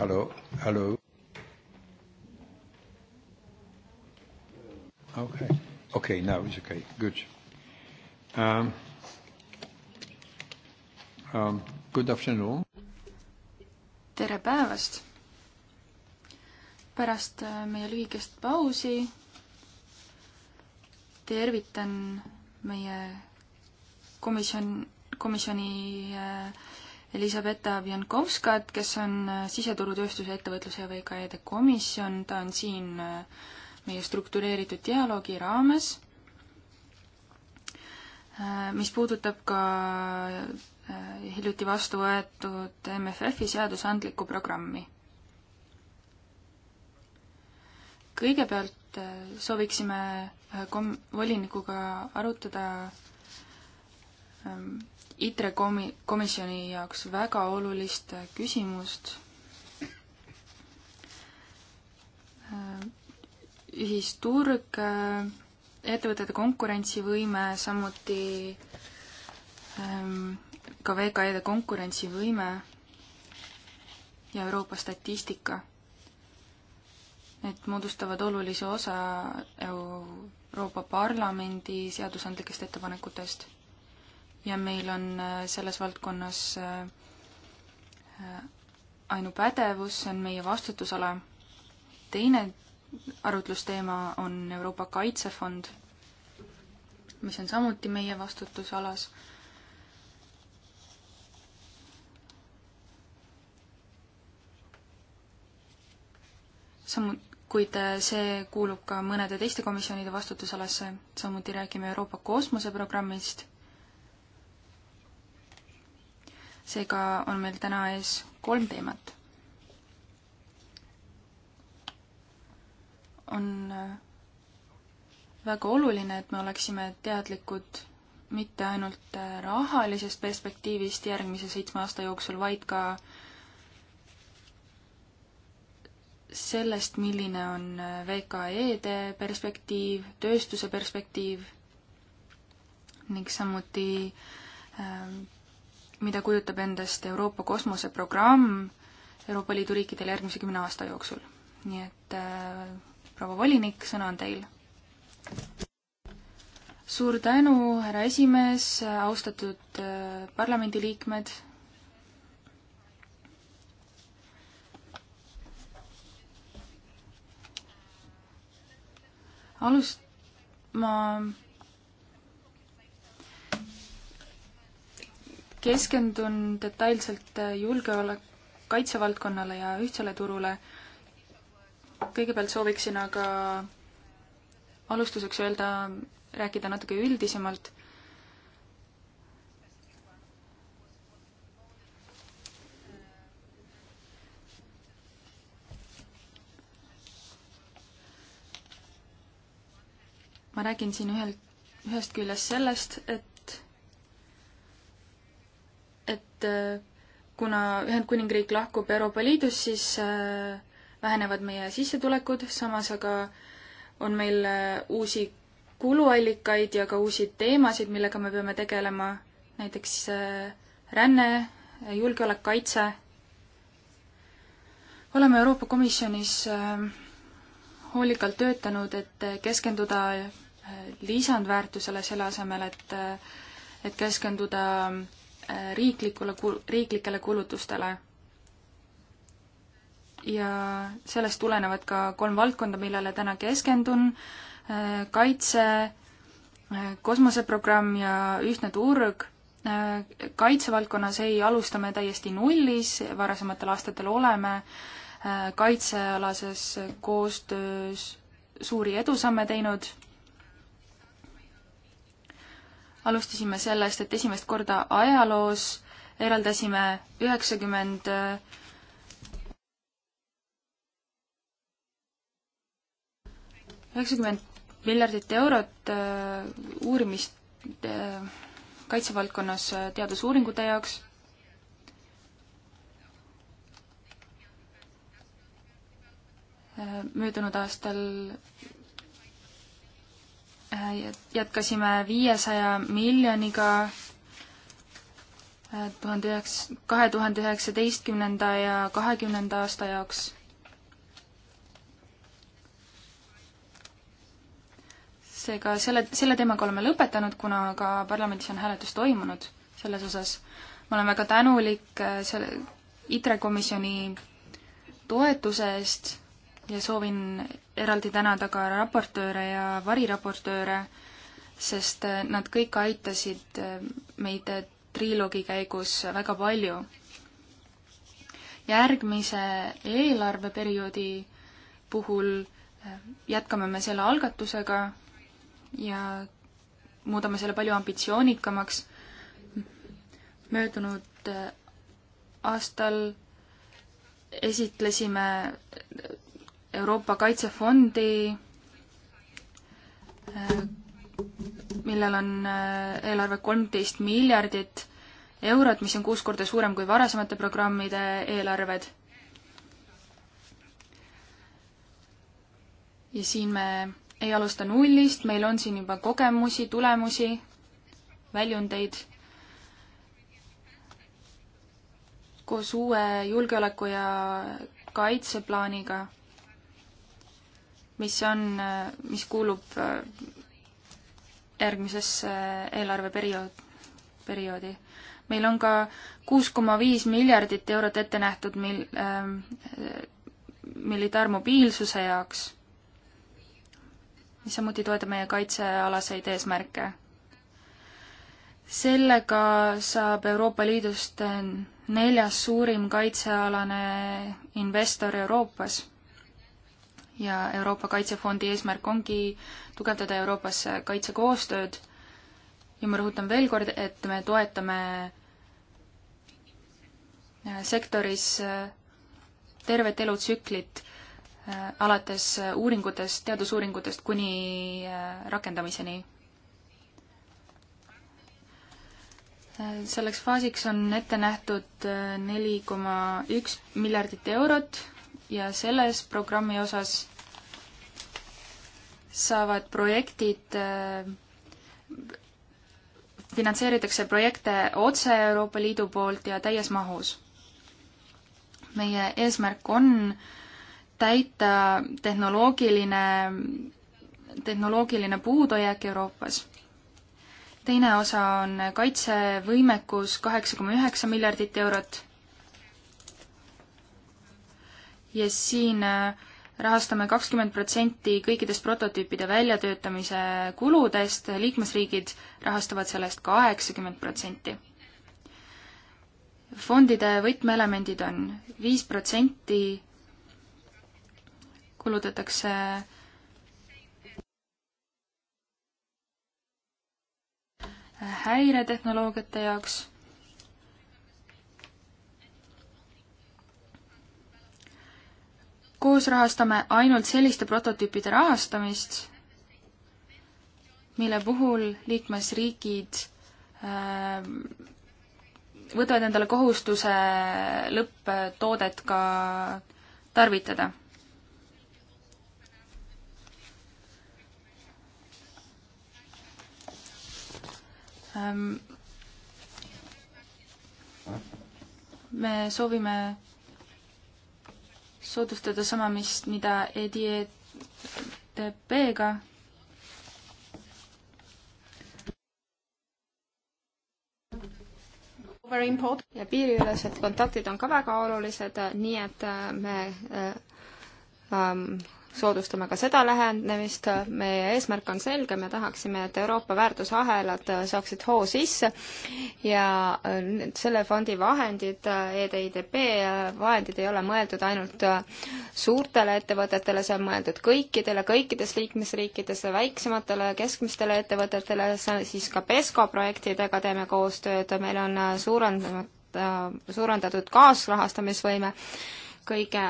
Hello, hello. Okay, okay, now it's okay. Good. Um, um, good afternoon. tere päevast! pärast äh, meie lühikest pausi tervitan meie komisjon, komisjoni äh, Elisabetta Vjankovskat, kes on äh, siseturutööstuse ettevõtluse ja VKE-de komisjon, ta on siin äh, meie struktureeritud dialoogi raames, äh, mis puudutab ka hiljuti vastu võetud MFF-i seadusandlikku programmi. kõigepealt sooviksime kom-, volinikuga arutada ähm, ITRE komi-, komisjoni jaoks väga olulist küsimust ühisturg, ettevõtete konkurentsivõime, samuti ähm, ka VKE-de konkurentsivõime ja Euroopa statistika. Need moodustavad olulise osa Euroopa Parlamendi seadusandlikest ettepanekutest ja meil on äh, selles valdkonnas äh, ainupädevus, see on meie vastutusala. teine arutlusteema on Euroopa Kaitsefond, mis on samuti meie vastutusalas. samu-, kuid äh, see kuulub ka mõnede teiste komisjonide vastutusalasse, samuti räägime Euroopa kosmoseprogrammist seega on meil täna ees kolm teemat. on äh, väga oluline, et me oleksime teadlikud mitte ainult äh, rahalisest perspektiivist järgmise seitsme aasta jooksul, vaid ka sellest, milline on äh, VKE-de perspektiiv, tööstuse perspektiiv ning samuti äh, mida kujutab endast Euroopa kosmoseprogramm Euroopa Liidu riikidele järgmise kümne aasta jooksul. nii et äh, proua volinik, sõna on teil. suur tänu, härra esimees, austatud äh, parlamendiliikmed. alust-, ma keskendun detailselt äh, julgeolek, kaitsevaldkonnale ja ühtsele turule. kõigepealt sooviksin aga alustuseks öelda, rääkida natuke üldisemalt. ma räägin siin ühelt, ühest küljest sellest, et et äh, kuna Ühendkuningriik lahkub Euroopa Liidust, siis äh, vähenevad meie sissetulekud, samas aga on meil äh, uusi kuluallikaid ja ka uusi teemasid, millega me peame tegelema, näiteks ränne, julgeolek, kaitse. oleme Euroopa Komisjonis hoolikalt töötanud, et keskenduda lisandväärtusele, selle asemel, et, et keskenduda äh, riiklikule, riiklikele kulutustele. ja sellest tulenevad ka kolm valdkonda, millele täna keskendun, kaitse, kosmoseprogramm ja ühtne turg kaitsevaldkonnas ei alusta me täiesti nullis, varasematel aastatel oleme kaitsealases koostöös suuri edusamme teinud alustasime sellest, et esimest korda ajaloos eraldasime üheksakümmend üheksakümmend miljardit eurot äh, uurimist äh, kaitsevaldkonnas äh, teadusuuringute jaoks möödunud aastal Äh, jätkasime viiesaja miljoniga tuhande äh, üheksa, kahe tuhande üheksateistkümnenda ja kahekümnenda aasta jaoks. seega selle, selle teemaga oleme lõpetanud, kuna ka parlamendis on hääletus toimunud selles osas. ma olen väga tänulik äh, selle ITRE komisjoni toetuse eest ja soovin eraldi tänada ka raportööre ja variraportööre, sest äh, nad kõik aitasid äh, meid äh, triloogi käigus väga palju. järgmise eelarveperioodi puhul jätkame me selle algatusega ja muudame selle palju ambitsioonikamaks. möödunud aastal esitlesime Euroopa Kaitsefondi, äh, millel on äh, eelarve kolmteist miljardit eurot, mis on kuus korda suurem kui varasemate programmide eelarved. ja siin me ei alusta nullist, meil on siin juba kogemusi, tulemusi, väljundeid koos uue julgeoleku ja kaitseplaaniga mis on, mis kuulub äh, järgmisesse äh, eelarveperiood, perioodi. meil on ka kuus koma viis miljardit eurot ette nähtud mil- ähm,, äh, militaarmobiilsuse jaoks, mis samuti toetab meie kaitsealaseid eesmärke. sellega saab Euroopa Liidust neljas suurim kaitsealane investor Euroopas ja Euroopa Kaitsefondi eesmärk ongi tugevdada Euroopas kaitsekoostööd ja ma rõhutan veel kord, et me toetame äh, sektoris äh, tervet elutsüklit, äh, alates uuringutest, teadusuuringutest kuni rakendamiseni. selleks faasiks on ette nähtud neli koma üks miljardit eurot ja selles programmi osas saavad projektid äh, finantseeritakse projekte otse Euroopa Liidu poolt ja täies mahus. meie eesmärk on täita tehnoloogiline, tehnoloogiline puudujääk Euroopas. teine osa on kaitsevõimekus kaheksa koma üheksa miljardit eurot. ja siin äh, rahastame kakskümmend protsenti kõikidest prototüüpide väljatöötamise kuludest, liikmesriigid rahastavad sellest kaheksakümmend protsenti. fondide võtmeelemendid on viis protsenti kulutatakse häiretehnoloogiate jaoks kus rahastame ainult selliste prototüüpide rahastamist, mille puhul liikmesriigid äh, võtavad endale kohustuse lõpptoodet ka tarvitada. Ähm, me soovime soodustada sama, mis, mida EDTP-ga. E ja piiriülesed kontaktid on ka väga olulised, nii et äh, me äh, ähm, soodustame ka seda lähenemist, meie eesmärk on selge, me tahaksime, et Euroopa väärtusahelad saaksid hoo sisse ja äh, selle fondi vahendid, äh, EDIDP äh, vahendid ei ole mõeldud ainult suurtele ettevõtetele, see on mõeldud kõikidele, kõikides liikmesriikides, väiksematele ja keskmistele ettevõtetele, siis ka PESCO projektidega teeme koostööd, meil on suurendatud suurendatud kaasrahastamisvõime kõige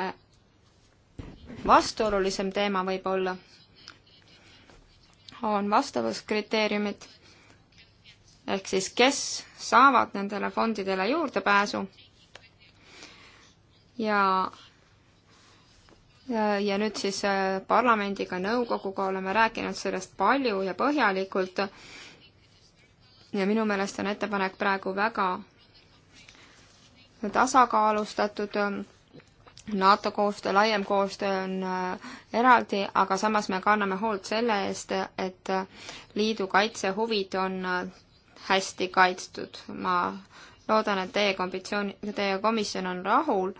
vastuolulisem teema võib-olla on vastavuskriteeriumid, ehk siis kes saavad nendele fondidele juurdepääsu ja ja nüüd siis äh, parlamendiga, nõukoguga oleme rääkinud sellest palju ja põhjalikult ja minu meelest on ettepanek praegu väga tasakaalustatud NATO koostöö, laiem koostöö on äh, eraldi, aga samas me kanname hoolt selle eest, et äh, liidu kaitsehuvid on äh, hästi kaitstud. ma loodan, et teie kombitsioon, teie komisjon on rahul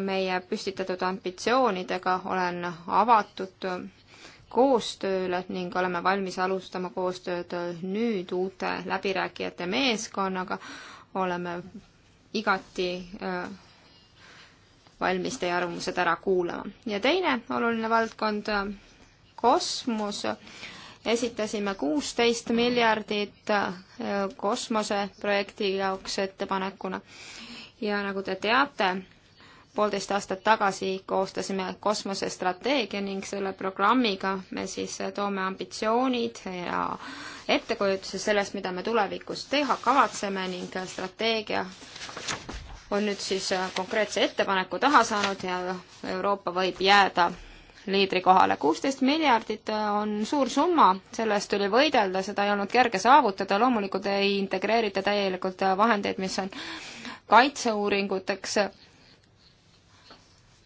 meie püstitatud ambitsioonidega, olen avatud koostööle ning oleme valmis alustama koostööd nüüd uute läbirääkijate meeskonnaga, oleme igati valmis teie arvamused ära kuulama. ja teine oluline valdkond, äh, kosmos, esitasime kuusteist miljardit äh, kosmoseprojekti jaoks ettepanekuna. ja nagu te teate, poolteist aastat tagasi koostasime kosmosestrateegia ning selle programmiga me siis toome ambitsioonid ja ettekujutuse sellest, mida me tulevikus teha kavatseme ning strateegia on nüüd siis äh, konkreetse ettepaneku taha saanud ja Euroopa võib jääda liidrikohale. kuusteist miljardit äh, on suur summa, selle eest tuli võidelda, seda ei olnud kerge saavutada, loomulikult ei integreerita täielikult äh, vahendeid, mis on kaitseuuringuteks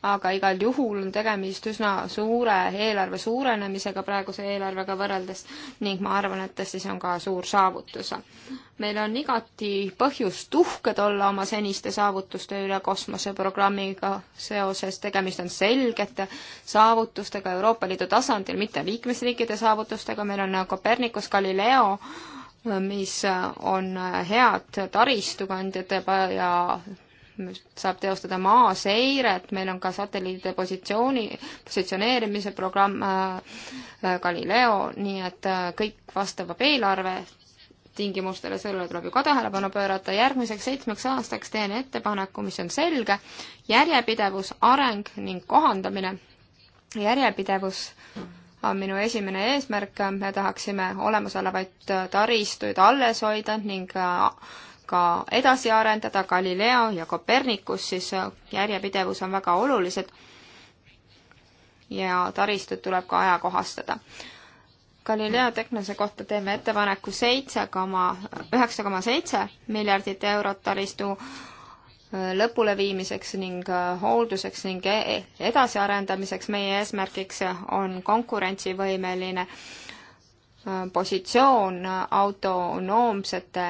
aga igal juhul on tegemist üsna suure eelarve suurenemisega praeguse eelarvega võrreldes ning ma arvan, et tõesti see on ka suur saavutus. meil on igati põhjust uhked olla oma seniste saavutuste üle kosmoseprogrammiga seoses, tegemist on selgete saavutustega Euroopa Liidu tasandil, mitte liikmesriikide saavutustega, meil on Copernicus Galileo mis on head taristukandjad ja saab teostada maaseiret, meil on ka satelliidide positsiooni, positsioneerimise programm äh, äh Galileo, nii et äh, kõik vastab eelarve tingimustele, sellele tuleb ju ka tähelepanu pöörata, järgmiseks seitsmeks aastaks teen ettepaneku, mis on selge, järjepidevus, areng ning kohandamine. järjepidevus on minu esimene eesmärk, me tahaksime olemasolevaid taristuid alles hoida ning äh, ka edasi arendada, Galileo ja Copernicus siis äh, järjepidevus on väga olulised ja taristut tuleb ka ajakohastada. Galileo tehnose kohta teeme ettepaneku seitse koma, üheksa koma seitse miljardit eurot taristu äh, lõpuleviimiseks ning äh, hoolduseks ning e-, edasiarendamiseks. meie eesmärgiks on konkurentsivõimeline positsioon autonoomsete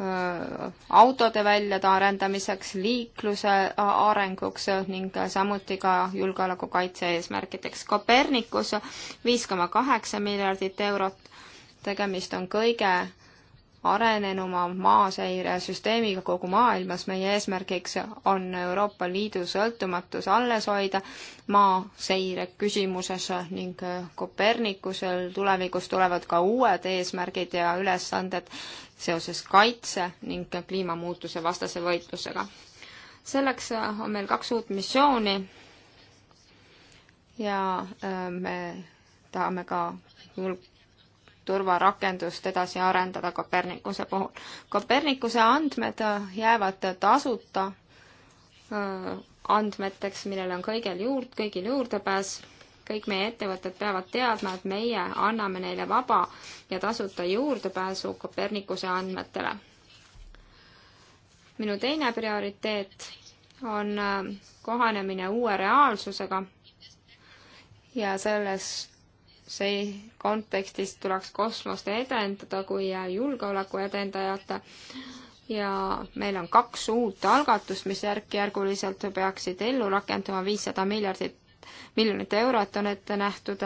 Äh, autode väljaarendamiseks, liikluse arenguks ning samuti ka julgeolekukaitse eesmärkideks. Copernicus viis koma kaheksa miljardit eurot, tegemist on kõige arenenuma maaseiresüsteemiga kogu maailmas. meie eesmärgiks on Euroopa Liidu sõltumatus alles hoida maaseire küsimuses ning Kopernikusel tulevikus tulevad ka uued eesmärgid ja ülesanded seoses kaitse ning kliimamuutuse vastase võitlusega. selleks on meil kaks uut missiooni ja äh, me tahame ka hulk turvarakendust edasi arendada Kopernikuse puhul. Kopernikuse andmed äh, jäävad tasuta äh, andmeteks, millele on kõigil juurde, kõigil juurdepääs. kõik meie ettevõtted peavad teadma, et meie anname neile vaba ja tasuta juurdepääsu Kopernikuse andmetele. minu teine prioriteet on äh, kohanemine uue reaalsusega ja selles see kontekstis tuleks kosmost edendada kui julgeoleku edendajat ja meil on kaks uut algatust, mis järk-järguliselt peaksid ellu rakenduma, viissada miljardit, miljonit eurot on ette nähtud.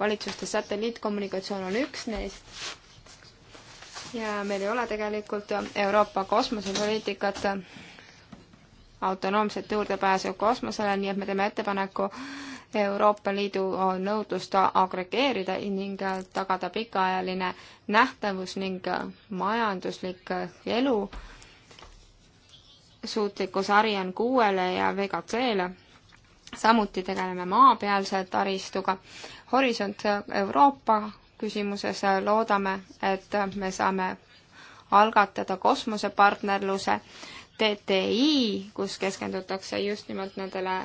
valitsuste satelliitkommunikatsioon on üks neist. ja meil ei ole tegelikult Euroopa kosmosepoliitikat autonoomset juurdepääsu kosmosele, nii et me teeme ettepaneku Euroopa Liidu nõudlust agregeerida ning tagada pikaajaline nähtavus ning majanduslik elu suutlikkus Ariane kuuele ja VKC-le. samuti tegeleme maapealse taristuga. Horisont Euroopa küsimuses loodame, et me saame algatada kosmosepartnerluse TTI, kus keskendutakse just nimelt nendele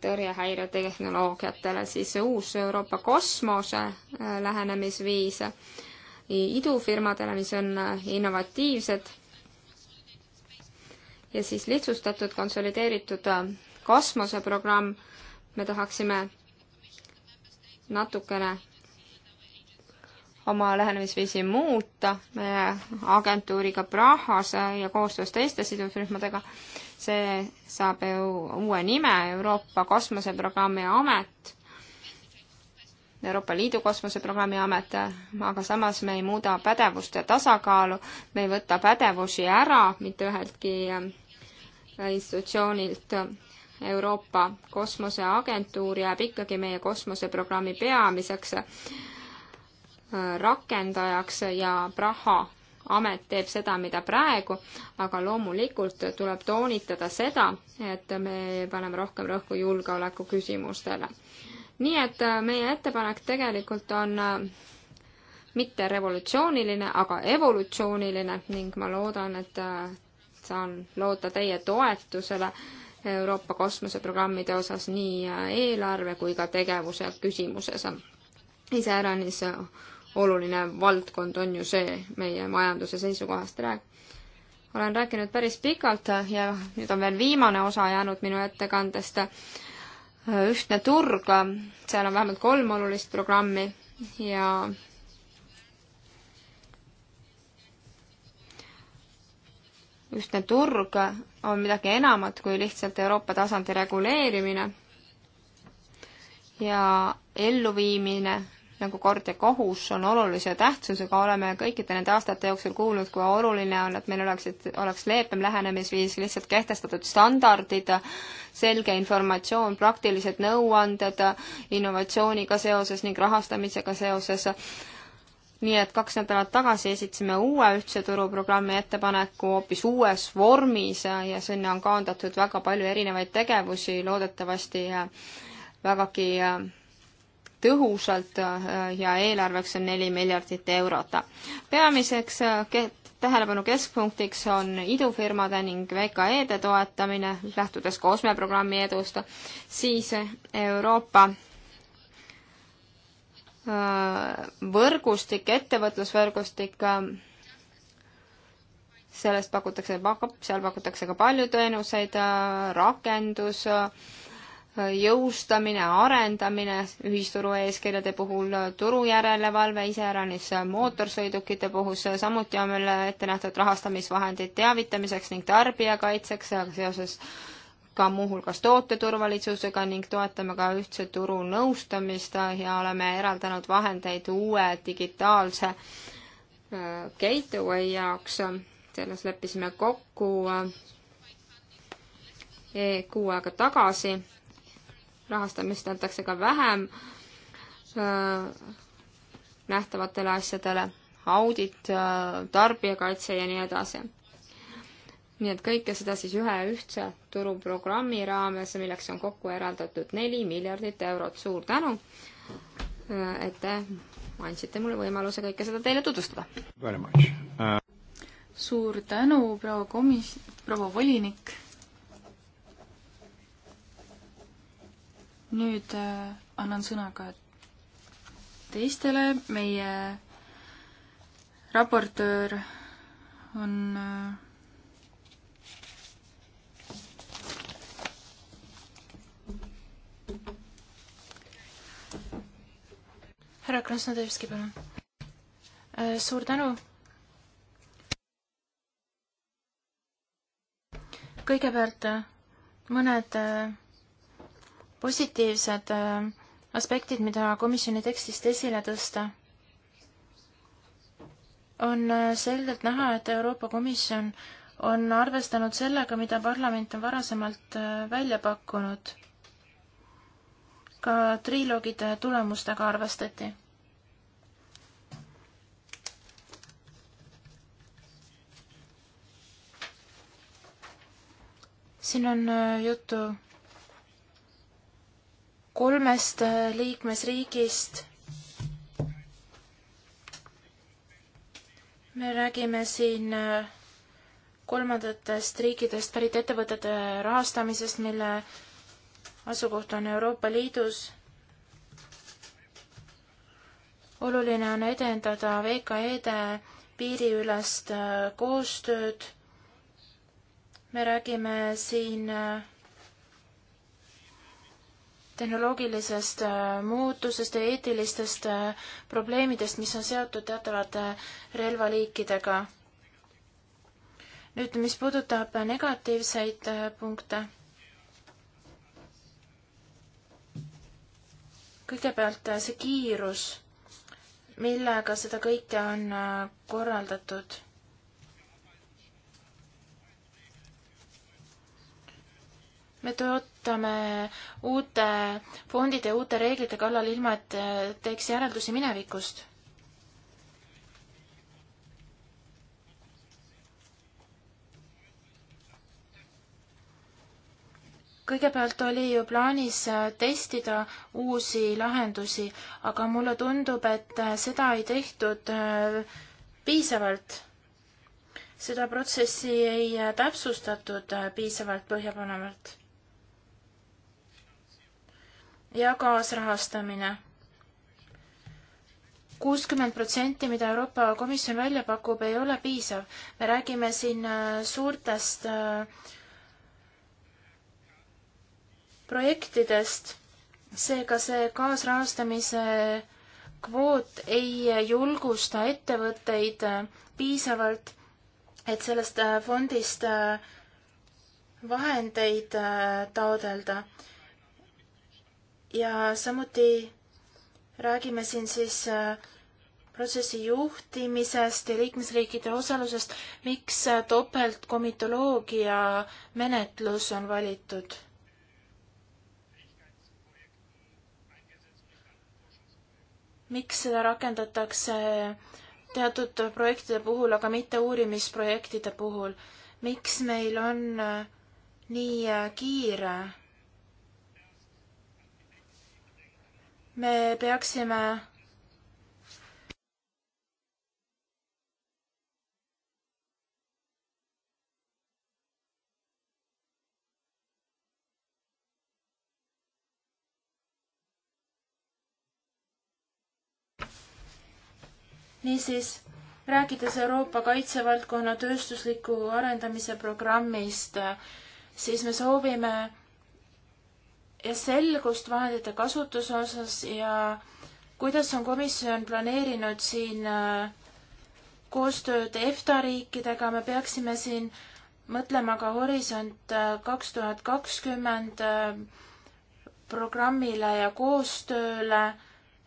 tõrjehäiretehnoloogiatele, siis uus Euroopa kosmose äh, lähenemisviis idufirmadele, mis on äh, innovatiivsed ja siis lihtsustatud konsolideeritud äh, kosmoseprogramm, me tahaksime natukene oma lähenemisviisi muuta meie agentuuriga Prahas ja koostöös teiste sidusrühmadega see saab uue nime, Euroopa Kosmoseprogrammi Amet, Euroopa Liidu Kosmoseprogrammi Amet, aga samas me ei muuda pädevuste tasakaalu, me ei võta pädevusi ära mitte üheltki äh, institutsioonilt. Euroopa Kosmoseagentuur jääb ikkagi meie kosmoseprogrammi peamiseks äh, rakendajaks ja raha amet teeb seda, mida praegu, aga loomulikult tuleb toonitada seda, et me paneme rohkem rõhku julgeoleku küsimustele. nii et äh, meie ettepanek tegelikult on äh, mitte revolutsiooniline, aga evolutsiooniline ning ma loodan, et äh, saan loota teie toetusele Euroopa kosmoseprogrammide osas nii eelarve kui ka tegevuse küsimuses. iseäranis oluline valdkond on ju see meie majanduse seisukohast rääk-. olen rääkinud päris pikalt ja nüüd on veel viimane osa jäänud minu ettekandest, ühtne turg, seal on vähemalt kolm olulist programmi ja ühtne turg on midagi enamat kui lihtsalt Euroopa tasandi reguleerimine ja elluviimine nagu kord ja kohus on olulise tähtsusega, oleme kõikide nende aastate jooksul kuulnud, kui oluline on, et meil oleksid, oleks leebem lähenemisviis, lihtsalt kehtestatud standardid, selge informatsioon, praktilised nõuanded innovatsiooniga seoses ning rahastamisega seoses. nii et kaks nädalat tagasi esitasime uue ühtse turuprogrammi ettepaneku hoopis uues vormis ja sinna on kaandatud väga palju erinevaid tegevusi, loodetavasti vägagi tõhusalt äh, ja eelarveks on neli miljardit eurot. peamiseks äh, tähelepanu keskpunktiks on idufirmade ning VKE-de toetamine, lähtudes Kosme programmi edust, siis Euroopa äh, võrgustik, ettevõtlusvõrgustik, sellest pakutakse, seal pakutakse ka palju teenuseid, rakendus, jõustamine, arendamine ühisturu eeskirjade puhul, turujärelevalve iseäranis mootorsõidukite puhul, samuti on meil ette nähtud rahastamisvahendid teavitamiseks ning tarbijakaitseks seoses ka muuhulgas toote turvalisusega ning toetame ka ühtse turu nõustamist ja oleme eraldanud vahendeid uue digitaalse äh, gateway jaoks, selles leppisime kokku äh, e kuu aega tagasi rahastamist antakse ka vähem äh, nähtavatele asjadele, audit, äh, tarbijakaitse ja nii edasi. nii et kõike seda siis ühe ühtse turuprogrammi raames, milleks on kokku eraldatud neli miljardit eurot. suur tänu, äh, et te andsite mulle võimaluse kõike seda teile tutvustada. Uh... suur tänu, proua komis-, proua volinik nüüd äh, annan sõna ka teistele, meie raportöör on äh, härra Krasnodevski, palun. Äh, suur tänu. kõigepealt mõned positiivsed äh, aspektid, mida komisjoni tekstist esile tõsta, on äh, selgelt näha, et Euroopa Komisjon on arvestanud sellega, mida parlament on varasemalt äh, välja pakkunud. ka triloogide tulemustega arvestati. siin on juttu kolmest äh, liikmesriigist. me räägime siin äh, kolmandatest riikidest pärit ettevõtete rahastamisest, mille asukoht on Euroopa Liidus. oluline on edendada VKE-de piiriülest äh, koostööd. me räägime siin äh, tehnoloogilisest äh, muutusest ja eetilistest äh, probleemidest, mis on seotud teatavate äh, relvaliikidega. nüüd, mis puudutab negatiivseid punkte. kõigepealt see kiirus, millega seda kõike on korraldatud me töötame uute fondide ja uute reeglite kallal, ilma et äh, teeks järeldusi minevikust. kõigepealt oli ju plaanis äh, testida uusi lahendusi, aga mulle tundub, et äh, seda ei tehtud piisavalt seda protsessi ei täpsustatud piisavalt põhjapanevalt ja kaasrahastamine. kuuskümmend protsenti, mida Euroopa Komisjon välja pakub, ei ole piisav. me räägime siin äh, suurtest äh, projektidest, seega see kaasrahastamise kvoot ei julgusta ettevõtteid äh, piisavalt, et sellest fondist vahendeid taodelda ja samuti räägime siin siis äh, protsessi juhtimisest ja liikmesriikide osalusest, miks äh, topeltkomitoloogia menetlus on valitud? miks seda rakendatakse teatud projektide puhul, aga mitte uurimisprojektide puhul? miks meil on äh, nii kiire me peaksime niisiis, rääkides Euroopa kaitsevaldkonna tööstusliku arendamise programmist, siis me soovime selgust vahendite kasutuse osas ja kuidas on komisjon planeerinud siin äh, koostööd EFTA riikidega, me peaksime siin mõtlema ka Horisont äh, kaks tuhat kakskümmend äh, programmile ja koostööle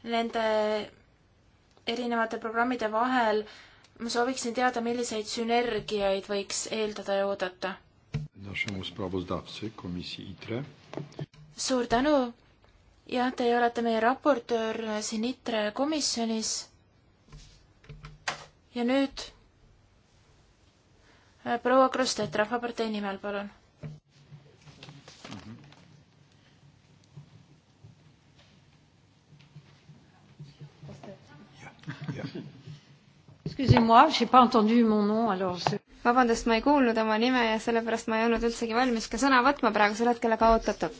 nende erinevate programmide vahel. ma sooviksin teada, milliseid sünergiaid võiks eeldada ja oodata suur tänu. jah, teie olete meie raportöör siin ITRE komisjonis. ja nüüd äh, proua Krustet Rahvapartei nimel, palun. vabandust, ma ei kuulnud oma nime ja sellepärast ma ei olnud üldsegi valmis ka sõna võtma praegusel hetkel, aga ootatud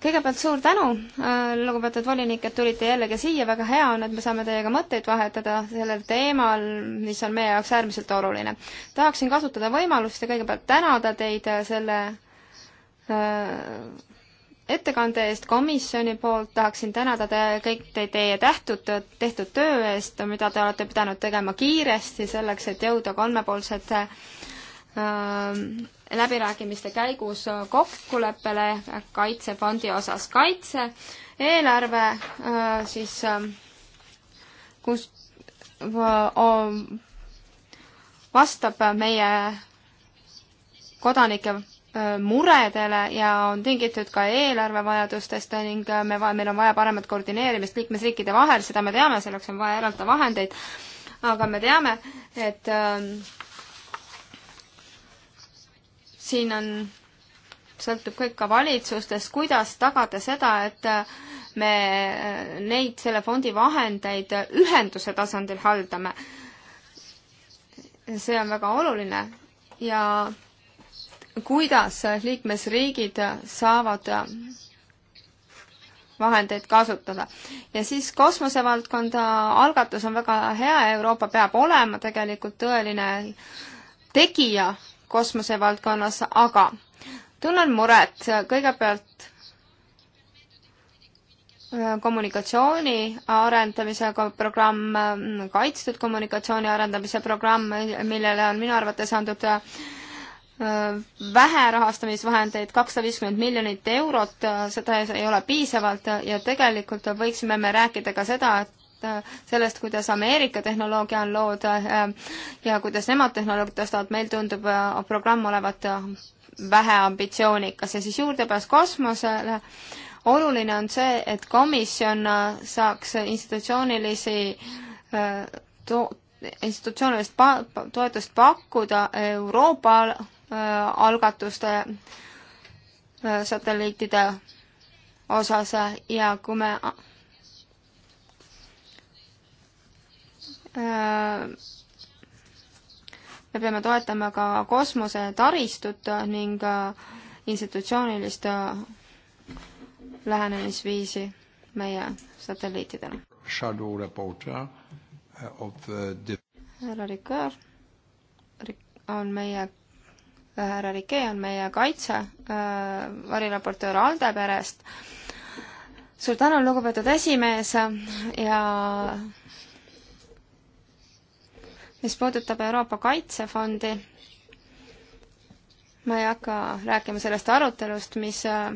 kõigepealt suur tänu, äh, lugupeetud volinik, et tulite jällegi siia, väga hea on, et me saame teiega mõtteid vahetada sellel teemal, mis on meie jaoks äärmiselt oluline. tahaksin kasutada võimalust ja kõigepealt tänada teid äh, selle äh, ettekande eest komisjoni poolt tahaksin tänada te kõik te, teie tähtud, tehtud töö eest, mida te olete pidanud tegema kiiresti selleks, et jõuda kolmepoolsete äh, läbirääkimiste käigus kokkuleppele kaitsefondi osas. kaitse-eelarve äh, siis, ähm, kus äh, vastab meie kodanike äh, muredele ja on tingitud ka eelarvevajadustest ning me, meil on vaja paremat koordineerimist liikmesriikide vahel, seda me teame, selleks on vaja eralda vahendeid, aga me teame, et äh, siin on, sõltub kõik ka valitsustest, kuidas tagada seda, et äh, me äh, neid, selle fondi vahendeid ühenduse tasandil haldame. see on väga oluline ja kuidas liikmesriigid saavad äh, vahendeid kasutada. ja siis kosmosevaldkonda algatus on väga hea, Euroopa peab olema tegelikult tõeline tegija kosmosevaldkonnas, aga tunnen muret kõigepealt äh, kommunikatsiooni arendamisega programm, mm, kaitstud kommunikatsiooni arendamise programm, millele on minu arvates antud äh, vähe rahastamisvahendeid, kakssada viiskümmend miljonit eurot, äh, seda ei ole piisavalt ja tegelikult võiksime me rääkida ka seda, et Äh, sellest, kuidas Ameerika tehnoloogia on lood äh, ja kuidas nemad tehnoloogiat ostavad, meil tundub äh, programm olevat väheambitsioonikas ja siis juurdepääs kosmosele. oluline on see, et komisjon saaks institutsioonilisi to-, institutsioonilist pa-, toetust pakkuda Euroopa algatuste satelliitide osas ja kui me Äh, me peame toetama ka kosmosetaristut ning äh, institutsioonilist äh, lähenemisviisi meie satelliitidele. Shadow reporter of the härra Ricard on meie, härra Ricard on meie kaitse äh, variraportöör Alde perest. suur tänu, lugupeetud esimees ja mis puudutab Euroopa Kaitsefondi, ma ei hakka rääkima sellest arutelust, mis äh,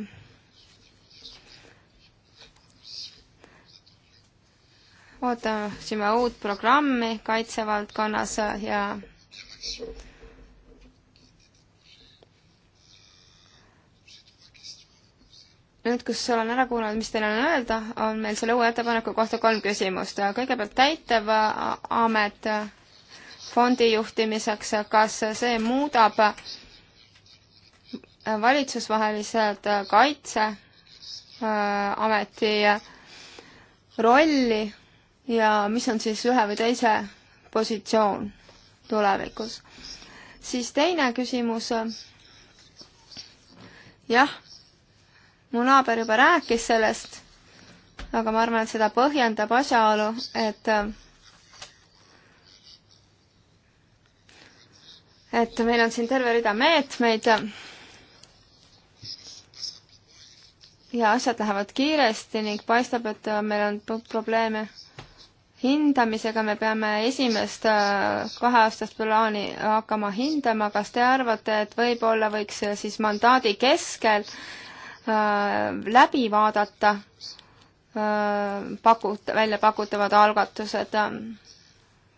ootasime uut programmi kaitsevaldkonnas ja nüüd, kus olen ära kuulanud, mis teil on öelda, on meil selle uue ettepaneku kohta kolm küsimust. kõigepealt täitev äh, amet fondi juhtimiseks, kas see muudab valitsusvahelised kaitseameti rolli ja mis on siis ühe või teise positsioon tulevikus. siis teine küsimus. jah, mu naaber juba rääkis sellest, aga ma arvan, et seda põhjendab asjaolu, et et meil on siin terve rida meetmeid ja asjad lähevad kiiresti ning paistab, et meil on probleeme hindamisega, me peame esimest äh, kaheaastast plaani hakkama hindama, kas te arvate, et võib-olla võiks siis mandaadi keskel äh, läbi vaadata äh, pakut-, välja pakutavad algatused,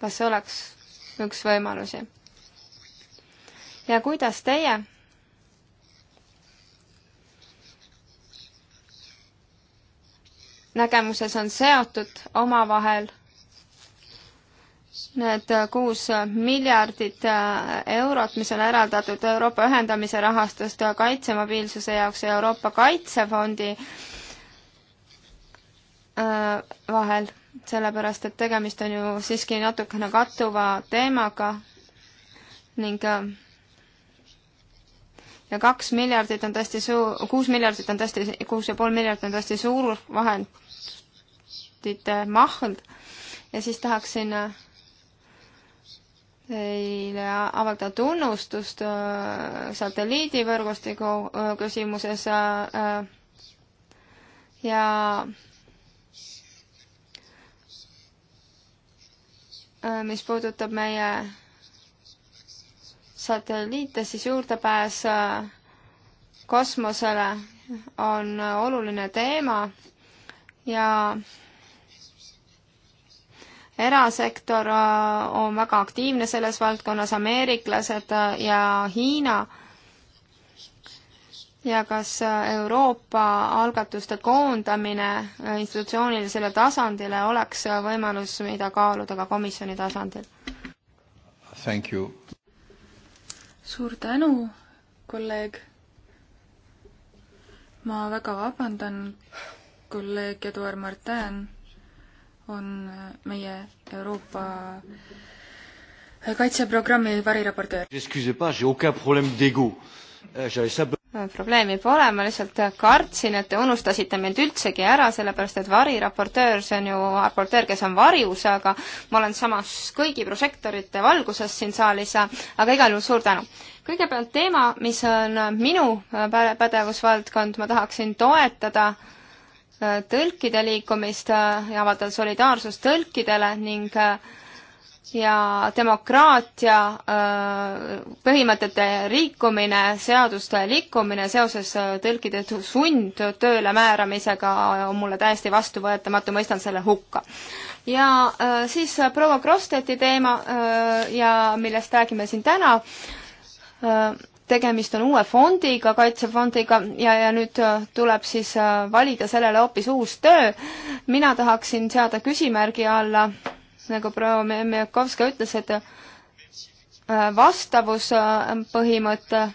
kas see oleks üks võimalusi? ja kuidas teie nägemuses on seotud omavahel need kuus miljardit äh, eurot, mis on eraldatud Euroopa ühendamise rahastust kaitsemobiilsuse jaoks ja Euroopa Kaitsefondi äh, vahel, sellepärast et tegemist on ju siiski natukene kattuva teemaga ning äh, ja kaks miljardit on tõesti suur, kuus miljardit on tõesti, kuus ja pool miljardit on tõesti suur vahendite mahld ja siis tahaksin äh, teile avaldada tunnustust äh, satelliidivõrgustiku äh, küsimuses ja mis puudutab meie satelliite, siis juurdepääs äh, kosmosele on äh, oluline teema ja erasektor äh, on väga aktiivne selles valdkonnas, ameeriklased ja Hiina. ja kas Euroopa algatuste koondamine institutsioonilisele tasandile oleks võimalus, mida kaaluda ka komisjoni tasandil? suur tänu, kolleeg. ma väga vabandan, kolleeg Eduard Martin on meie Euroopa kaitseprogrammi variraportöör probleemi pole, ma lihtsalt kartsin, et te unustasite mind üldsegi ära, sellepärast et variraportöör, see on ju raportöör, kes on varjus, aga ma olen samas kõigi prožektorite valguses siin saalis, aga igal juhul suur tänu. kõigepealt teema, mis on minu pädevusvaldkond, ma tahaksin toetada äh, tõlkide liikumist äh, ja avaldada solidaarsust tõlkidele ning äh, ja demokraatia äh, põhimõtete rikkumine, seaduste rikkumine seoses äh, tõlkide sundtööle määramisega on mulle täiesti vastuvõetamatu, mõistan selle hukka. ja äh, siis proua Krosteti teema ja millest räägime siin täna, tegemist on uue fondiga, kaitsefondiga ja, ja nüüd tuleb siis valida sellele hoopis uus töö. mina tahaksin seada küsimärgi alla äh, nagu proua Mjakovska ütles, et äh, vastavuspõhimõte äh,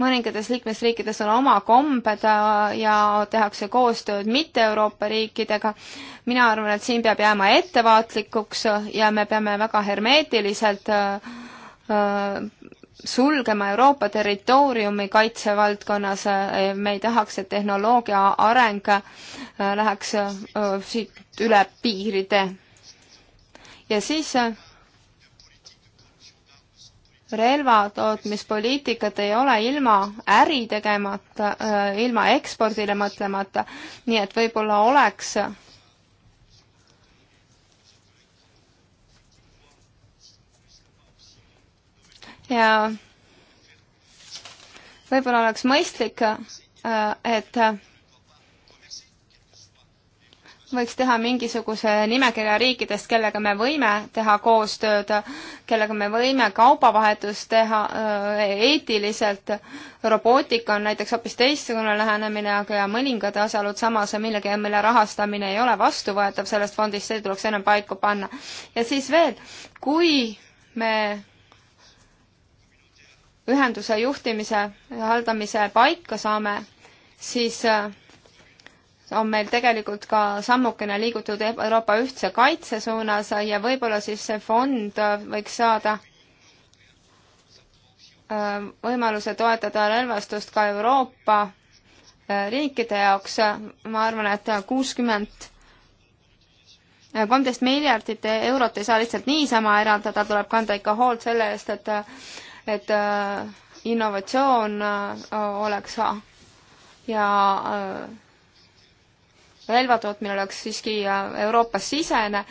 mõningates liikmesriikides on oma kombed äh, ja tehakse koostööd mitte Euroopa riikidega. mina arvan, et siin peab jääma ettevaatlikuks ja me peame väga hermeetiliselt sulgema Euroopa territooriumi kaitsevaldkonnas, me ei tahaks, et tehnoloogia areng äh, läheks äh, siit üle piiride. ja siis äh, relvatootmispoliitikat ei ole ilma äri tegemata, ilma ekspordile mõtlemata, nii et võib-olla oleks ja võib-olla oleks mõistlik, äh, et võiks teha mingisuguse nimekirja riikidest, kellega me võime teha koostööd, kellega me võime kaubavahetust teha äh, eetiliselt. robootika on näiteks hoopis teistsugune lähenemine, aga ja mõningad asjaolud samas on millegi, mille rahastamine ei ole vastuvõetav sellest fondist, see tuleks ennem paika panna. ja siis veel, kui me ühenduse juhtimise ja haldamise paika saame, siis äh, on meil tegelikult ka sammukene liigutud Euroopa ühtse kaitse suunas ja võib-olla siis see fond äh, võiks saada äh, võimaluse toetada relvastust ka Euroopa riikide jaoks, ma arvan, et kuuskümmend, kolmteist miljardit eurot ei saa lihtsalt niisama eraldada, tuleb kanda ikka hoolt selle eest, et et äh, innovatsioon äh, oleks ja äh, relvatootmine oleks siiski Euroopas sisene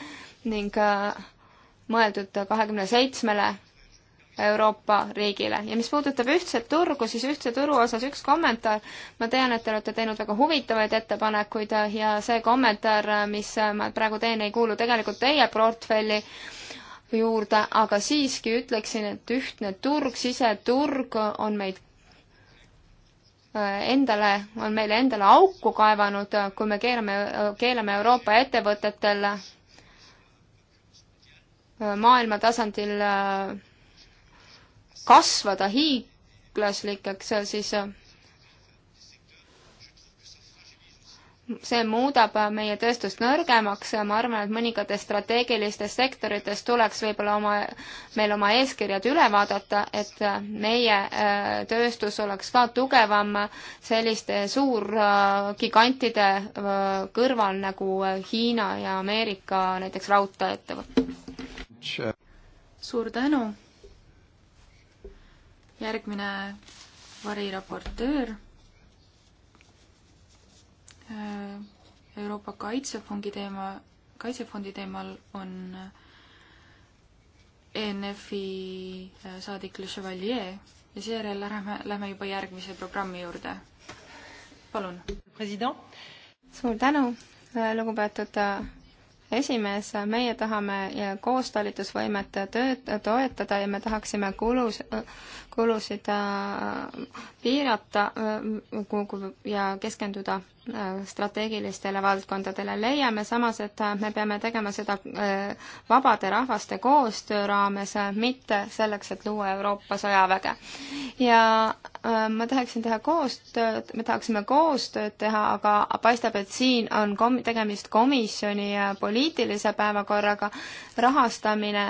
ning mõeldud kahekümne seitsmele Euroopa riigile. ja mis puudutab ühtset turgu, siis ühtse turu osas üks kommentaar, ma tean, et te olete teinud väga huvitavaid ettepanekuid ja see kommentaar, mis ma praegu teen, ei kuulu tegelikult teie portfelli, juurde, aga siiski ütleksin, et ühtne turg, siseturg on meid äh, endale, on meile endale auku kaevanud, kui me keerame, keelame Euroopa ettevõtetel äh, maailma tasandil äh, kasvada hiiglaslikeks, siis see muudab äh, meie tööstust nõrgemaks ja ma arvan, et mõningates strateegilistes sektorites tuleks võib-olla oma, meil oma eeskirjad üle vaadata, et äh, meie äh, tööstus oleks ka tugevam selliste suurgigantide kõrval nagu Hiina ja Ameerika näiteks raudtee-ettevõtted. suur tänu! järgmine variraportöör Äh, Euroopa Kaitsefondi teema, Kaitsefondi teemal on äh, ENF-i äh, saadik Le Chevalier ja seejärel lähme, lähme juba järgmise programmi juurde. palun. president. suur tänu, lugupeetud esimees, meie tahame koostalitusvõimet tööd toetada ja me tahaksime kulus, kulusid äh, piirata äh, ja keskenduda äh, strateegilistele valdkondadele. leiame samas, et me peame tegema seda vabade rahvaste koostöö raames, mitte selleks, et luua Euroopa sõjaväge. ja ma tahaksin teha koostööd, me tahaksime koostööd teha, aga paistab, et siin on kom-, tegemist komisjoni poliitilise päevakorraga, rahastamine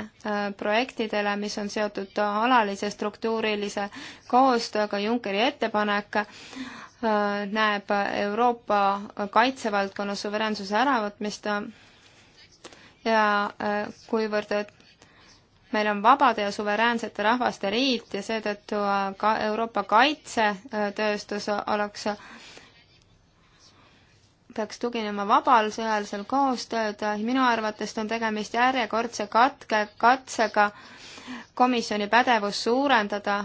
projektidele, mis on seotud alalise struktuuri sellise koostööga Junckeri ettepanek äh, näeb Euroopa kaitsevaldkonna suveräänsuse äravõtmist ja äh, kuivõrd meil on vabade ja suveräänsete rahvaste liit ja seetõttu ka Euroopa kaitsetööstus oleks peaks tuginema vabal sõjalisel koostööd, minu arvates on tegemist järjekordse katke, katsega komisjoni pädevust suurendada,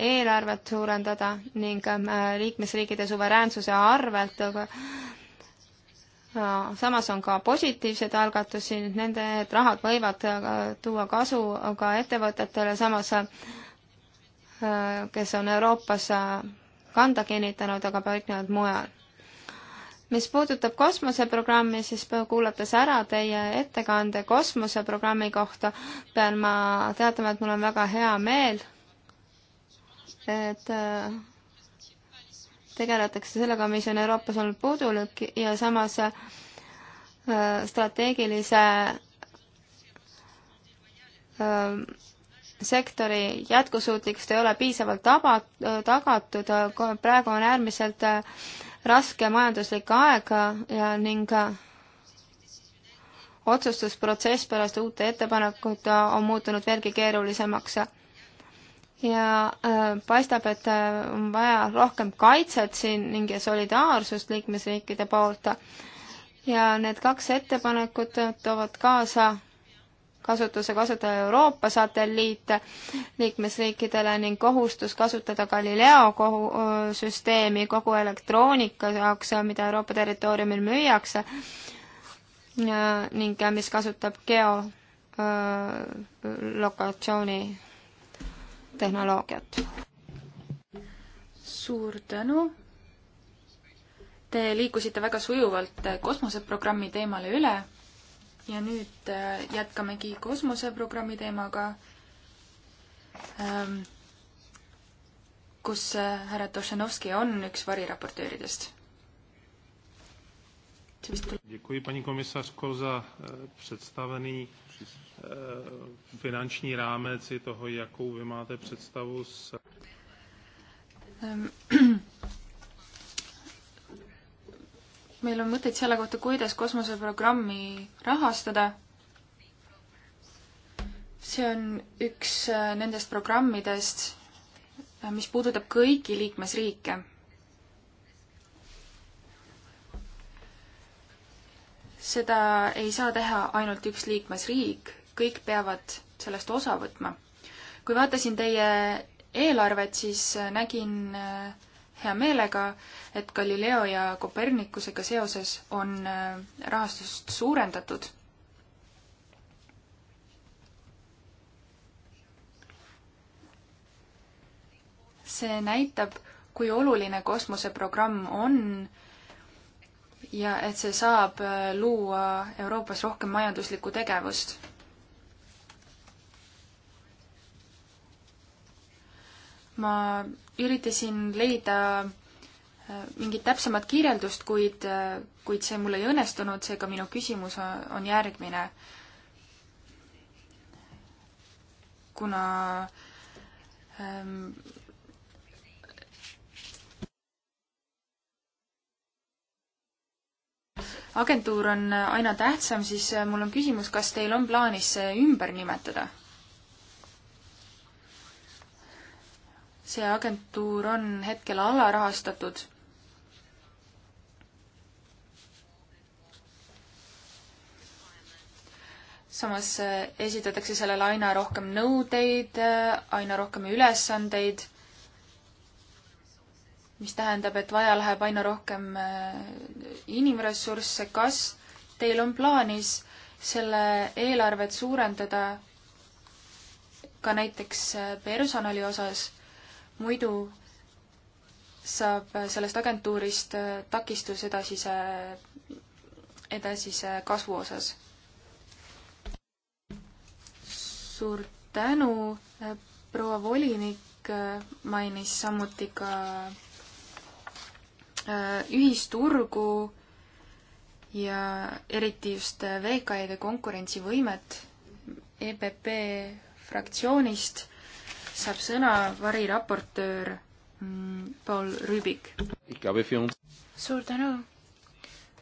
eelarvet suurendada ning äh, liikmesriikide suveräänsuse arvelt, aga äh, samas on ka positiivseid algatusi, nende rahad võivad äh, tuua kasu ka ettevõtetele, samas kes on Euroopas kanda kinnitanud, aga paiknevad mujal mis puudutab kosmoseprogrammi, siis kuulates ära teie ettekande kosmoseprogrammi kohta, pean ma teatama, et mul on väga hea meel, et äh, tegeletakse sellega, mis on Euroopas olnud puudulik ja samas äh, strateegilise äh, sektori jätkusuutlikkust ei ole piisavalt taba-, tagatud, praegu on äärmiselt raske majanduslik aeg äh, ja ning äh, otsustusprotsess pärast uute ettepanekut äh, on muutunud veelgi keerulisemaks. ja paistab, et on vaja rohkem kaitset siin ning solidaarsust liikmesriikide poolt. ja need kaks ettepanekut toovad kaasa kasutuse kasutada Euroopa satelliite liikmesriikidele ning kohustus kasutada Galileo kohu-, süsteemi kogu elektroonika jaoks, mida Euroopa territooriumil müüakse ning mis kasutab geolokatsiooni tehnoloogiat. suur tänu! Te liikusite väga sujuvalt kosmoseprogrammi teemale üle ja nüüd äh, jätkamegi kosmoseprogrammi teemaga, ähm, kus äh, härra Tošenovski on üks variraportööridest. Děkuji paní komisařko za äh, představený finanční rámec i toho, jakou vy máte představu s ähm, meil on mõtteid selle kohta, kuidas kosmoseprogrammi rahastada. see on üks äh, nendest programmidest, äh, mis puudutab kõiki liikmesriike. seda ei saa teha ainult üks liikmesriik, kõik peavad sellest osa võtma. kui vaatasin teie eelarvet, siis äh, nägin äh, hea meelega, et Galileo ja Kopernikusega seoses on äh, rahastust suurendatud. see näitab, kui oluline kosmoseprogramm on ja et see saab äh, luua Euroopas rohkem majanduslikku tegevust. ma üritasin leida äh, mingit täpsemat kirjeldust, kuid, äh, kuid see mul ei õnnestunud, seega minu küsimus on järgmine. kuna ähm, agentuur on aina tähtsam, siis äh, mul on küsimus, kas teil on plaanis see ümber nimetada? see agentuur on hetkel alarahastatud. samas eh, esitatakse sellele aina rohkem nõudeid, eh, aina rohkem ülesandeid, mis tähendab, et vaja läheb aina rohkem eh, inimressursse. kas teil on plaanis selle eelarvet suurendada ka näiteks personali osas? muidu saab sellest agentuurist takistus edasise, edasise kasvu osas. suur tänu, proua volinik mainis samuti ka äh, ühisturgu ja eriti just VKE-de konkurentsivõimet EPP fraktsioonist saab sõna variraportöör mm, Paul Rüübik. suur tänu.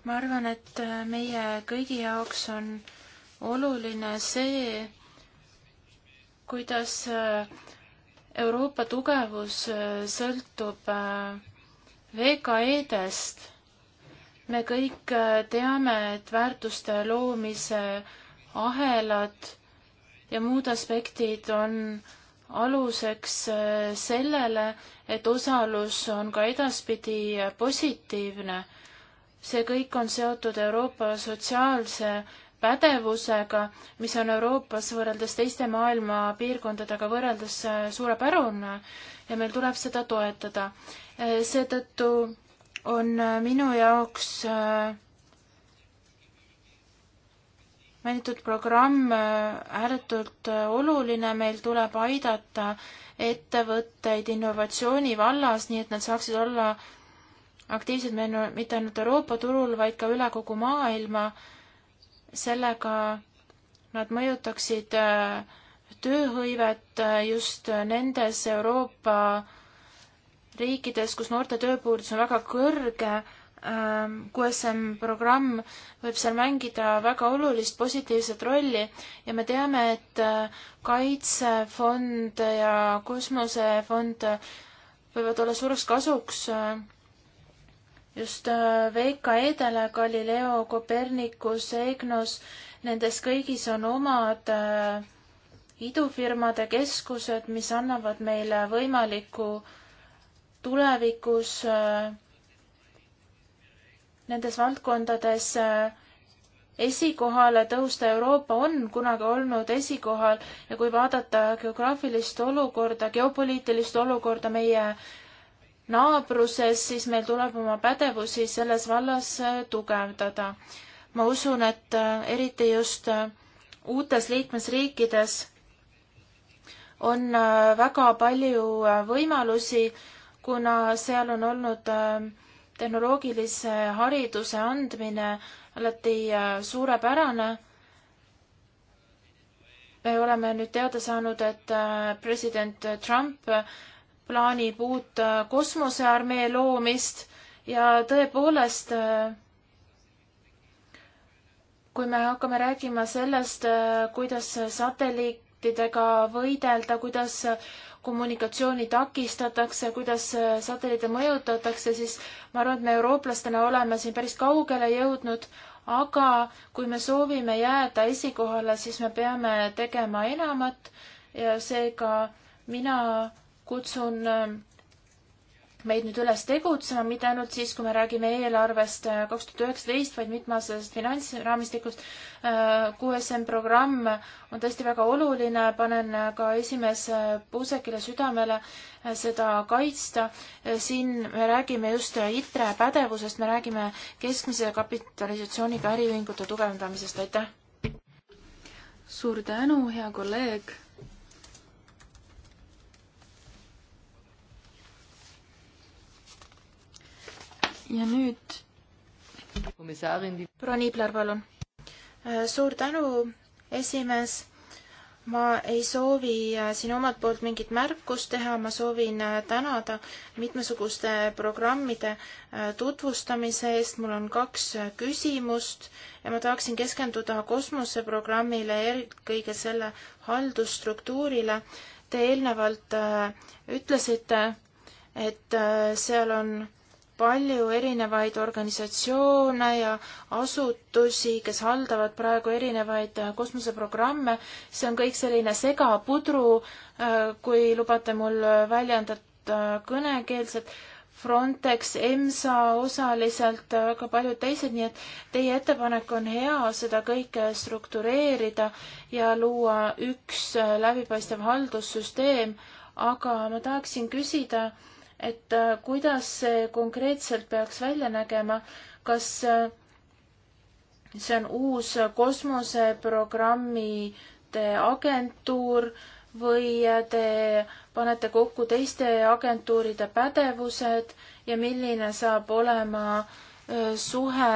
ma arvan, et äh, meie kõigi jaoks on oluline see, kuidas äh, Euroopa tugevus äh, sõltub VKE-dest. me kõik teame, et väärtuste loomise ahelad ja muud aspektid on aluseks äh, sellele, et osalus on ka edaspidi positiivne. see kõik on seotud Euroopa sotsiaalse pädevusega, mis on Euroopas võrreldes teiste maailma piirkondadega võrreldes äh, suurepärane ja meil tuleb seda toetada. Äh, seetõttu on minu jaoks äh, mainitud programm äh, ääretult äh, oluline, meil tuleb aidata ettevõtteid innovatsiooni vallas, nii et nad saaksid olla aktiivsed meil mitte ainult Euroopa turul, vaid ka üle kogu maailma. sellega nad mõjutaksid äh, tööhõivet just nendes Euroopa riikides, kus noorte tööpuudus on väga kõrge QSM ähm, programm võib seal mängida väga olulist positiivset rolli ja me teame, et äh, kaitsefond ja kosmosefond äh, võivad olla suureks kasuks äh, just VKE-dele Galileo, Copernicus, EGNOS, nendes kõigis on omad idufirmade keskused, mis annavad meile võimaliku tulevikus äh, nendes valdkondades äh, esikohale tõusta. Euroopa on kunagi olnud esikohal ja kui vaadata geograafilist olukorda, geopoliitilist olukorda meie naabruses, siis meil tuleb oma pädevusi selles vallas äh, tugevdada. ma usun, et äh, eriti just uutes liikmesriikides on väga palju võimalusi, kuna seal on olnud äh, tehnoloogilise hariduse andmine alati äh, suurepärane. me oleme nüüd teada saanud, et äh, president Trump plaanib uut äh, kosmosearmee loomist ja tõepoolest, kui me hakkame rääkima sellest, kuidas satelliitidega võidelda, kuidas kommunikatsiooni takistatakse, kuidas äh, satelliite mõjutatakse, siis ma arvan, et me eurooplastena oleme siin päris kaugele jõudnud, aga kui me soovime jääda esikohale, siis me peame tegema enamat ja seega mina kutsun äh, meid nüüd üles tegutsema, mitte ainult siis, kui me räägime eelarvest äh, kaks tuhat üheksateist, vaid mitmeaastasest finantsraamistikust. Äh, QSM programm on tõesti väga oluline, panen äh, ka esimees Puusekile südamele seda kaitsta. siin me räägime just ITRE pädevusest, me räägime keskmise kapitalisatsiooniga äriühingute tugevdamisest, aitäh! suur tänu, hea kolleeg ja nüüd. proua Niibler, palun. Äh, suur tänu, esimees. ma ei soovi äh, siin omalt poolt mingit märkust teha, ma soovin äh, tänada mitmesuguste programmide tutvustamise eest. mul on kaks küsimust ja ma tahaksin keskenduda kosmoseprogrammile, eelkõige selle haldusstruktuurile. Te eelnevalt ütlesite, et seal on palju erinevaid organisatsioone ja asutusi, kes haldavad praegu erinevaid äh, kosmoseprogramme. see on kõik selline segapudru, äh, kui lubate mul väljendada äh, kõnekeelset. Frontex, EMSA osaliselt, väga paljud teised, nii et teie ettepanek on hea seda kõike struktureerida ja luua üks läbipaistev haldussüsteem, aga ma tahaksin küsida äh, et äh, kuidas see konkreetselt peaks välja nägema, kas äh, see on uus kosmoseprogrammide agentuur või äh, te panete kokku teiste agentuuride pädevused ja milline saab olema suhe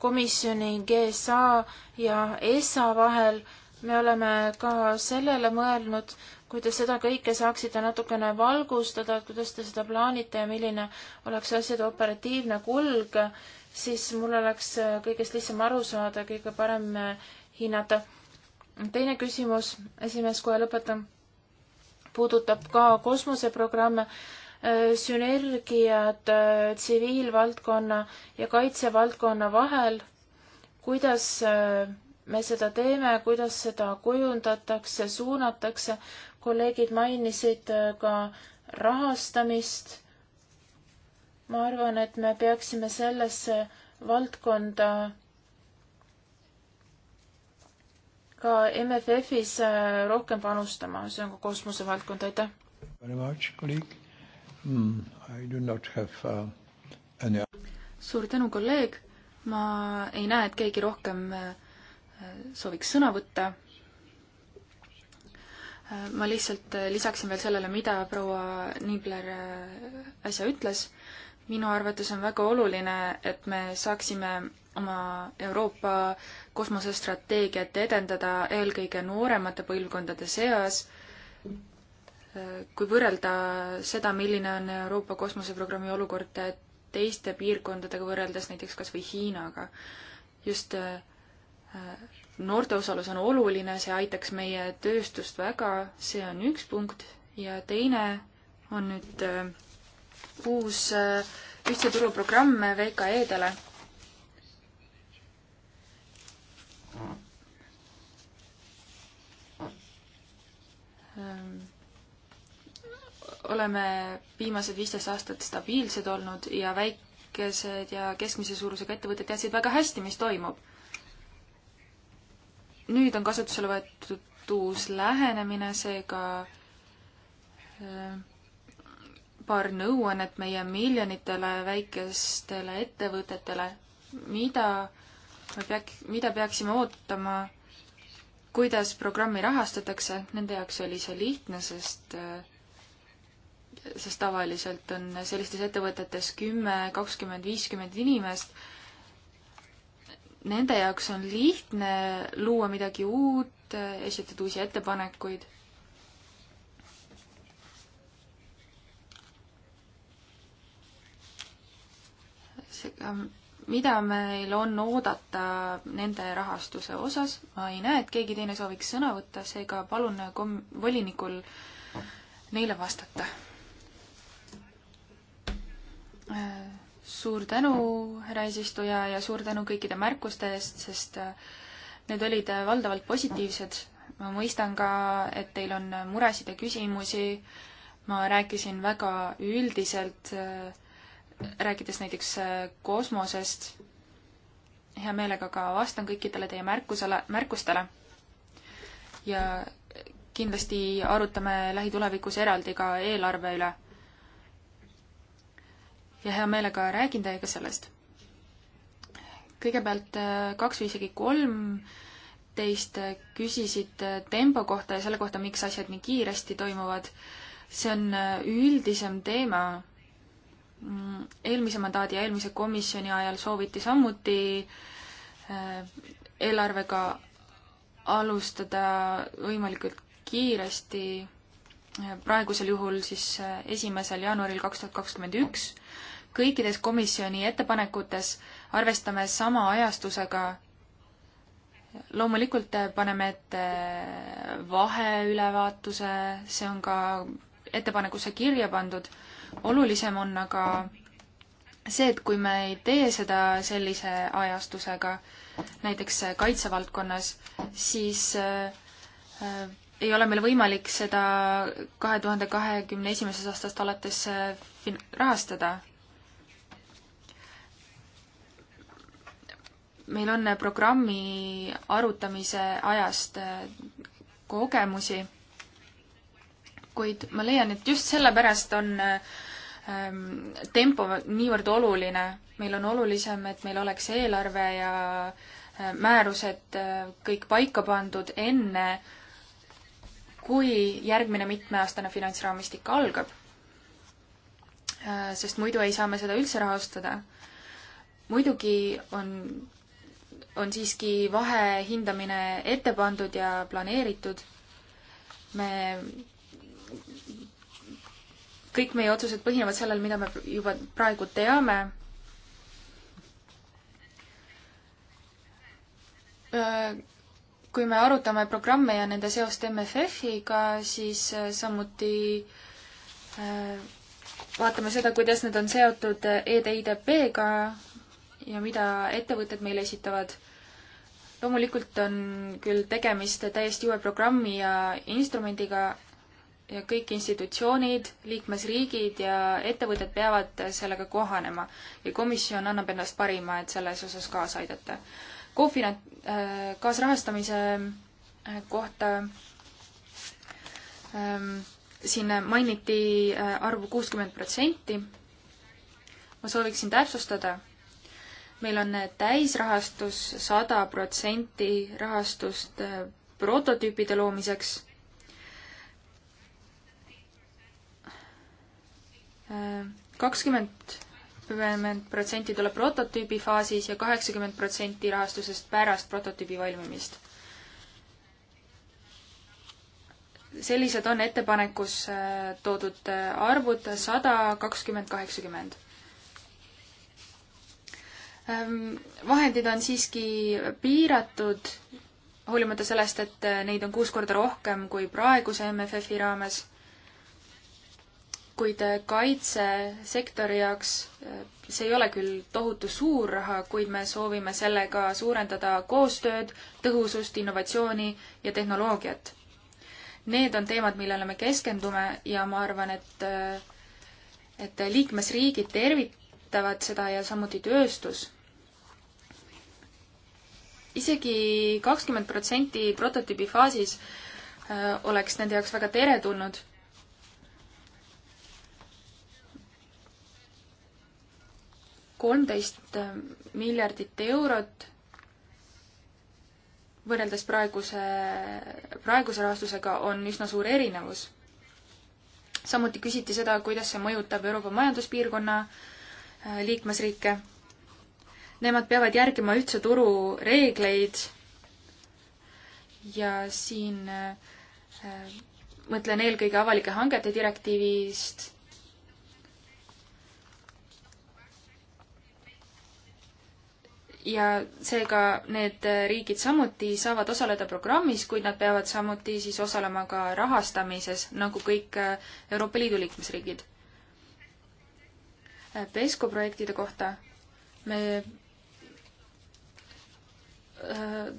komisjoni GSA ja ESA vahel. me oleme ka sellele mõelnud, kui te seda kõike saaksite natukene valgustada, et kuidas te seda plaanite ja milline oleks asjade operatiivne kulg, siis mul oleks äh, kõigest lihtsam aru saada, kõige parem äh, hinnata. teine küsimus, esimees, kohe lõpetan, puudutab ka kosmoseprogramme, äh, sünergiad tsiviilvaldkonna ja kaitsevaldkonna vahel, kuidas me seda teeme, kuidas seda kujundatakse, suunatakse, kolleegid mainisid äh, ka rahastamist. ma arvan, et me peaksime sellesse valdkonda ka MFF-is äh, rohkem panustama, see on ka kosmosevaldkond, aitäh. Hmm, uh, suur tänu, kolleeg. ma ei näe, et keegi rohkem äh, sooviks sõna võtta ma lihtsalt äh, lisaksin veel sellele, mida proua Niibler äh, äsja ütles. minu arvates on väga oluline, et me saaksime oma Euroopa kosmosestrateegiat edendada eelkõige nooremate põlvkondade seas, äh, kui võrrelda seda, milline on Euroopa kosmoseprogrammi olukord teiste piirkondadega võrreldes näiteks kas või Hiinaga, just noorte osalus on oluline, see aitaks meie tööstust väga, see on üks punkt ja teine on nüüd äh, uus äh, ühtse turu programm VKE-dele. Äh, oleme viimased viisteist aastat stabiilsed olnud ja väikesed ja keskmise suurusega ettevõtted teadsid väga hästi, mis toimub nüüd on kasutusele võetud uus lähenemine, seega äh, paar nõuannet meie miljonitele väikestele ettevõtetele, mida me peak-, mida peaksime ootama, kuidas programmi rahastatakse, nende jaoks oli see lihtne, sest äh, sest tavaliselt on sellistes ettevõtetes kümme, kakskümmend, viiskümmend inimest nende jaoks on lihtne luua midagi uut, esitada uusi ettepanekuid. seega, mida meil on oodata nende rahastuse osas, ma ei näe, et keegi teine sooviks sõna võtta, seega palun kom-, volinikul neile vastata äh suur tänu, härra eesistuja, ja suur tänu kõikide märkuste eest, sest äh, need olid äh, valdavalt positiivsed. ma mõistan ka, et teil on muresid ja küsimusi. ma rääkisin väga üldiselt, äh, rääkides näiteks kosmosest. hea meelega ka vastan kõikidele teie märkusele, märkustele. ja kindlasti arutame lähitulevikus eraldi ka eelarve üle ja hea meelega räägin teiega sellest. kõigepealt äh, kaks või isegi kolmteist äh, küsisid äh, tempo kohta ja selle kohta, miks asjad nii kiiresti toimuvad. see on üldisem teema. Mm, eelmise mandaadi ja eelmise komisjoni ajal sooviti samuti eelarvega alustada võimalikult kiiresti praegusel juhul siis esimesel jaanuaril kaks tuhat kakskümmend üks kõikides komisjoni ettepanekutes arvestame sama ajastusega. loomulikult paneme ette vaheülevaatuse, see on ka ettepanekusse kirja pandud. olulisem on aga see, et kui me ei tee seda sellise ajastusega, näiteks kaitsevaldkonnas, siis äh, ei ole meil võimalik seda kahe tuhande kahekümne esimesest aastast alates äh, rahastada. meil on programmi arutamise ajast äh, kogemusi, kuid ma leian, et just sellepärast on äh, ähm, tempo niivõrd oluline, meil on olulisem, et meil oleks eelarve ja äh, määrused kõik paika pandud enne, kui järgmine mitmeaastane finantsraamistik algab. sest muidu ei saa me seda üldse rahastada. muidugi on on siiski vahe hindamine ette pandud ja planeeritud. me, kõik meie otsused põhinevad sellel, mida me juba praegu teame. kui me arutame programme ja nende seost MFF-iga, siis äh, samuti äh, vaatame seda, kuidas need on seotud EDIDP-ga, ja mida ettevõtted meile esitavad. loomulikult on küll tegemist täiesti uue programmi ja instrumendiga ja kõik institutsioonid, liikmesriigid ja ettevõtted peavad sellega kohanema ja komisjon annab endast parima, et selles osas kaasa aidata. Kofinan-, äh, kaasrahastamise äh, kohta ähm, siin mainiti äh, arvu kuuskümmend protsenti. ma sooviksin täpsustada, meil on täisrahastus sada protsenti rahastust äh, prototüüpide loomiseks. Äh, kakskümmend protsenti tuleb prototüübi faasis ja kaheksakümmend protsenti rahastusest pärast prototüübi valmimist. sellised on ettepanekus äh, toodud arvud sada, kakskümmend, kaheksakümmend Ehm, vahendid on siiski piiratud, hoolimata sellest, et eh, neid on kuus korda rohkem kui praeguse MFF-i raames. kuid eh, kaitsesektori jaoks eh, see ei ole küll tohutu suur raha, kuid me soovime sellega suurendada koostööd, tõhusust, innovatsiooni ja tehnoloogiat. Need on teemad, millele me keskendume ja ma arvan, et et liikmesriigid tervitavad seda ja samuti tööstus isegi kakskümmend protsenti prototüübi faasis äh, oleks nende jaoks väga teretulnud. kolmteist äh, miljardit eurot võrreldes praeguse, praeguse rahastusega on üsna suur erinevus. samuti küsiti seda, kuidas see mõjutab Euroopa Majanduspiirkonna äh, liikmesriike Nemad peavad järgima ühtse turu reegleid ja siin äh, mõtlen eelkõige avalike hangete direktiivist. ja seega need riigid samuti saavad osaleda programmis, kuid nad peavad samuti siis osalema ka rahastamises, nagu kõik äh, Euroopa Liidu liikmesriigid. Äh, PESCO projektide kohta me Äh,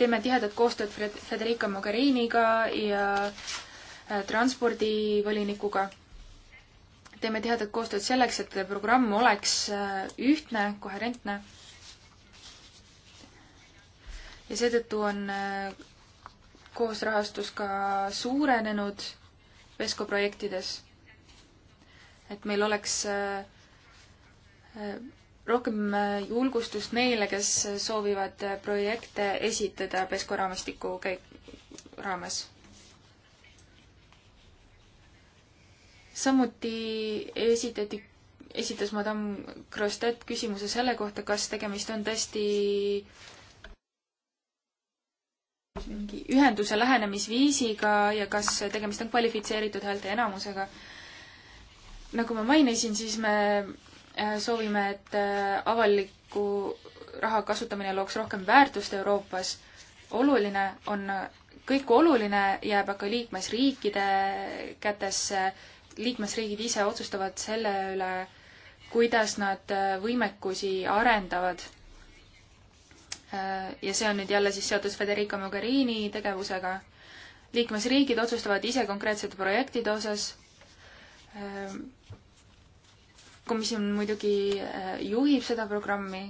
teeme tihedat koostööd Federica Mogheriniga ja äh, transpordivolinikuga. teeme tihedat koostööd selleks, et programm oleks äh, ühtne, koherentne. ja seetõttu on koosrahastus ka suurenenud Vesko projektides. et meil oleks rohkem äh, julgustust neile, kes äh, soovivad äh, projekte esitada PESCO raamistiku käik-, raames. samuti esitati, esitas madame Grostet küsimuse selle kohta, kas tegemist on tõesti mingi ühenduse lähenemisviisiga ja kas tegemist on kvalifitseeritud häälte enamusega. nagu ma mainisin, siis me Äh, soovime, et äh, avaliku raha kasutamine looks rohkem väärtust Euroopas. oluline on, äh, kõik oluline jääb aga liikmesriikide kätesse. liikmesriigid ise otsustavad selle üle, kuidas nad võimekusi arendavad. ja see on nüüd jälle siis seotud Federica Mogherini tegevusega. liikmesriigid otsustavad ise konkreetsete projektide osas komisjon muidugi äh, juhib seda programmi.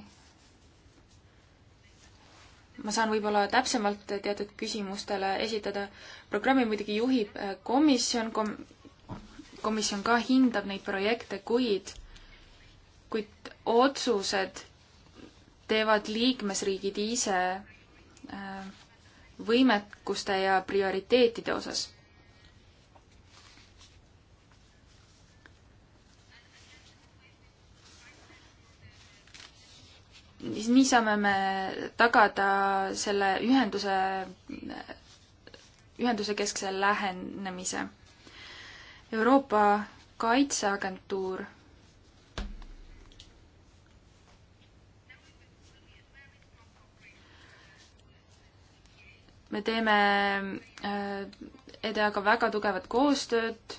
ma saan võib-olla täpsemalt teatud küsimustele esitada. programmi muidugi juhib äh, komisjon kom,, komisjon ka hindab neid projekte, kuid, kuid otsused teevad liikmesriigid ise äh, võimekuste ja prioriteetide osas siis nii saame me tagada selle ühenduse, ühenduse keskse lähenemise. Euroopa Kaitseagentuur me teeme äh, EDA-ga väga tugevat koostööd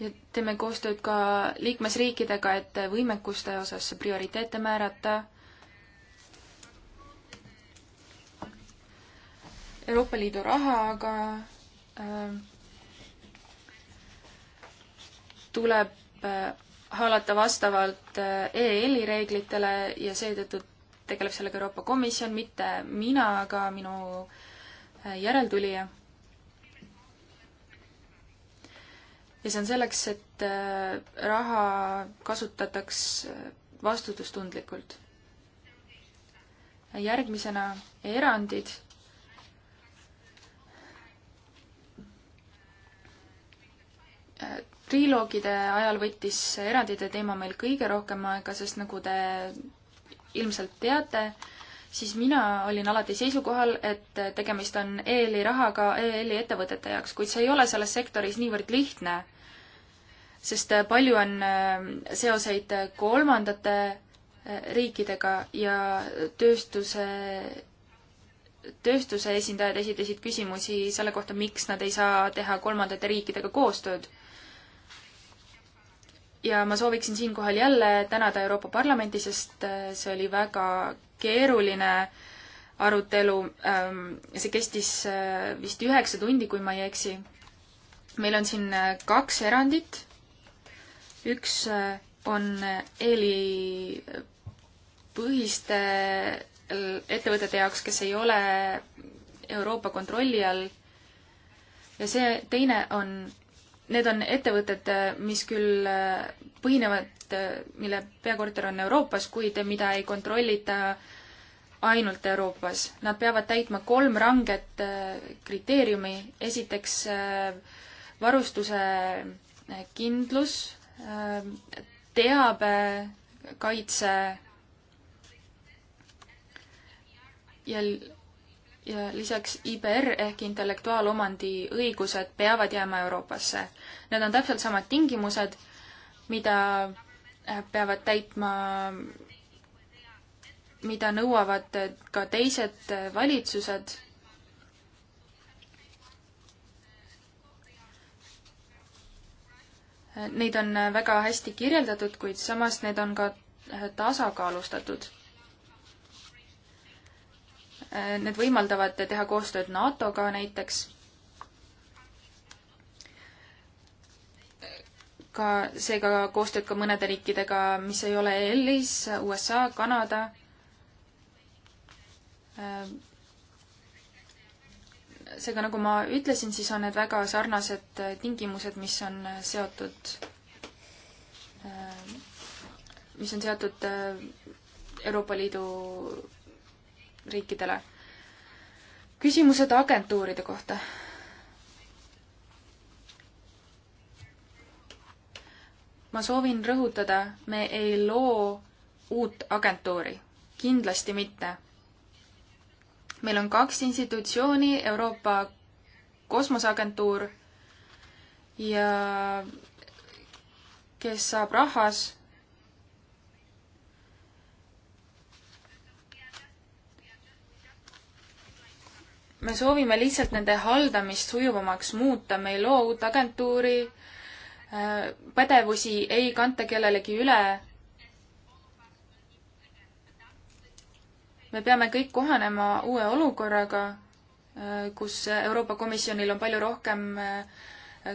ja teeme koostööd ka liikmesriikidega, et võimekuste osas prioriteete määrata. Euroopa Liidu raha aga äh, tuleb äh, haalata vastavalt äh, EL-i e reeglitele ja seetõttu tegeleb sellega Euroopa Komisjon, mitte mina, aga minu äh, järeltulija ja see on selleks, et äh, raha kasutataks äh, vastutustundlikult. järgmisena erandid. Äh, triloogide ajal võttis erandite teema meil kõige rohkem aega, sest nagu te ilmselt teate, siis mina olin alati seisukohal, et tegemist on EL-i rahaga EL-i ettevõtete jaoks, kuid see ei ole selles sektoris niivõrd lihtne sest äh, palju on äh, seoseid äh, kolmandate riikidega ja tööstuse, tööstuse esindajad esitasid küsimusi selle kohta, miks nad ei saa teha kolmandate riikidega koostööd. ja ma sooviksin siinkohal jälle tänada Euroopa Parlamenti, sest see oli väga keeruline arutelu, ähm, see kestis vist üheksa tundi, kui ma ei eksi. meil on siin kaks erandit üks äh, on äh, EEL-i põhiste äh, ettevõtete jaoks, kes ei ole Euroopa kontrolli all. ja see teine on, need on ettevõtted, mis küll põhinevad, mille peakorter on Euroopas, kuid mida ei kontrollita ainult Euroopas. Nad peavad täitma kolm ranget kriteeriumi. esiteks varustuse kindlus Ähm, teabekaitse ja, ja lisaks IBR ehk intellektuaalomandi õigused peavad jääma Euroopasse. Need on täpselt samad tingimused, mida äh, peavad täitma, mida nõuavad ka teised äh, valitsused Neid on väga hästi kirjeldatud, kuid samas need on ka äh, tasakaalustatud. Äh, need võimaldavad teha koostööd NATO-ga näiteks. ka seega koostööd ka mõnede riikidega, mis ei ole EL-is, USA, Kanada äh, seega nagu ma ütlesin, siis on need väga sarnased äh, tingimused, mis on äh, seotud, äh, mis on seotud Euroopa Liidu riikidele. küsimused agentuuride kohta. ma soovin rõhutada, me ei loo uut agentuuri, kindlasti mitte meil on kaks institutsiooni, Euroopa Kosmoseagentuur ja kes saab rahas. me soovime lihtsalt nende haldamist sujuvamaks muuta, me ei loo uut agentuuri, pädevusi ei kanta kellelegi üle me peame kõik kohanema uue olukorraga, äh, kus Euroopa Komisjonil on palju rohkem äh,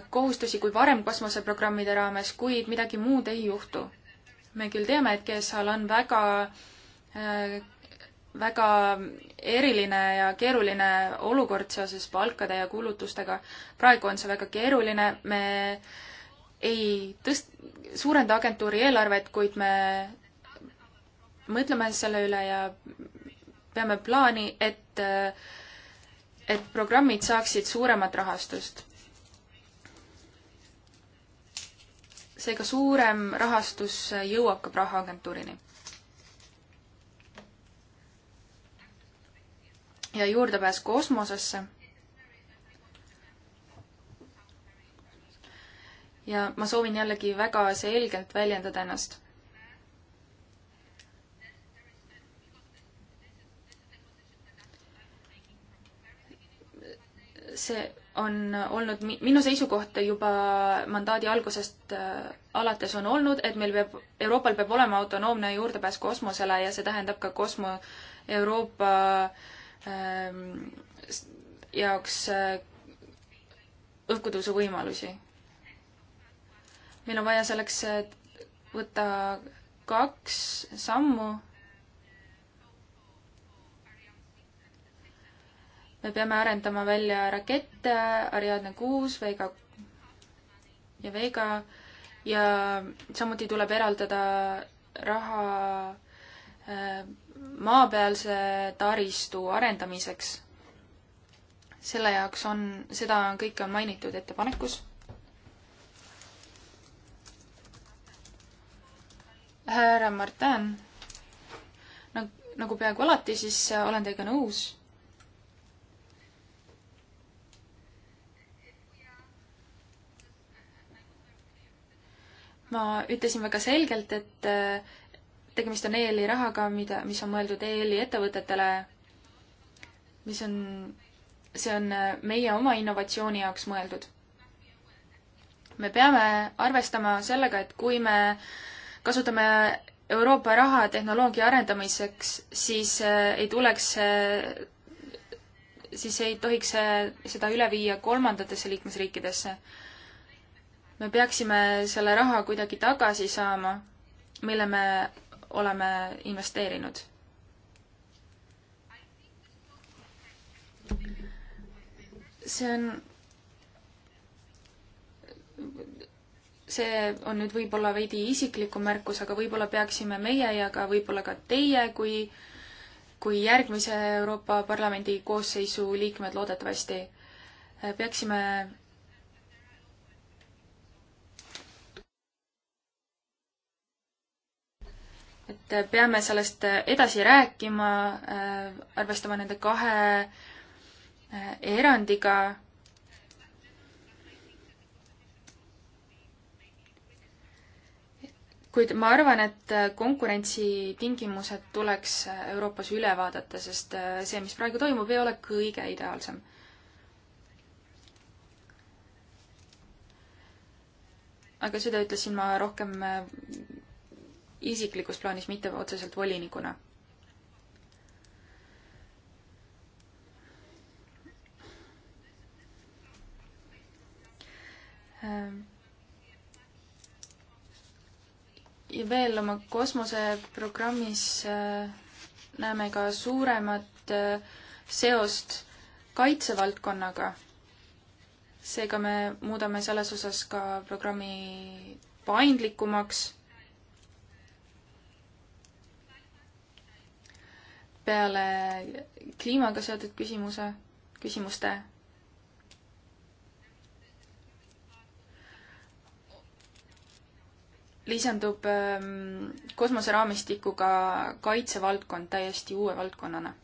kohustusi kui varem kosmoseprogrammide raames, kuid midagi muud ei juhtu. me küll teame, et GSH-l on väga, äh, väga eriline ja keeruline olukord seoses palkade ja kulutustega. praegu on see väga keeruline, me ei tõst-, suurenda agentuuri eelarvet, kuid me mõtleme selle üle ja peame plaani, et, äh, et programmid saaksid suuremat rahastust. seega suurem rahastus jõuab ka Praha agentuurini. ja juurdepääs kosmosesse ja ma soovin jällegi väga selgelt väljendada ennast. see on olnud minu seisukoht juba mandaadi algusest äh, alates on olnud, et meil peab, Euroopal peab olema autonoomne juurdepääs kosmosele ja see tähendab ka kosmo Euroopa ähm, jaoks äh, õhkutõusu võimalusi. meil on vaja selleks äh, võtta kaks sammu me peame arendama välja rakette Ariadne kuus, Veiga ja Veiga ja samuti tuleb eraldada raha äh, maapealse taristu arendamiseks. selle jaoks on, seda on kõike on mainitud ettepanekus. härra Martin, nagu, nagu peaaegu alati, siis olen teiega nõus ma ütlesin väga selgelt, et äh, tegemist on EL-i rahaga, mida, mis on mõeldud EL-i ettevõtetele, mis on, see on äh, meie oma innovatsiooni jaoks mõeldud. me peame arvestama sellega, et kui me kasutame Euroopa raha tehnoloogia arendamiseks, siis äh, ei tuleks, siis ei tohiks seda üle viia kolmandatesse liikmesriikidesse me peaksime selle raha kuidagi tagasi saama, mille me oleme investeerinud. see on, see on nüüd võib-olla veidi isiklikum märkus, aga võib-olla peaksime meie ja ka võib-olla ka teie, kui, kui järgmise Euroopa Parlamendi koosseisu liikmed loodetavasti, peaksime et peame sellest edasi rääkima, äh, arvestama nende kahe äh, erandiga. kuid ma arvan, et konkurentsitingimused tuleks Euroopas üle vaadata, sest äh, see, mis praegu toimub, ei ole kõige ideaalsem aga seda ütlesin ma rohkem isiklikus plaanis, mitte otseselt volinikuna. ja veel oma kosmoseprogrammis äh, näeme ka suuremat äh, seost kaitsevaldkonnaga. seega me muudame selles osas ka programmi paindlikumaks peale kliimaga seotud küsimuse, küsimuste lisandub ähm, kosmoseraamistikuga kaitsevaldkond täiesti uue valdkonnana.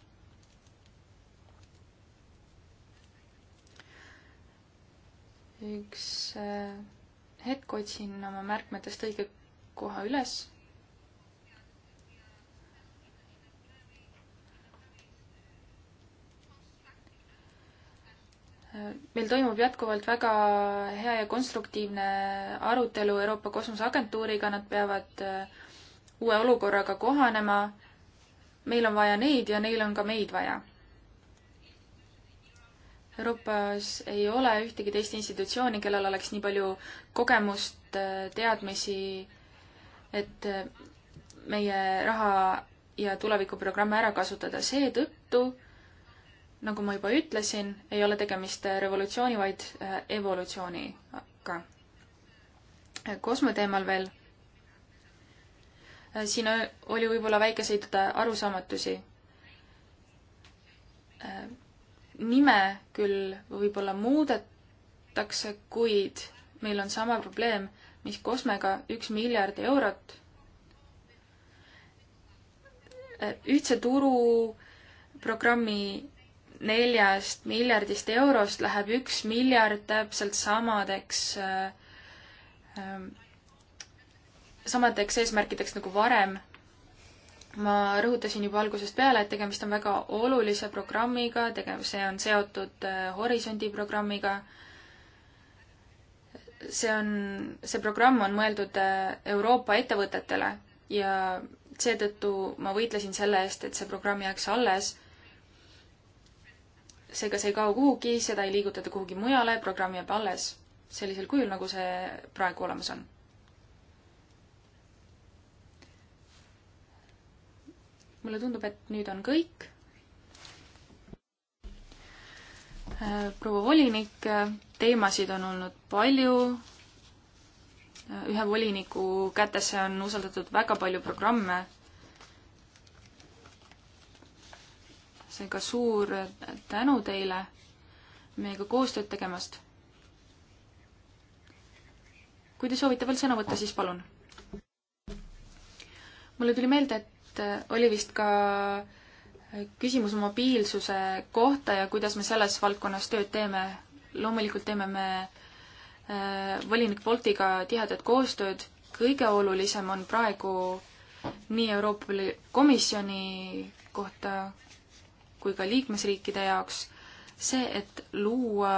üks äh, hetk otsin oma märkmetest õige koha üles meil toimub jätkuvalt väga hea ja konstruktiivne arutelu Euroopa Kosmoseagentuuriga, nad peavad äh, uue olukorraga kohanema. meil on vaja neid ja neil on ka meid vaja. Euroopas ei ole ühtegi teist institutsiooni, kellel oleks nii palju kogemust, äh, teadmisi, et äh, meie raha ja tulevikuprogramme ära kasutada. seetõttu nagu ma juba ütlesin, ei ole tegemist revolutsiooni, vaid äh, evolutsiooniga. kosmo teemal veel. Äh, siin oli võib-olla väikeseid äh, arusaamatusi. nime küll võib-olla muudetakse, kuid meil on sama probleem, mis kosmega üks miljard eurot. ühtse turu programmi neljast miljardist eurost läheb üks miljard täpselt samadeks äh, äh, samadeks eesmärkideks nagu varem. ma rõhutasin juba algusest peale, et tegemist on väga olulise programmiga, tegev-, see on seotud äh, Horisondi programmiga. see on, see programm on mõeldud Euroopa ettevõtetele ja seetõttu ma võitlesin selle eest, et see programm jääks alles seega see ei kao kuhugi, seda ei liigutata kuhugi mujale, programm jääb alles sellisel kujul, nagu see praegu olemas on. mulle tundub, et nüüd on kõik. Äh, proua volinik, äh, teemasid on olnud palju. Äh, ühe voliniku kätesse on usaldatud väga palju programme seega suur tänu teile meiega koostööd tegemast. kui te soovite veel sõna võtta, siis palun. mulle tuli meelde, et oli vist ka küsimus mobiilsuse kohta ja kuidas me selles valdkonnas tööd teeme. loomulikult teeme me äh, volinik Boltiga tihedat koostööd. kõige olulisem on praegu nii Euroopa Komisjoni kohta kui ka liikmesriikide jaoks see, et luua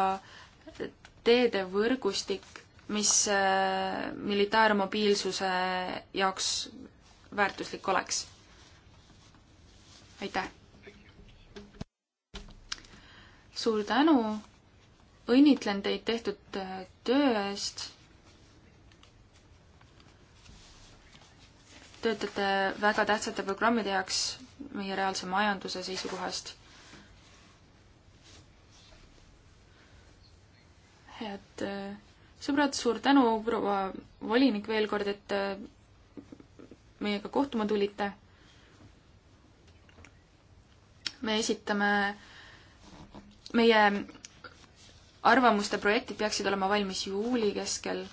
teedevõrgustik, mis äh, militaarmobiilsuse jaoks väärtuslik oleks. aitäh! suur tänu, õnnitlen teid tehtud äh, töö eest. töötate väga tähtsate programmide jaoks meie reaalse majanduse seisukohast. head äh, sõbrad, suur tänu, proua volinik, veel kord, et äh, meiega kohtuma tulite. me esitame, meie arvamuste projektid peaksid olema valmis juuli keskel.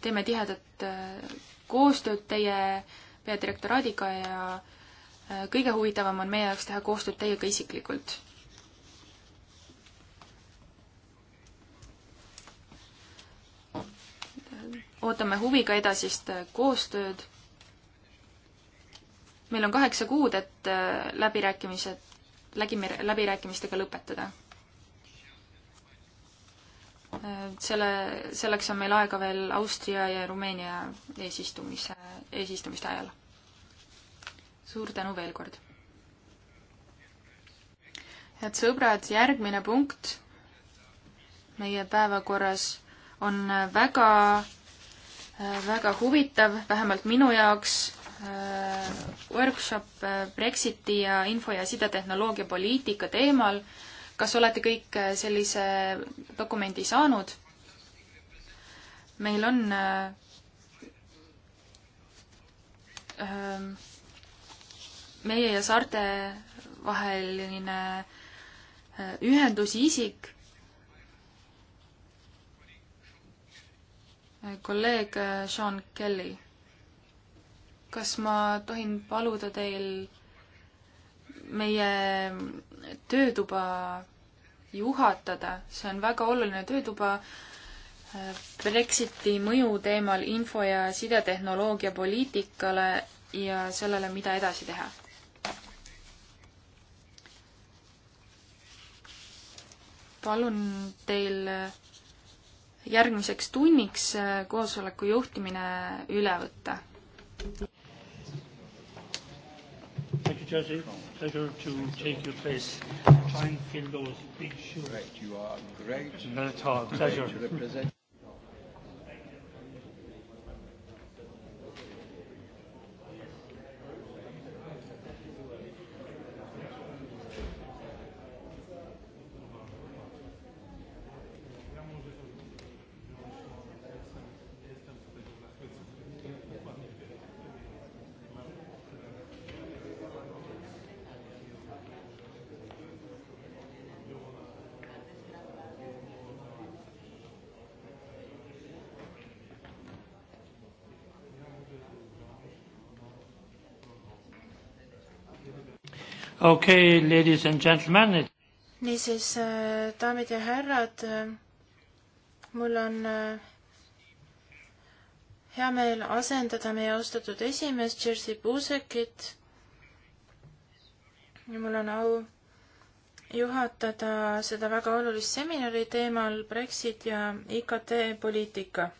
teeme tihedat äh, koostööd teie peadirektoraadiga ja kõige huvitavam on meie jaoks teha koostööd teiega isiklikult. ootame huviga edasist äh, koostööd. meil on kaheksa kuud, et äh, läbirääkimised, läbirääkimistega lõpetada. Äh, selle, selleks on meil aega veel Austria ja Rumeenia eesistumise, eesistumiste ajal suur tänu veel kord. head sõbrad, järgmine punkt meie päevakorras on väga, väga huvitav, vähemalt minu jaoks äh, workshop äh, Brexiti ja info- ja sidetehnoloogia poliitika teemal. kas olete kõik äh, sellise dokumendi saanud? meil on äh, äh, meie ja saarte vaheline äh, ühendusisik. Äh, kolleeg äh, Sean Kelly, kas ma tohin paluda teil meie töötuba juhatada, see on väga oluline töötuba Brexiti mõju teemal info- ja sidetehnoloogia poliitikale ja sellele, mida edasi teha palun teil järgmiseks tunniks koosoleku juhtimine üle võtta. Thank you, Jesse. Pleasure to take your place. Try and fill those big shoes. Great, you are great. Not at all. Pleasure. okei okay,, ladies and gentlemen. niisiis, äh, daamid ja härrad, äh, mul on äh, hea meel asendada meie austatud esimees Jerzy Buzekit. ja mul on au juhatada seda väga olulist seminari teemal Brexit ja IKT poliitika.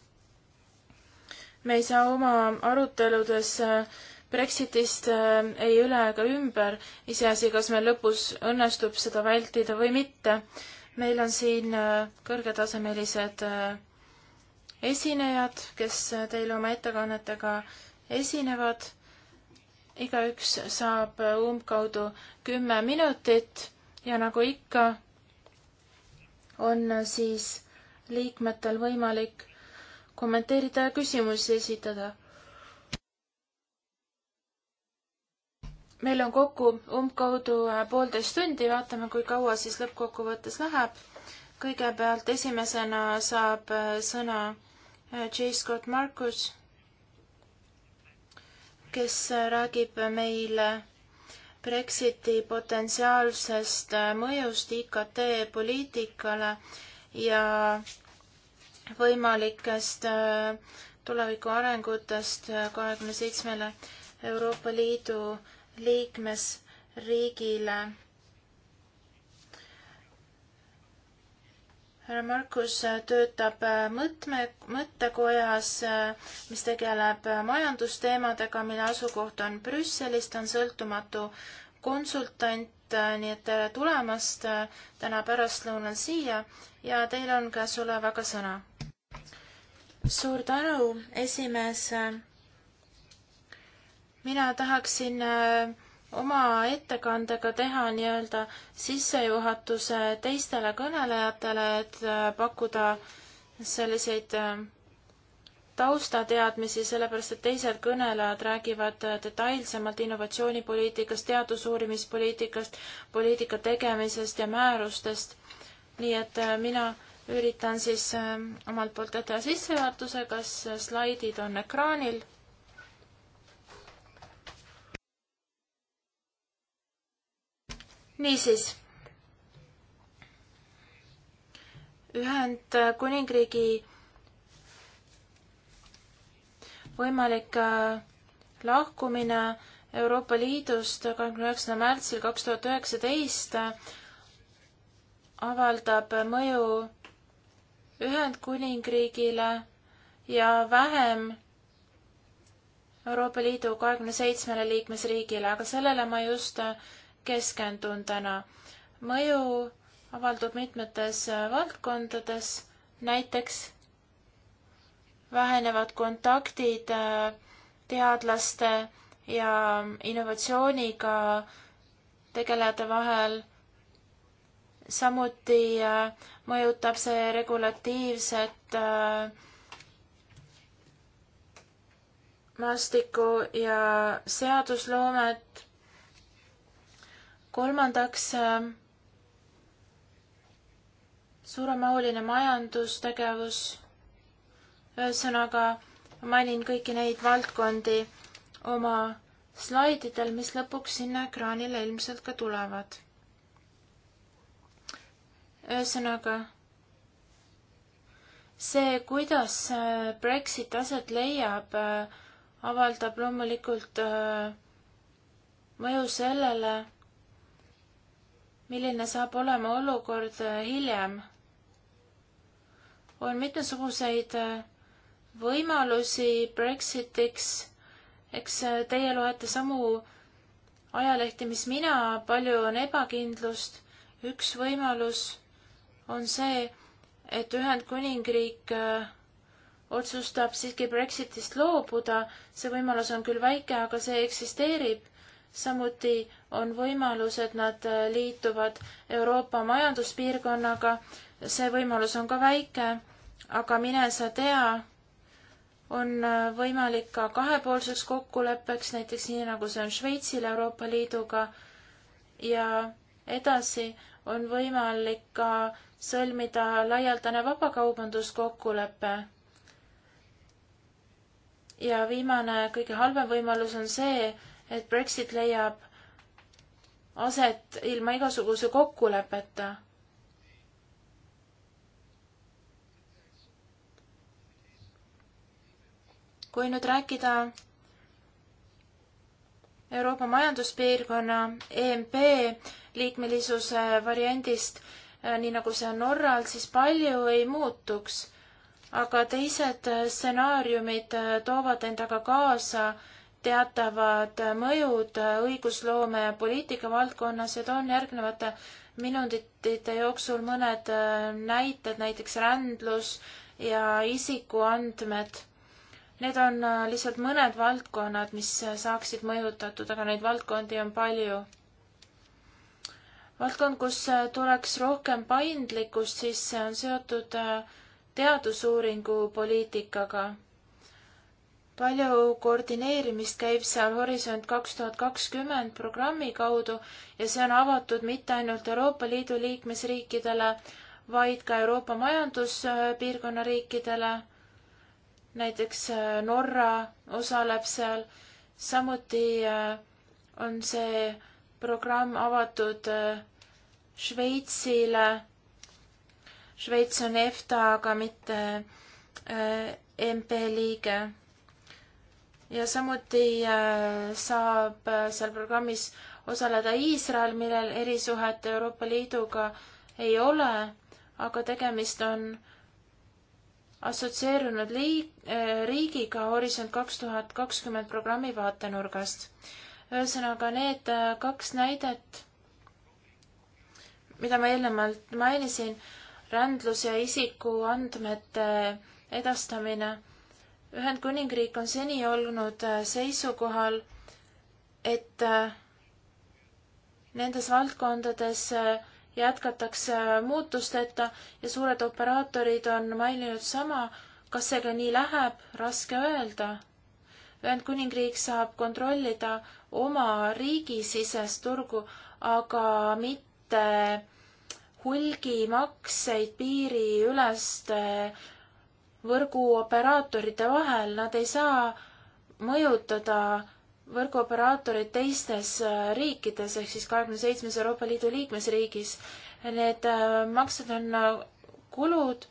me ei saa oma aruteludes äh, Brexitist äh, ei üle ega ümber, iseasi, kas meil lõpus õnnestub seda vältida või mitte. meil on siin äh, kõrgetasemelised äh, esinejad, kes teile oma ettekannetega esinevad. igaüks saab umbkaudu kümme minutit ja nagu ikka, on siis liikmetel võimalik kommenteerida ja küsimusi esitada meil on kokku umbkaudu äh, poolteist tundi, vaatame, kui kaua siis lõppkokkuvõttes läheb. kõigepealt esimesena saab äh, sõna äh, J. Scott Marcus, kes räägib meile Brexiti potentsiaalsest mõjust IKT poliitikale ja võimalikest tuleviku arengutest kahekümne seitsmele Euroopa Liidu liikmesriigile. härra Markus töötab mõtme, mõttekojas, mis tegeleb majandusteemadega, mille asukoht on Brüsselis, ta on sõltumatu konsultant, nii et tere tulemast täna pärastlõunal siia ja teil on käesolevaga sõna. suur tänu, esimees mina tahaksin äh, oma ettekandega teha nii-öelda sissejuhatuse teistele kõnelejatele, et äh, pakkuda selliseid äh, taustateadmisi, sellepärast et teised kõnelejad räägivad detailsemalt innovatsioonipoliitikast, teadusuurimispoliitikast, poliitika tegemisest ja määrustest. nii et mina üritan siis omalt poolt teha sissejuhatuse, kas slaidid on ekraanil niisiis. Ühendkuningriigi võimalik äh, lahkumine Euroopa Liidust kahekümne üheksandal märtsil kaks tuhat üheksateist äh, avaldab mõju Ühendkuningriigile ja vähem Euroopa Liidu kahekümne seitsmele liikmesriigile, aga sellele ma just äh, keskendun täna. mõju avaldub mitmetes äh, valdkondades, näiteks vähenevad kontaktid äh, teadlaste ja mm, innovatsiooniga tegelejate vahel. samuti äh, mõjutab see regulatiivset maastikku ja seadusloomet kolmandaks, äh, suuremahuline majandustegevus. ühesõnaga, mainin kõiki neid valdkondi oma slaididel, mis lõpuks sinna ekraanile ilmselt ka tulevad. ühesõnaga, see, kuidas äh, Brexit aset leiab, äh, avaldab loomulikult mõju sellele, milline saab olema olukord äh, hiljem. on mitmesuguseid äh, võimalusi Brexitiks. eks äh, teie loete samu ajalehti, mis mina, palju on ebakindlust. üks võimalus on see, et Ühendkuningriik otsustab siiski Brexitist loobuda, see võimalus on küll väike, aga see eksisteerib samuti on võimalus, et nad äh, liituvad Euroopa majanduspiirkonnaga. see võimalus on ka väike, aga mine sa tea, on äh, võimalik ka kahepoolseks kokkuleppeks, näiteks nii nagu see on Šveitsil Euroopa Liiduga ja edasi on võimalik ka sõlmida laialdane vabakaubanduskokkulepe. ja viimane, kõige halvem võimalus on see, et Brexit leiab aset ilma igasuguse kokkuleppeta. kui nüüd rääkida Euroopa Majanduspiirkonna EMP liikmelisuse variandist, äh, nii nagu see on Norral, siis palju ei muutuks. aga teised äh, stsenaariumid äh, toovad endaga kaasa äh, teatavad mõjud õigusloome ja poliitika valdkonnas ja toon järgnevate minutite jooksul mõned äh, näited, näiteks rändlus ja isikuandmed. Need on äh, lihtsalt mõned valdkonnad, mis saaksid mõjutatud, aga neid valdkondi on palju. valdkond, kus äh, tuleks rohkem paindlikkust sisse, on seotud teadusuuringu poliitikaga palju koordineerimist käib seal Horisont kaks tuhat kakskümmend programmi kaudu ja see on avatud mitte ainult Euroopa Liidu liikmesriikidele, vaid ka Euroopa Majanduspiirkonna riikidele. näiteks äh, Norra osaleb seal, samuti äh, on see programm avatud äh, Šveitsile. Šveits on EFTA, aga mitte MP liige ja samuti äh, saab äh, seal programmis osaleda Iisrael, millel erisuhet Euroopa Liiduga ei ole, aga tegemist on assotsieerunud liik-, äh, riigiga Horisont kaks tuhat kakskümmend programmi vaatenurgast. ühesõnaga, need kaks näidet, mida ma eelnevalt mainisin, rändlus ja isikuandmete edastamine Ühendkuningriik on seni olnud äh, seisukohal, et äh, nendes valdkondades äh, jätkatakse muutusteta ja suured operaatorid on maininud sama, kas see ka nii läheb, raske öelda. Ühendkuningriik saab kontrollida oma riigisisest turgu, aga mitte hulgimakseid piiriüleste võrguoperaatorite vahel, nad ei saa mõjutada võrguoperaatorid teistes äh, riikides ehk siis kahekümne seitsmes Euroopa Liidu liikmesriigis. Need äh, maksed on äh, kulud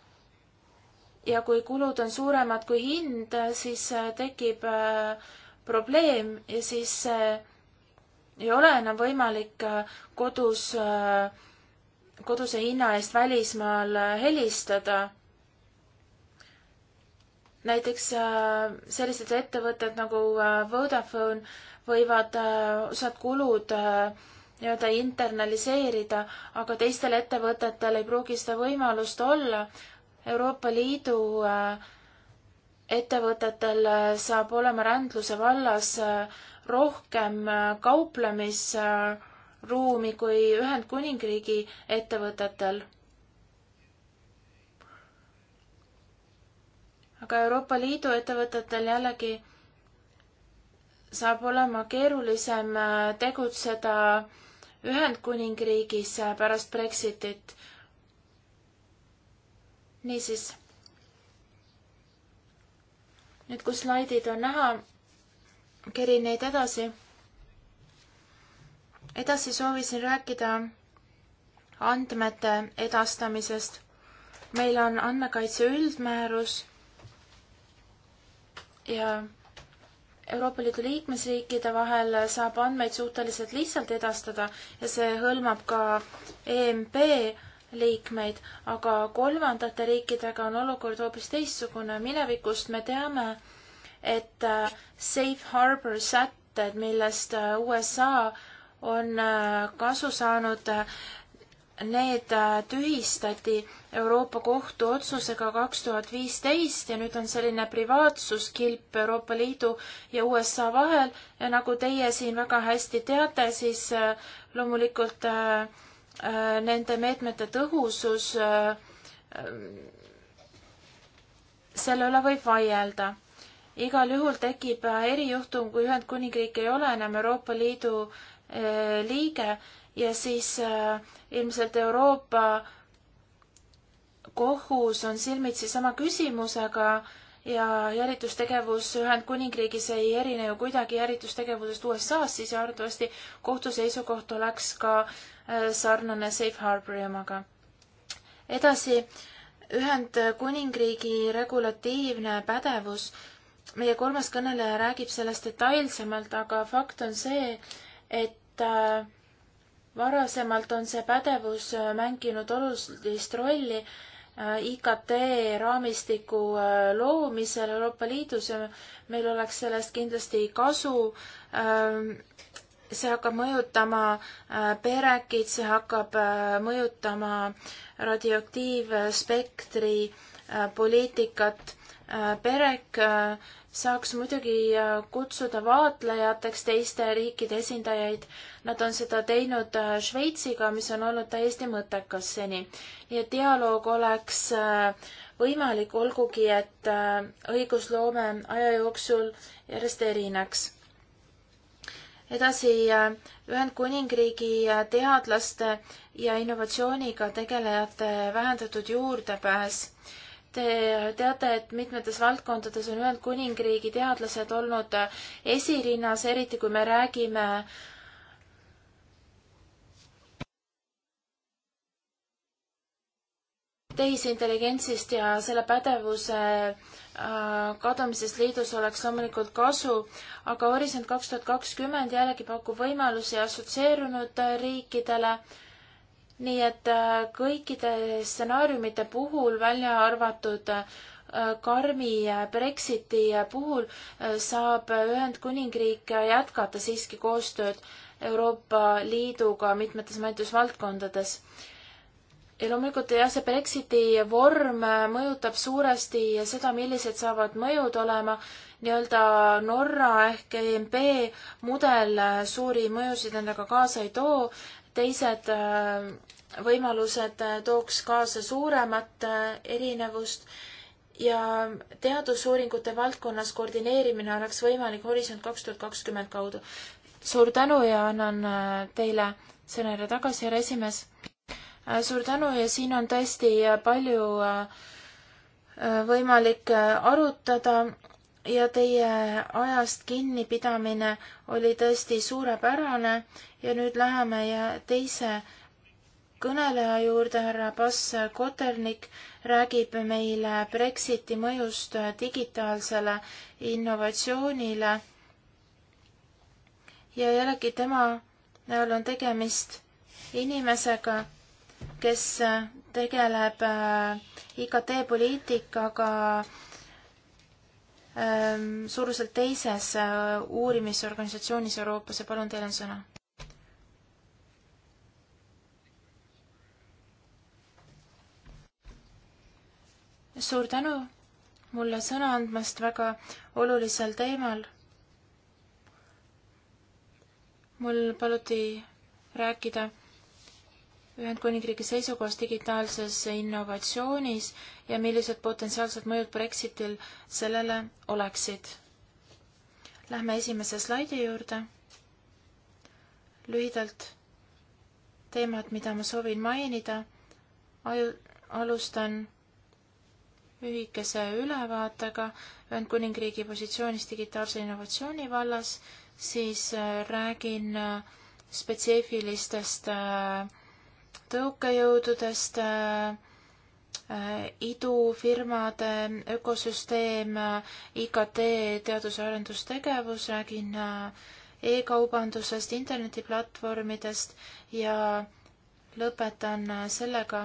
ja kui kulud on suuremad kui hind, siis tekib probleem ja siis ei ole enam võimalik kodus, koduse hinna eest välismaal helistada näiteks äh, sellised ettevõtted nagu äh, Vodafone võivad äh, osad kulud nii-öelda internaliseerida, aga teistel ettevõtetel ei pruugi seda võimalust olla. Euroopa Liidu ettevõtetel saab olema rändluse vallas rohkem kauplemisruumi kui Ühendkuningriigi ettevõtetel aga Euroopa Liidu ettevõtetel jällegi saab olema keerulisem äh, tegutseda Ühendkuningriigis äh, pärast Brexitit. niisiis. nüüd, kus slaidid on näha, kerin neid edasi. edasi soovisin rääkida andmete edastamisest. meil on andmekaitse üldmäärus ja Euroopa Liidu liikmesriikide vahel saab andmeid suhteliselt lihtsalt edastada ja see hõlmab ka EMP liikmeid, aga kolmandate riikidega on olukord hoopis teistsugune. minevikust me teame, et äh, safe harbor sätted, millest äh, USA on äh, kasu saanud, need äh, tühistati Euroopa Kohtu otsusega kaks tuhat viisteist ja nüüd on selline privaatsuskilp Euroopa Liidu ja USA vahel ja nagu teie siin väga hästi teate, siis äh, loomulikult äh, nende meetmete tõhusus, selle üle võib vaielda. igal juhul tekib erijuhtum, kui Ühendkuningriik ei ole enam Euroopa Liidu liige ja siis äh, ilmselt Euroopa kohus on silmitsi sama küsimusega ja jälitustegevus Ühendkuningriigis ei erine ju kuidagi jälitustegevusest USA-s, siis arvatavasti kohtu seisukoht oleks ka äh, sarnane safe harbori omaga. edasi, Ühendkuningriigi regulatiivne pädevus. meie kolmas kõneleja räägib sellest detailsemalt, aga fakt on see, et äh, varasemalt on see pädevus äh, mänginud olulist rolli äh, IKT raamistiku äh, loomisel Euroopa Liidus ja meil oleks sellest kindlasti kasu. Ähm, see hakkab mõjutama perekid, see hakkab mõjutama radioaktiivspektri poliitikat. perek saaks muidugi äh, kutsuda vaatlejateks teiste riikide esindajaid. Nad on seda teinud äh, Šveitsiga, mis on olnud täiesti mõttekas seni. nii et dialoog oleks äh, võimalik, olgugi et õigusloome aja jooksul järjest erineks. edasi Ühendkuningriigi teadlaste ja innovatsiooniga tegelejate vähendatud juurdepääs Te teate, et mitmetes valdkondades on Ühendkuningriigi teadlased olnud esirinnas, eriti kui me räägime tehisintelligentsist ja selle pädevuse äh, kadumisest liidus oleks loomulikult kasu, aga Horisont kaks tuhat kakskümmend jällegi pakub võimalusi assotsieerunud riikidele nii et äh, kõikide stsenaariumite puhul, välja arvatud äh, karmi Brexiti puhul, äh, saab Ühendkuningriik jätkata siiski koostööd Euroopa Liiduga mitmetes majandusvaldkondades. ja loomulikult jah, see Brexiti vorm mõjutab suuresti seda, millised saavad mõjud olema, nii-öelda Norra ehk EMP mudel suuri mõjusid endaga kaasa ei too, teised äh, võimalused äh, tooks kaasa suuremat äh, erinevust ja teadusuuringute valdkonnas koordineerimine oleks võimalik Horisont kaks tuhat kakskümmend kaudu. suur tänu ja annan äh, teile sõnale tagasi, härra esimees. suur tänu ja siin on tõesti palju võimalik arutada ja teie ajast kinnipidamine oli tõesti suurepärane ja nüüd läheme teise kõneleja juurde, härra Bass Kotelnik räägib meile Brexiti mõjust digitaalsele innovatsioonile. ja jällegi tema näol on tegemist inimesega, kes tegeleb äh, IKT poliitikaga ähm, suuruselt teises äh, uurimisorganisatsioonis Euroopas ja palun, teil on sõna suur tänu mulle sõna andmast väga olulisel teemal. mul paluti rääkida Ühendkuningriigi seisukohast digitaalses innovatsioonis ja millised potentsiaalsed mõjud Brexitil sellele oleksid. Lähme esimese slaidi juurde. lühidalt teemad, mida ma soovin mainida. alustan lühikese ülevaatega Ühendkuningriigi positsioonist digitaalse innovatsiooni vallas, siis äh, räägin äh, spetsiifilistest äh, tõukejõududest, idufirmade ökosüsteem, IKT teadus- ja arendustegevus, räägin e-kaubandusest, internetiplatvormidest ja lõpetan sellega,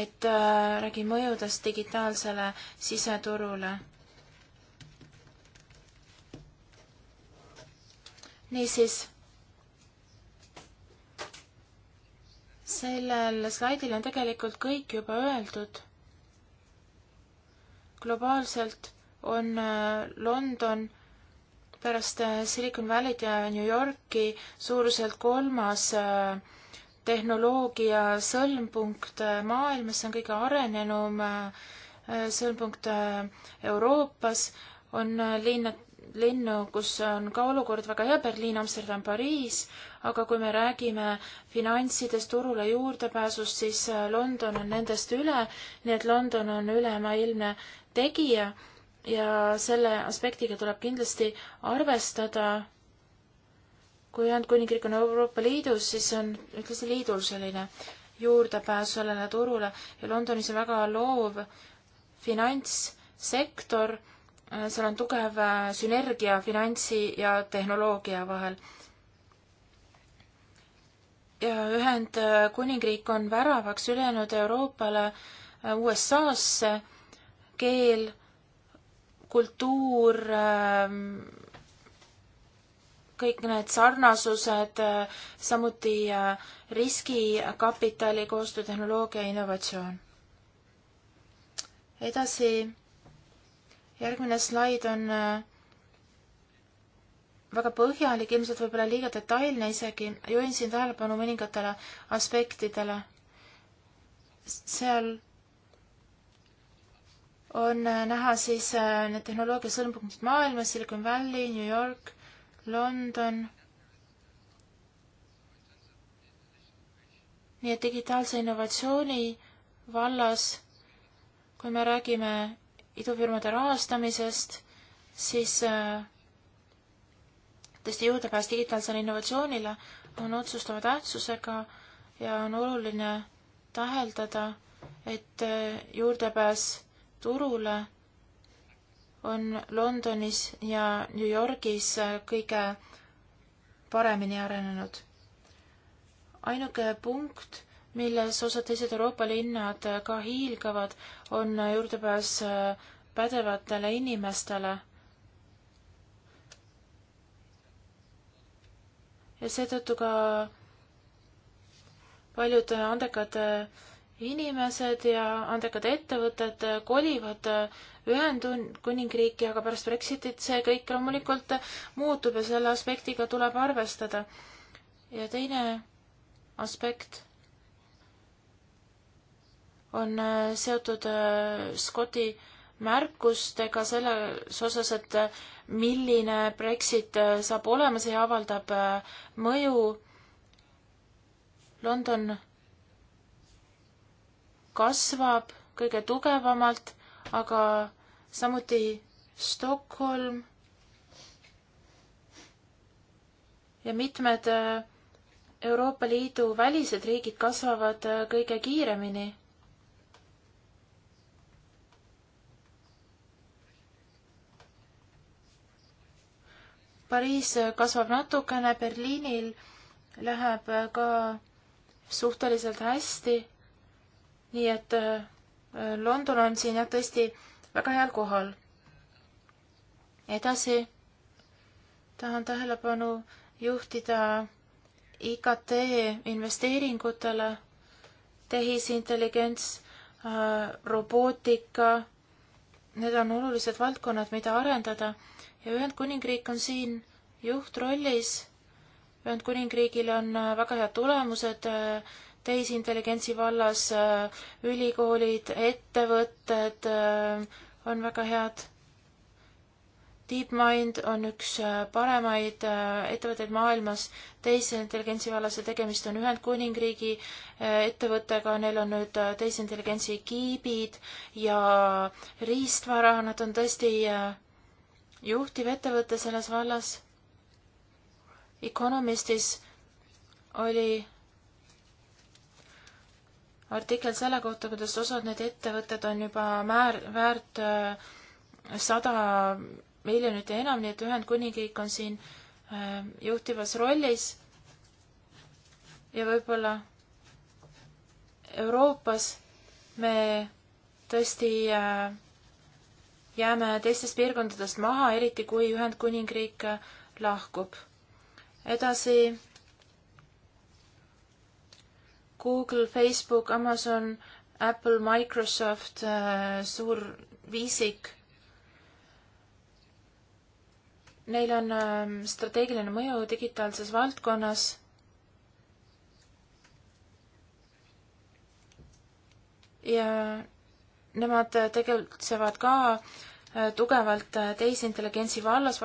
et äh, räägi mõjudest digitaalsele siseturule. niisiis, sellel slaidil on tegelikult kõik juba öeldud. globaalselt on äh, London pärast äh, Silicon Valley't ja New Yorki suuruselt kolmas äh, tehnoloogia sõlmpunkt maailmas, see on kõige arenenum äh, sõlmpunkt äh, Euroopas, on äh, linnad, linnu, kus on ka olukord väga hea, Berliin, Amsterdam, Pariis, aga kui me räägime finantsidest, turule juurdepääsust, siis London on nendest üle, nii et London on ülemaailmne tegija ja selle aspektiga tuleb kindlasti arvestada kui Ühendkuningriik on Euroopa Liidus, siis on ühtlasi liidul selline juurdepääs sellele turule ja Londonis on väga loov finantssektor, seal on tugev äh, sünergia finantsi ja tehnoloogia vahel. ja Ühendkuningriik on väravaks ülejäänud Euroopale äh, USA-sse, keel, kultuur, ähm, kõik need sarnasused, samuti äh, riskikapitali, koostöötehnoloogia ja innovatsioon. edasi, järgmine slaid on äh, väga põhjalik, ilmselt võib-olla liiga detailne isegi, juhin siin tähelepanu mõningatele aspektidele. seal on äh, näha siis need tehnoloogia sõlmpunktid maailmas, Silicon Valley, New York London. nii et digitaalse innovatsiooni vallas, kui me räägime idufirmade rahastamisest, siis äh, tõesti juurdepääs digitaalsele innovatsioonile on otsustava tähtsusega ja on oluline täheldada, et äh, juurdepääs turule on Londonis ja New Yorgis kõige paremini arenenud. ainuke punkt, milles osad teised Euroopa linnad ka hiilgavad, on juurdepääs äh, pädevatele inimestele. ja seetõttu ka paljud andekad inimesed ja andekad ettevõtted kolivad äh, Ühendkuningriiki, aga pärast Brexitit see kõik loomulikult muutub ja selle aspektiga tuleb arvestada. ja teine aspekt on äh, seotud äh, Scotti märkustega selles osas, et äh, milline Brexit saab olema, see avaldab mõju. London kasvab kõige tugevamalt aga samuti Stockholm ja mitmed äh, Euroopa Liidu välised riigid kasvavad äh, kõige kiiremini. Pariis äh, kasvab natukene, Berliinil läheb ka suhteliselt hästi. nii et London on siin jah tõesti väga heal kohal. edasi tahan tähelepanu juhtida IKT investeeringutele, tehisintelligents, äh, robootika, need on olulised valdkonnad, mida arendada ja Ühendkuningriik on siin juhtrollis. Ühendkuningriigil on äh, väga head tulemused äh, tehisintelligentsi vallas äh, ülikoolid, ettevõtted äh, on väga head. DeepMind on üks äh, paremaid ettevõtteid maailmas tehisintelligentsi vallas ja tegemist on Ühendkuningriigi ettevõttega, neil on nüüd tehisintelligentsi kiibid ja riistvara, nad on tõesti juhtiv ettevõte selles vallas. Economistis oli artikkel selle kohta, kuidas osad need ettevõtted on juba määr, väärt äh, sada miljonit ja enam, nii et Ühendkuningriik on siin äh, juhtivas rollis. ja võib-olla Euroopas me tõesti äh, jääme teistest piirkondadest maha, eriti kui Ühendkuningriik lahkub. edasi Google, Facebook, Amazon, Apple, Microsoft, äh, suur viisik. Neil on ähm, strateegiline mõju digitaalses valdkonnas ja nemad tegutsevad ka äh, tugevalt äh, tehisintelligentsi vallas.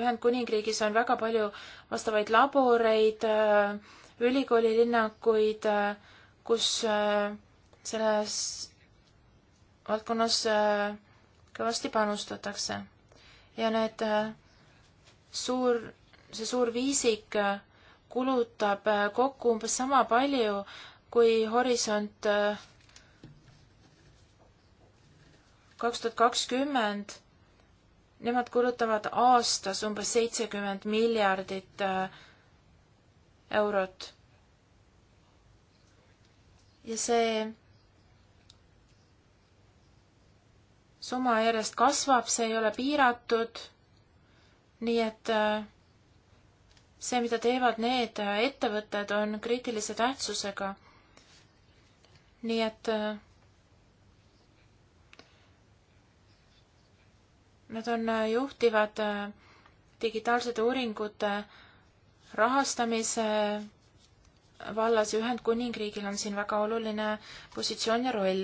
Ühendkuningriigis on väga palju vastavaid laboreid, ülikoolilinnakuid, kus äh, selles valdkonnas äh, kõvasti panustatakse. ja need äh, suur, see suur viisik kulutab kokku umbes sama palju kui Horisont kaks tuhat kakskümmend. Nemad kulutavad aastas umbes seitsekümmend miljardit eurot. ja see summa järjest kasvab, see ei ole piiratud. nii et äh, see, mida teevad need äh, ettevõtted, on kriitilise tähtsusega. nii et äh, nad on juhtivad digitaalsete uuringute rahastamise vallas Ühendkuningriigil on siin väga oluline positsioon ja roll.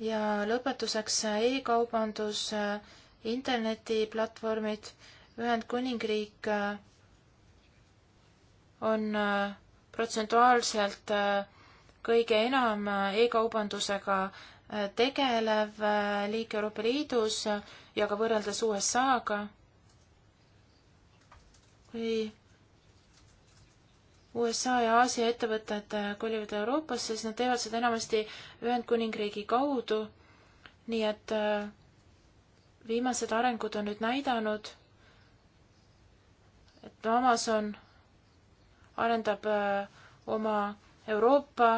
ja lõpetuseks e-kaubandus, internetiplatvormid, Ühendkuningriik on protsentuaalselt kõige enam e-kaubandusega tegelev liik Euroopa Liidus ja ka võrreldes USA-ga või USA ja Aasia ettevõtted äh, kolivad Euroopasse, siis nad teevad seda enamasti Ühendkuningriigi kaudu. nii et äh, viimased arengud on nüüd näidanud, et Amazon arendab äh, oma Euroopa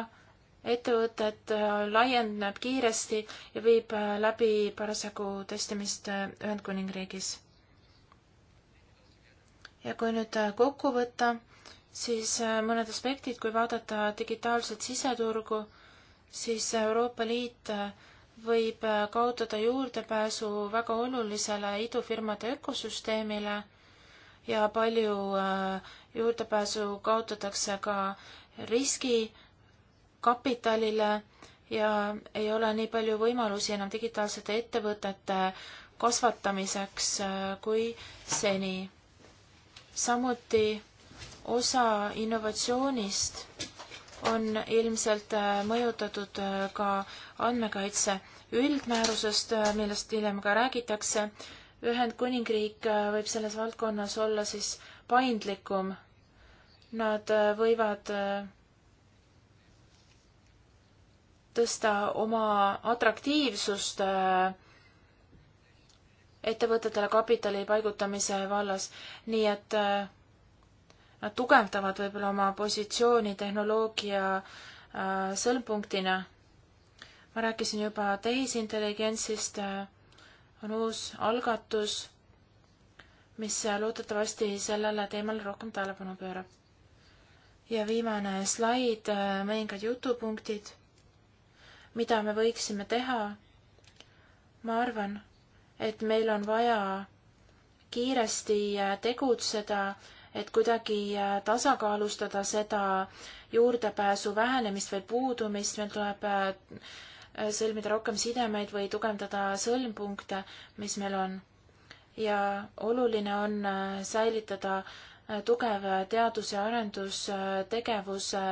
ettevõtet, laieneb kiiresti ja viib läbi parasjagu testimist Ühendkuningriigis ja kui nüüd äh, kokku võtta, siis äh, mõned aspektid, kui vaadata digitaalset siseturgu, siis Euroopa Liit äh, võib kaotada juurdepääsu väga olulisele idufirmade ökosüsteemile ja palju juurdepääsu kaotatakse ka riskikapitalile ja ei ole nii palju võimalusi enam digitaalsete ettevõtete kasvatamiseks kui seni samuti osa innovatsioonist on ilmselt äh, mõjutatud äh, ka andmekaitse üldmäärusest, äh, millest hiljem ka räägitakse. Ühendkuningriik võib selles valdkonnas olla siis paindlikum. Nad võivad tõsta oma atraktiivsust äh, ettevõtetele kapitali paigutamise vallas, nii et äh, nad tugevdavad võib-olla oma positsiooni tehnoloogia äh, sõlmpunktina. ma rääkisin juba tehisintelligentsist, äh, on uus algatus, mis loodetavasti sellele teemale rohkem tähelepanu pöörab. ja viimane slaid, mõningad jutupunktid, mida me võiksime teha. ma arvan et meil on vaja kiiresti äh, tegutseda, et kuidagi äh, tasakaalustada seda juurdepääsu vähenemist või puudumist, meil tuleb äh, sõlmida rohkem sidemeid või tugevdada sõlmpunkte, mis meil on. ja oluline on säilitada tugev teadus- ja arendustegevuse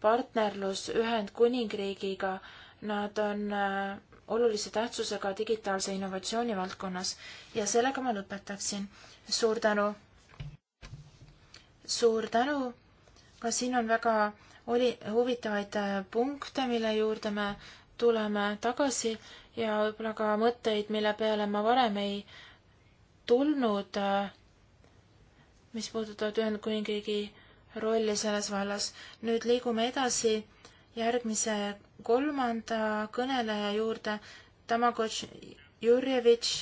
partnerlus Ühendkuningriigiga. Nad on olulise tähtsusega digitaalse innovatsiooni valdkonnas ja sellega ma lõpetaksin. suur tänu! suur tänu! ka siin on väga oli huvitavaid äh, punkte, mille juurde me tuleme tagasi ja võib-olla ka mõtteid, mille peale ma varem ei tulnud, äh, mis puudutavad Ühendkuningriigi rolli selles vallas. nüüd liigume edasi järgmise kolmanda kõneleja juurde, Tamagotš Jurjevitš.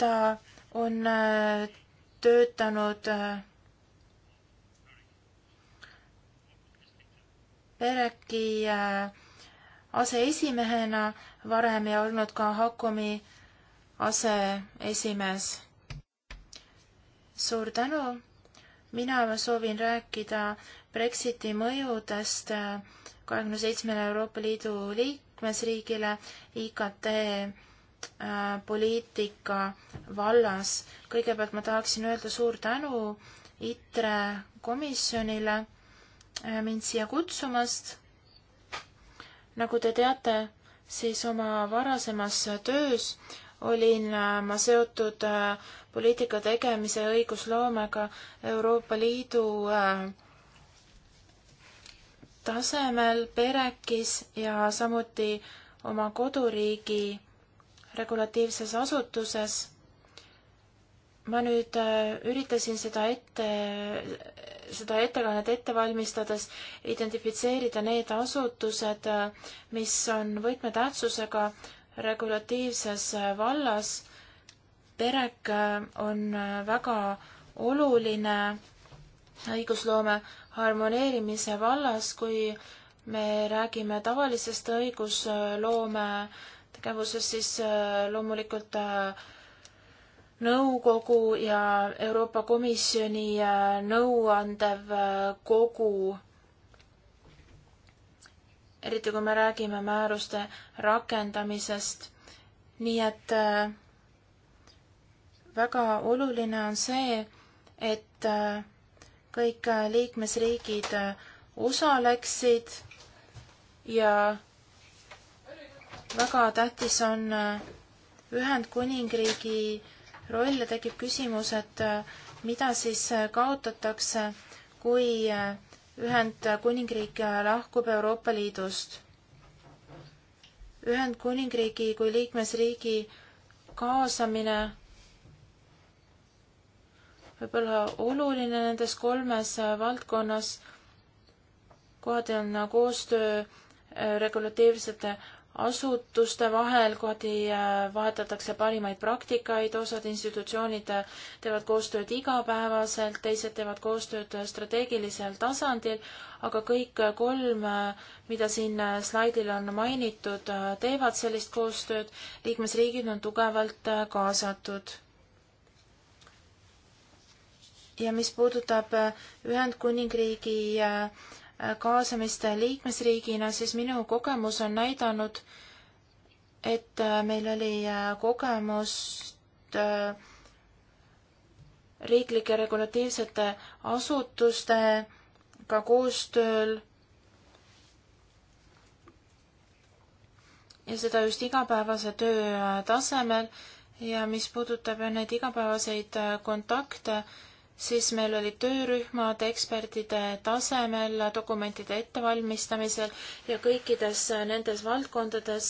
ta on äh, töötanud äh, Pereki äh, aseesimehena varem ja olnud ka Hakomi aseesimees. suur tänu, mina soovin rääkida Brexiti mõjudest äh, kahekümne seitsmele Euroopa Liidu liikmesriigile IKT äh, poliitika vallas. kõigepealt ma tahaksin öelda suur tänu ITRE komisjonile äh, mind siia kutsumast. nagu te teate, siis oma varasemas töös olin ma seotud poliitika tegemise õigusloomega Euroopa Liidu äh, tasemel PEREKis ja samuti oma koduriigi regulatiivses asutuses. ma nüüd äh, üritasin seda ette, seda ettekannet ette valmistades identifitseerida need asutused, äh, mis on võtmetähtsusega regulatiivses äh, vallas. PEREK on väga oluline õigusloome harmoneerimise vallas, kui me räägime tavalisest õigusloome tegevusest, siis äh, loomulikult äh, nõukogu ja Euroopa Komisjoni äh, nõuandev kogu, eriti kui me räägime määruste rakendamisest, nii et väga oluline on see, et äh, kõik äh, liikmesriigid äh, osaleksid ja väga tähtis on äh, Ühendkuningriigi roll ja tekib küsimus, et mida siis kaotatakse, kui Ühendkuningriik lahkub Euroopa Liidust. Ühendkuningriigi kui liikmesriigi kaasamine võib-olla oluline nendes kolmes äh, valdkonnas kohati on äh, koostöö äh, regulatiivsete asutuste vahel, kohati vahetatakse parimaid praktikaid, osad institutsioonid teevad koostööd igapäevaselt, teised teevad koostööd strateegilisel tasandil, aga kõik kolm, mida siin slaidil on mainitud, teevad sellist koostööd, liikmesriigid on tugevalt kaasatud ja mis puudutab äh, Ühendkuningriigi äh, kaasamist äh, liikmesriigina, siis minu kogemus on näidanud, et meil oli kogemust riiklike regulatiivsete asutustega koostööl ja seda just igapäevase töö tasemel ja mis puudutab neid igapäevaseid kontakte, siis meil olid töörühmad ekspertide tasemel dokumentide ettevalmistamisel ja kõikides nendes valdkondades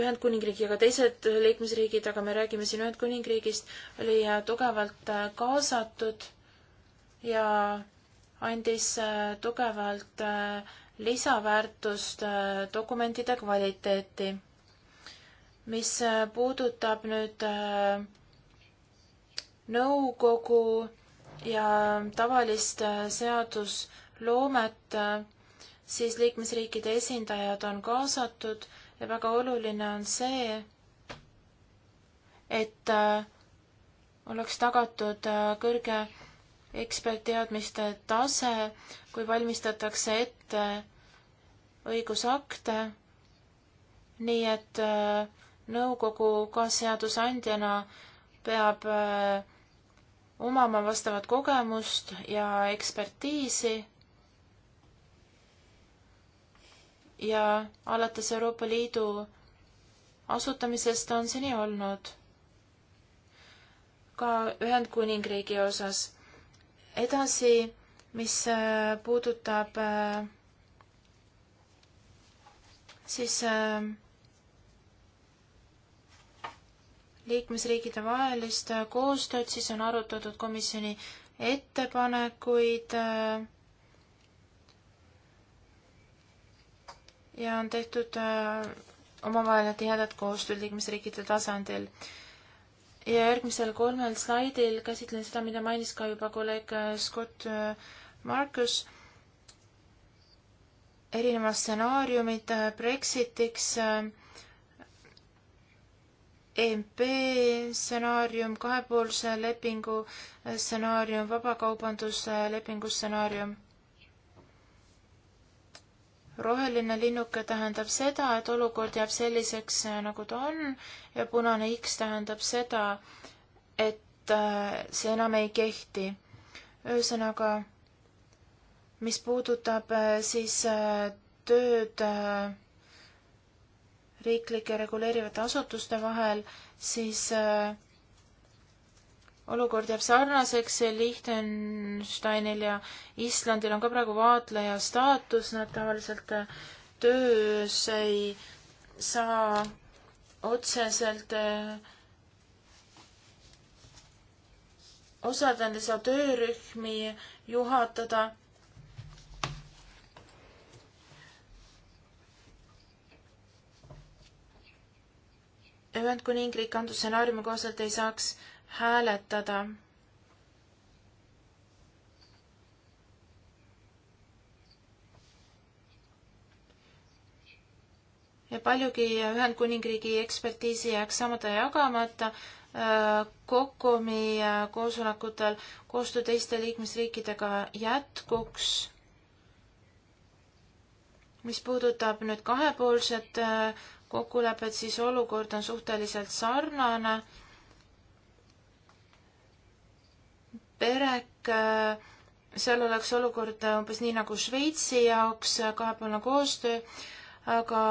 Ühendkuningriigi, aga teised liikmesriigid, aga me räägime siin Ühendkuningriigist, oli tugevalt kaasatud ja andis äh, tugevalt äh, lisaväärtust äh, dokumentide kvaliteeti. mis puudutab nüüd nõukogu ja tavalist äh, seadusloomet, äh, siis liikmesriikide esindajad on kaasatud ja väga oluline on see, et äh, oleks tagatud kõrge ekspertteadmiste tase, kui valmistatakse ette õigusakte, nii et nõukogu kaasseadusandjana peab äh, omama vastavat kogemust ja ekspertiisi. ja alates Euroopa Liidu asutamisest on see nii olnud. ka Ühendkuningriigi osas. edasi, mis äh, puudutab äh, siis äh, liikmesriikide vahelist äh, koostööd, siis on arutatud komisjoni ettepanekuid äh, ja on tehtud äh, omavaheline tihedat koostööd liikmesriikide tasandil. ja järgmisel kolmel slaidil käsitlen seda, mida mainis ka juba kolleeg Scott Marcus, erinevad stsenaariumid Brexitiks äh, EMP stsenaarium, kahepoolse lepingu stsenaarium, vabakaubanduse lepingu stsenaarium. roheline linnuke tähendab seda, et olukord jääb selliseks, nagu ta on ja punane X tähendab seda, et äh, see enam ei kehti. ühesõnaga, mis puudutab äh, siis äh, tööd riiklike reguleerivate asutuste vahel, siis äh, olukord jääb sarnaseks, Liechtensteinil ja Islandil on ka praegu vaatleja staatus, nad tavaliselt äh, töös ei saa otseselt äh, osaleda, nad ei saa töörühmi juhatada Ühendkuningriik antud stsenaariumi kohaselt ei saaks hääletada. ja paljugi Ühendkuningriigi ekspertiisi jääks saamata ja jagamata. Äh, Kokomi äh, koosolekutel koostöö teiste liikmesriikidega jätkuks. mis puudutab nüüd kahepoolset äh, kokkulepet, siis olukord on suhteliselt sarnane. perek, seal oleks olukord umbes nii nagu Šveitsi jaoks, kahepoolne koostöö, aga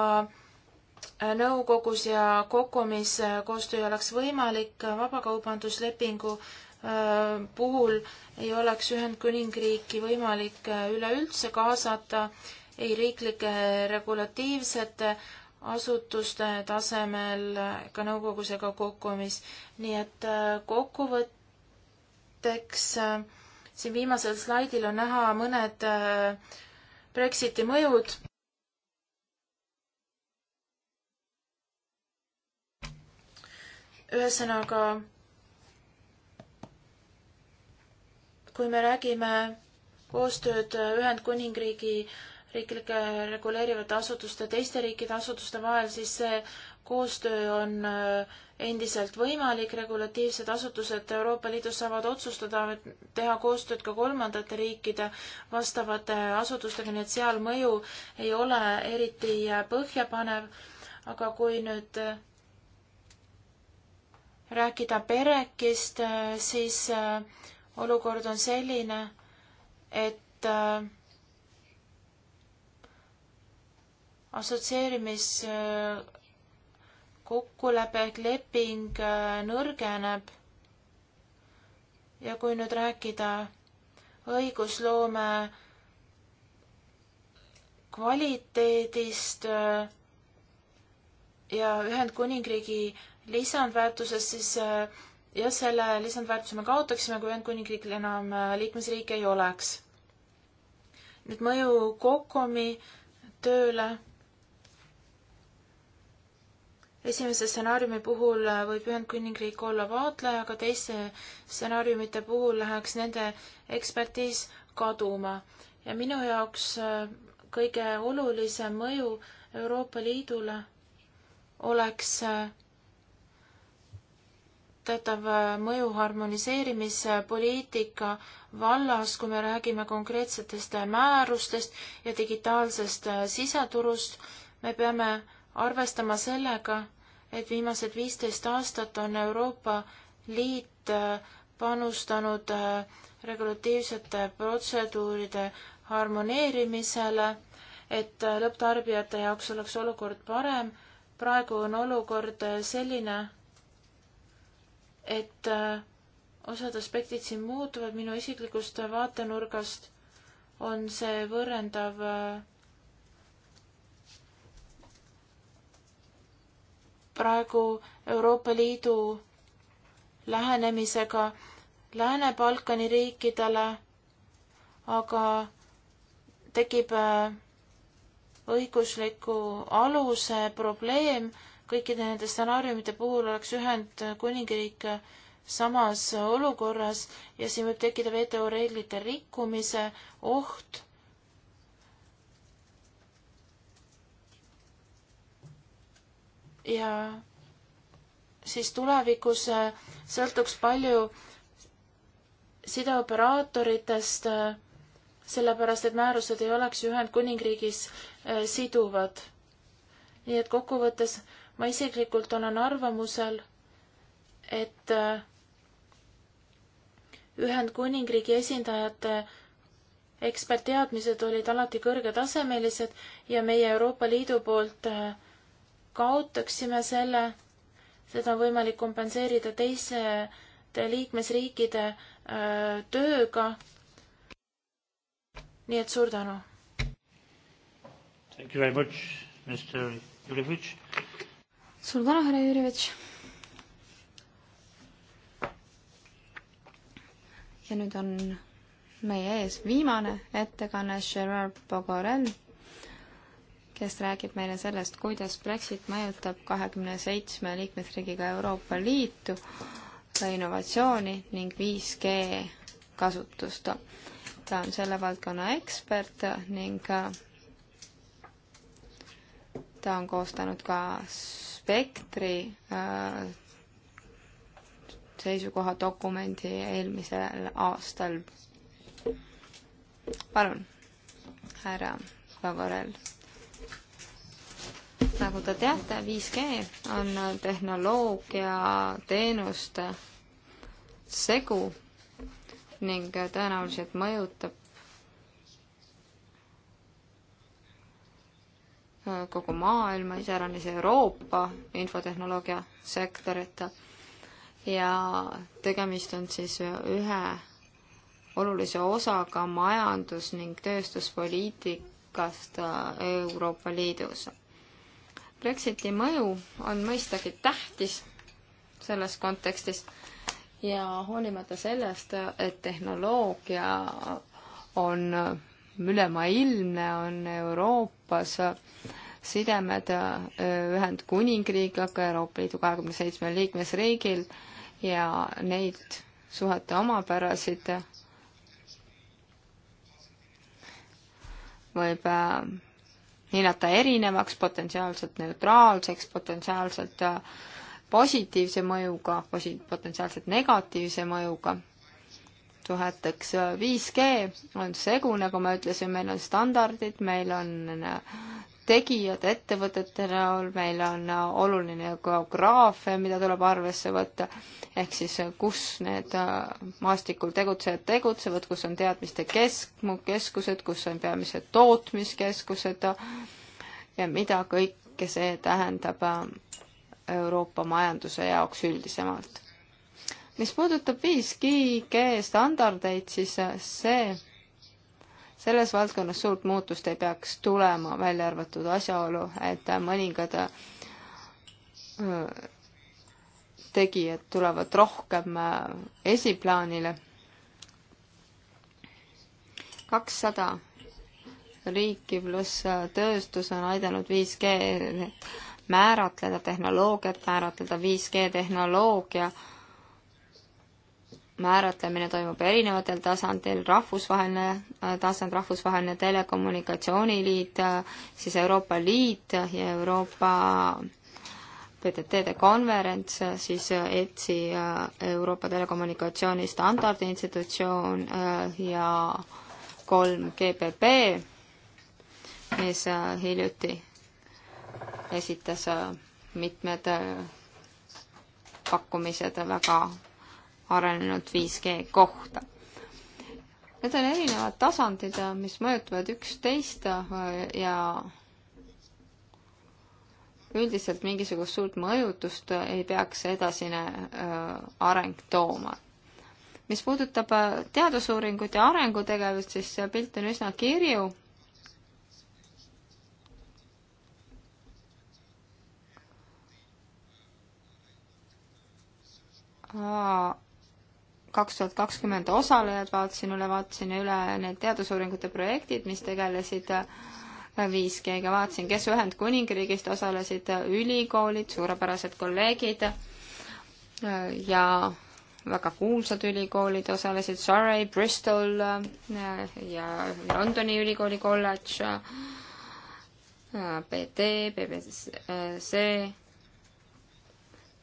nõukogus ja kokkumis koostöö oleks võimalik, vabakaubanduslepingu äh, puhul ei oleks Ühendkuningriiki võimalik üleüldse kaasata ei riiklike regulatiivsete asutuste tasemel, ka nõukogus ega kokkumis. nii et äh, kokkuvõtteks äh, siin viimasel slaidil on näha mõned äh, Brexiti mõjud. ühesõnaga, kui me räägime koostööd Ühendkuningriigi riiklike reguleerivate asutuste, teiste riikide asutuste vahel, siis see koostöö on äh, endiselt võimalik, regulatiivsed asutused Euroopa Liidus saavad otsustada, teha koostööd ka kolmandate riikide vastavate asutustega, nii et seal mõju ei ole eriti äh, põhjapanev. aga kui nüüd äh, rääkida perekist, siis olukord on selline, et äh, assotsieerimiskokkulepe ehk leping äh, nõrgeneb. ja kui nüüd rääkida õigusloome kvaliteedist äh, ja Ühendkuningriigi lisandväärtusest, siis äh, jah, selle lisandväärtuse me kaotaksime, kui Ühendkuningriik enam liikmesriik ei oleks. nüüd mõju Kokomi tööle esimese stsenaariumi puhul äh, võib Ühendkuningriik olla vaatleja, aga teiste stsenaariumite puhul läheks nende ekspertiis kaduma. ja minu jaoks äh, kõige olulisem mõju Euroopa Liidule oleks äh, teatav mõju harmoniseerimispoliitika vallas, kui me räägime konkreetsetest määrustest ja digitaalsest siseturust, me peame arvestama sellega, et viimased viisteist aastat on Euroopa Liit äh, panustanud äh, regulatiivsete protseduuride harmoneerimisele, et äh, lõpptarbijate jaoks oleks olukord parem. praegu on olukord selline, et osad aspektid siin muutuvad, minu isiklikust vaatenurgast on see võrrendav äh, praegu Euroopa Liidu lähenemisega Lääne-Balkani riikidele, aga tekib äh, õigusliku aluse probleem, kõikide nende stsenaariumite puhul oleks Ühendkuningriik samas olukorras ja siin võib tekkida WTO reeglite rikkumise oht ja siis tulevikus äh, sõltuks palju sideoperaatoritest, äh, sellepärast et määrused ei oleks Ühendkuningriigis äh, siduvad. nii et kokkuvõttes ma isiklikult olen arvamusel, et Ühendkuningriigi esindajate ekspertteadmised olid alati kõrgetasemelised ja meie Euroopa Liidu poolt äh, kaotaksime selle, seda on võimalik kompenseerida teiste liikmesriikide äh, tööga. nii et suur tänu. suur tänu, härra Jurjevitš. ja nüüd on meie ees viimane ettekanne Gerard Bogorel kes räägib meile sellest, kuidas Brexit mõjutab kahekümne seitsme liikmesriigiga Euroopa Liitu, innovatsiooni ning 5G kasutust. ta on selle valdkonna ekspert ning äh, ta on koostanud ka spektri äh, seisukoha dokumendi eelmisel aastal. palun, härra Vavarel nagu te teate, 5G on tehnoloogia teenuste segu ning tõenäoliselt mõjutab kogu maailma, iseäranis Euroopa infotehnoloogia sektorit. ja tegemist on siis ühe olulise osaga majandus- ning tööstuspoliitikast Euroopa Liidus. Brexiti mõju on mõistagi tähtis selles kontekstis ja hoolimata sellest, et tehnoloogia on ülemaailmne, on Euroopas sidemed Ühendkuningriigiga, Euroopa Liidu kahekümne seitsmel liikmesriigil ja neid suhete omapärasid võib äh, hinnata erinevaks, potentsiaalselt neutraalseks, potentsiaalselt äh, positiivse mõjuga, posi-, potentsiaalselt negatiivse mõjuga. suheteks 5G äh, on segu, nagu ma ütlesin, meil on standardid, meil on äh, tegijad ettevõtete näol, meil on oluline geograafia, mida tuleb arvesse võtta, ehk siis kus need äh, maastikul tegutsejad tegutsevad, kus on teadmiste kesk, keskused, kus on peamised tootmiskeskused ja mida kõike see tähendab äh, Euroopa majanduse jaoks üldisemalt. mis puudutab 5G standardeid, siis äh, see selles valdkonnas suurt muutust ei peaks tulema, välja arvatud asjaolu, et mõningad äh, tegijad tulevad rohkem äh, esiplaanile. kakssada riiki pluss äh, tööstus on aidanud 5G määratleda tehnoloogiat, määratleda 5G tehnoloogia määratlemine toimub erinevatel tasandil, rahvusvaheline äh, tasand, Rahvusvaheline Telekommunikatsiooniliit, äh, siis Euroopa Liit ja Euroopa PTT-de konverents, äh, siis ETSI, Euroopa Telekommunikatsiooni Standardi Institutsioon ja kolm GPP, mis hiljuti esitas mitmed pakkumised väga arenenud 5G kohta. Need on erinevad tasandid, mis mõjutavad üksteist äh, ja üldiselt mingisugust suurt mõjutust ei peaks edasine äh, areng tooma. mis puudutab äh, teadusuuringut ja arengutegevust, siis see pilt on üsna kirju Aa, kaks tuhat kakskümmend osalejad, vaatasin üle, vaatasin üle need teadusuuringute projektid, mis tegelesid 5G-ga, äh, vaatasin, kes Ühendkuningriigist osalesid, äh, ülikoolid, suurepärased kolleegid äh, ja väga kuulsad ülikoolid osalesid, Surrey, Bristol ja Londoni ülikooli kolledž, BT, BBC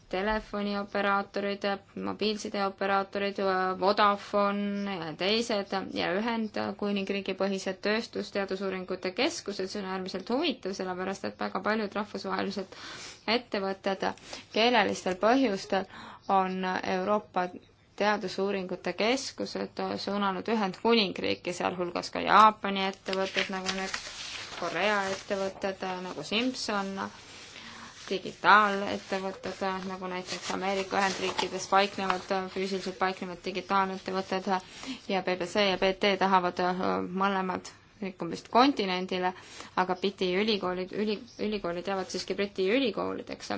telefonioperaatorid, mobiilsideoperaatorid, Vodafone ja teised ja Ühendkuningriigi põhised tööstusteadusuuringute keskused, see on äärmiselt huvitav, sellepärast et väga paljud rahvusvahelised ettevõtted keelelistel põhjustel on Euroopa teadusuuringute keskused suunanud Ühendkuningriiki, sealhulgas ka Jaapani ettevõtted nagu need Korea ettevõtted nagu Simson digitaalettevõtted, nagu näiteks Ameerika Ühendriikides paiknevad, füüsiliselt paiknevad digitaalettevõtted ja BBC ja BT tahavad äh, mõlemad rikkumist kontinendile, aga Briti ülikoolid, üli, ülikoolid jäävad siiski Briti ülikoolideks.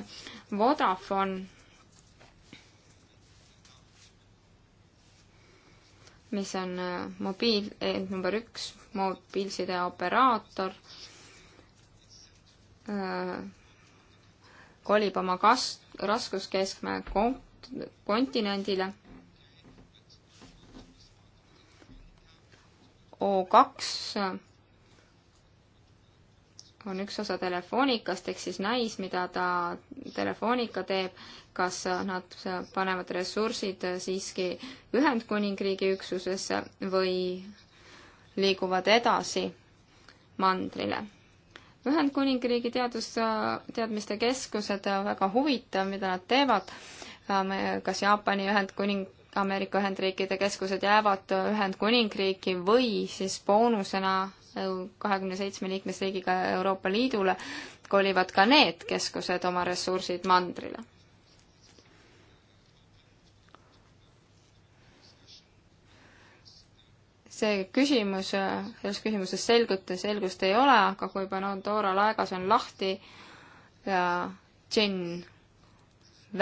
Vodafone, mis on äh, mobiil, eh, number üks mobiilsideoperaator, äh, kolib oma kas-, raskuskeskme kont-, kontinendile. O kaks on üks osa telefoonikast ehk siis näis, mida ta telefoonika teeb, kas nad panevad ressursid siiski Ühendkuningriigi üksusesse või liiguvad edasi mandrile Ühendkuningriigi teadus, teadmiste keskused, väga huvitav, mida nad teevad. kas Jaapani Ühendkuning, Ameerika Ühendriikide keskused jäävad Ühendkuningriiki või siis boonusena kahekümne seitsme liikmesriigiga Euroopa Liidule kolivad ka need keskused oma ressursid mandrile see küsimus, äh, selles küsimuses selgut, selgust ei ole, aga kui Pandora laegas on lahti ja džinn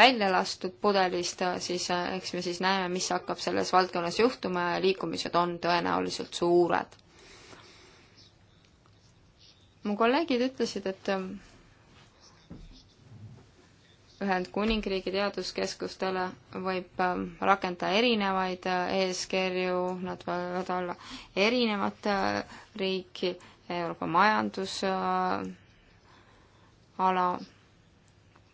välja lastud pudelist, äh, siis äh, eks me siis näeme, mis hakkab selles valdkonnas juhtuma ja liikumised on tõenäoliselt suured. mu kolleegid ütlesid, et ähm, Ühendkuningriigi teaduskeskustele võib ähm, rakendada erinevaid äh, eeskirju, nad võivad olla erinevat äh, riiki, Euroopa majandusala äh,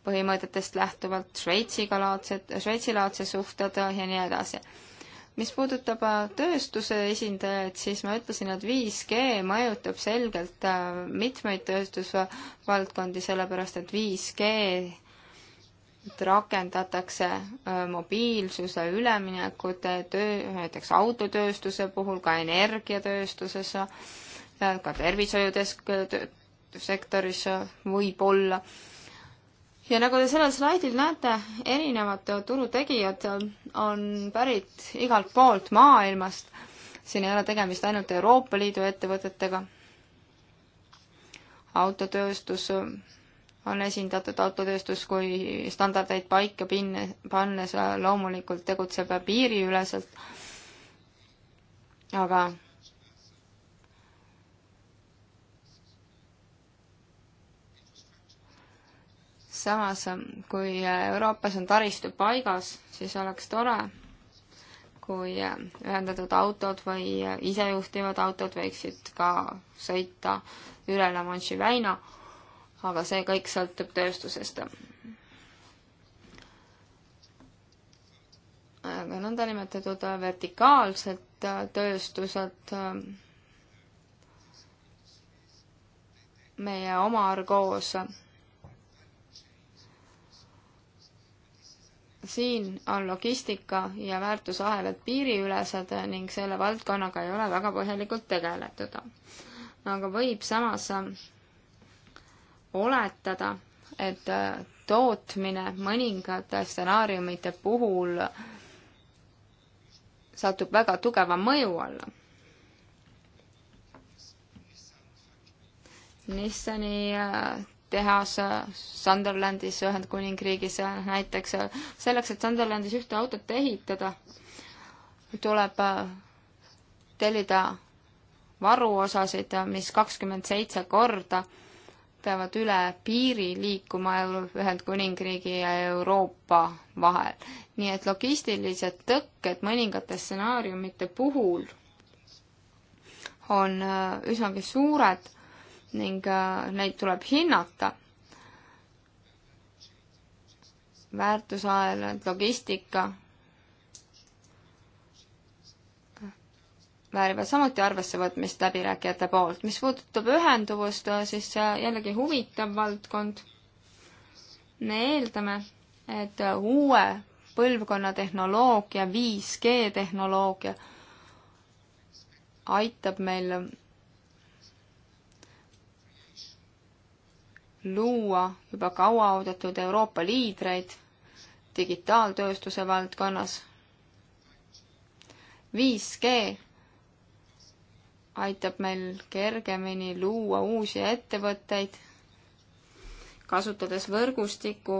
põhimõtetest lähtuvalt, Šveitsiga laadsed, Šveitsilaadsed suhted ja nii edasi. mis puudutab tööstuse esindajaid, siis ma ütlesin, et 5G mõjutab selgelt mitmeid tööstusvaldkondi, sellepärast et 5G et rakendatakse mobiilsuse üleminekut töö, näiteks autotööstuse puhul, ka energiatööstuses, ka tervishoiusektoris võib-olla. ja nagu te sellel slaidil näete, erinevad turutegijad on pärit igalt poolt maailmast, siin ei ole tegemist ainult Euroopa Liidu ettevõtetega, autotööstus on esindatud autotööstus, kui standardeid paika pinne, pannes äh, loomulikult tegutseb piiriüleselt. aga samas, kui Euroopas on taristu paigas, siis oleks tore, kui ühendatud autod või isejuhtivad autod võiksid ka sõita üle La Manche'i väina aga see kõik sõltub tööstusest. aga nõndanimetatud vertikaalsed tööstused meie oma argoos. siin on logistika ja väärtusahelad piiriülesed ning selle valdkonnaga ei ole väga põhjalikult tegeletud. aga võib samas oletada, et äh, tootmine mõningate stsenaariumite puhul satub väga tugeva mõju alla. Nissani äh, tehas Sunderlandis Ühendkuningriigis äh, näiteks, selleks, et Sunderlandis ühte autot ehitada, tuleb tellida varuosasid, mis kakskümmend seitse korda peavad üle piiri liikuma Ühendkuningriigi ja Euroopa vahel. nii et logistilised tõkked mõningate stsenaariumite puhul on äh, üsnagi suured ning äh, neid tuleb hinnata. väärtusahelad, logistika väärivad samuti arvessevõtmist läbirääkijate poolt. mis puudutab ühenduvust, äh, siis äh, jällegi huvitav valdkond. me eeldame, et äh, uue põlvkonna tehnoloogia, 5G tehnoloogia aitab meil luua juba kauaoodatud Euroopa liidreid digitaaltööstuse valdkonnas. 5G aitab meil kergemini luua uusi ettevõtteid, kasutades võrgustikku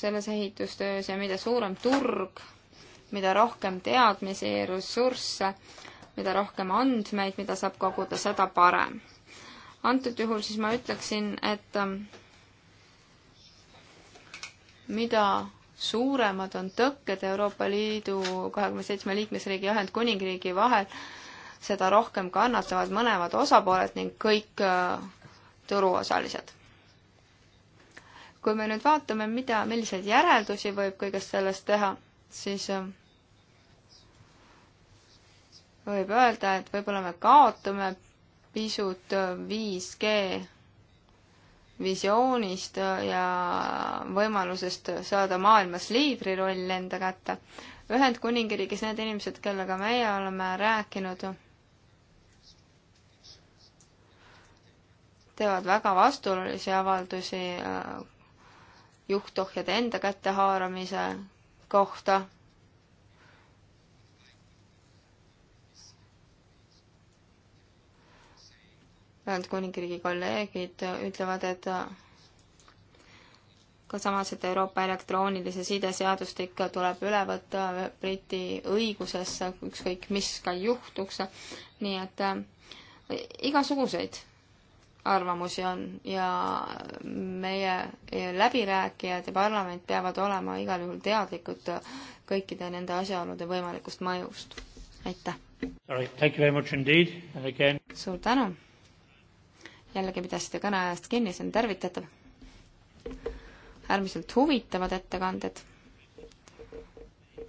selles ehitustöös ja mida suurem turg, mida rohkem teadmisi ja ressursse, mida rohkem andmeid, mida saab koguda, seda parem. antud juhul siis ma ütleksin, et ähm, mida suuremad on tõkked Euroopa Liidu kahekümne seitsme liikmesriigi ja Ühendkuningriigi vahel, seda rohkem kannatavad mõlemad osapooled ning kõik äh, turuosalised. kui me nüüd vaatame, mida, milliseid järeldusi võib kõigest sellest teha, siis äh, võib öelda, et võib-olla me kaotame pisut 5G äh, visioonist ja võimalusest saada maailmas liidriroll enda kätte. Ühendkuningriigis need inimesed, kellega meie oleme rääkinud, teevad väga vastuolulisi avaldusi äh, juhtohjade enda kätte haaramise kohta Ühendkuningriigi kolleegid ütlevad, et ka samas, et Euroopa elektroonilise side seadustik tuleb üle võtta Briti õigusesse, ükskõik mis ka juhtuks. nii et äh, igasuguseid arvamusi on ja meie läbirääkijad ja parlament peavad olema igal juhul teadlikud kõikide nende asjaolude võimalikust mõjust. aitäh! suur tänu! jällegi pidasite kõneajast kinni, see on tervitatav. äärmiselt huvitavad ettekanded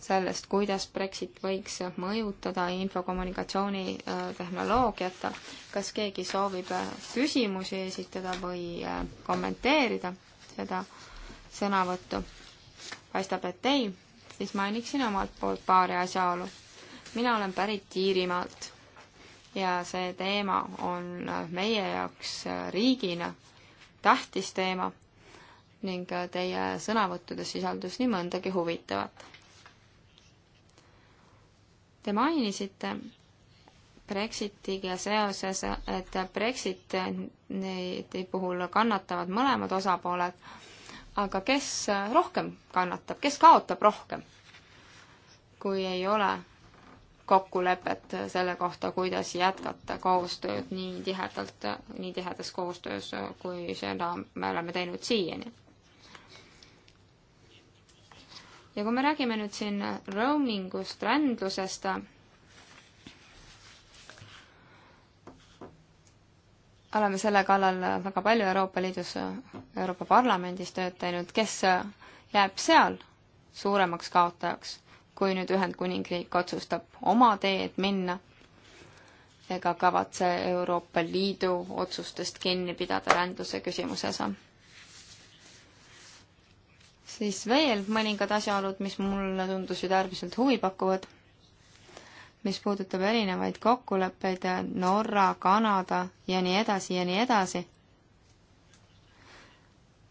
sellest, kuidas Brexit võiks mõjutada infokommunikatsioonitehnoloogiat. Äh, kas keegi soovib äh, küsimusi esitada või äh, kommenteerida seda sõnavõttu? paistab, et ei, siis mainiksin omalt poolt paari asjaolu. mina olen pärit Iirimaalt ja see teema on meie jaoks riigina tähtis teema ning teie sõnavõttudes sisaldus nii mõndagi huvitavat. Te mainisite Brexitiga seoses, et Brexiti puhul kannatavad mõlemad osapooled, aga kes rohkem kannatab, kes kaotab rohkem, kui ei ole kokkulepet selle kohta, kuidas jätkata koostööd nii tihedalt, nii tihedas koostöös, kui seda me oleme teinud siiani. ja kui me räägime nüüd siin roaming ust, rändlusest, oleme selle kallal väga palju Euroopa Liidus, Euroopa Parlamendis tööd teinud, kes jääb seal suuremaks kaotajaks kui nüüd Ühendkuningriik otsustab oma teed minna ega kavatse Euroopa Liidu otsustest kinni pidada ränduse küsimuses. siis veel mõningad asjaolud, mis mulle tundusid äärmiselt huvipakkuvad, mis puudutab erinevaid kokkuleppeid Norra, Kanada ja nii edasi ja nii edasi,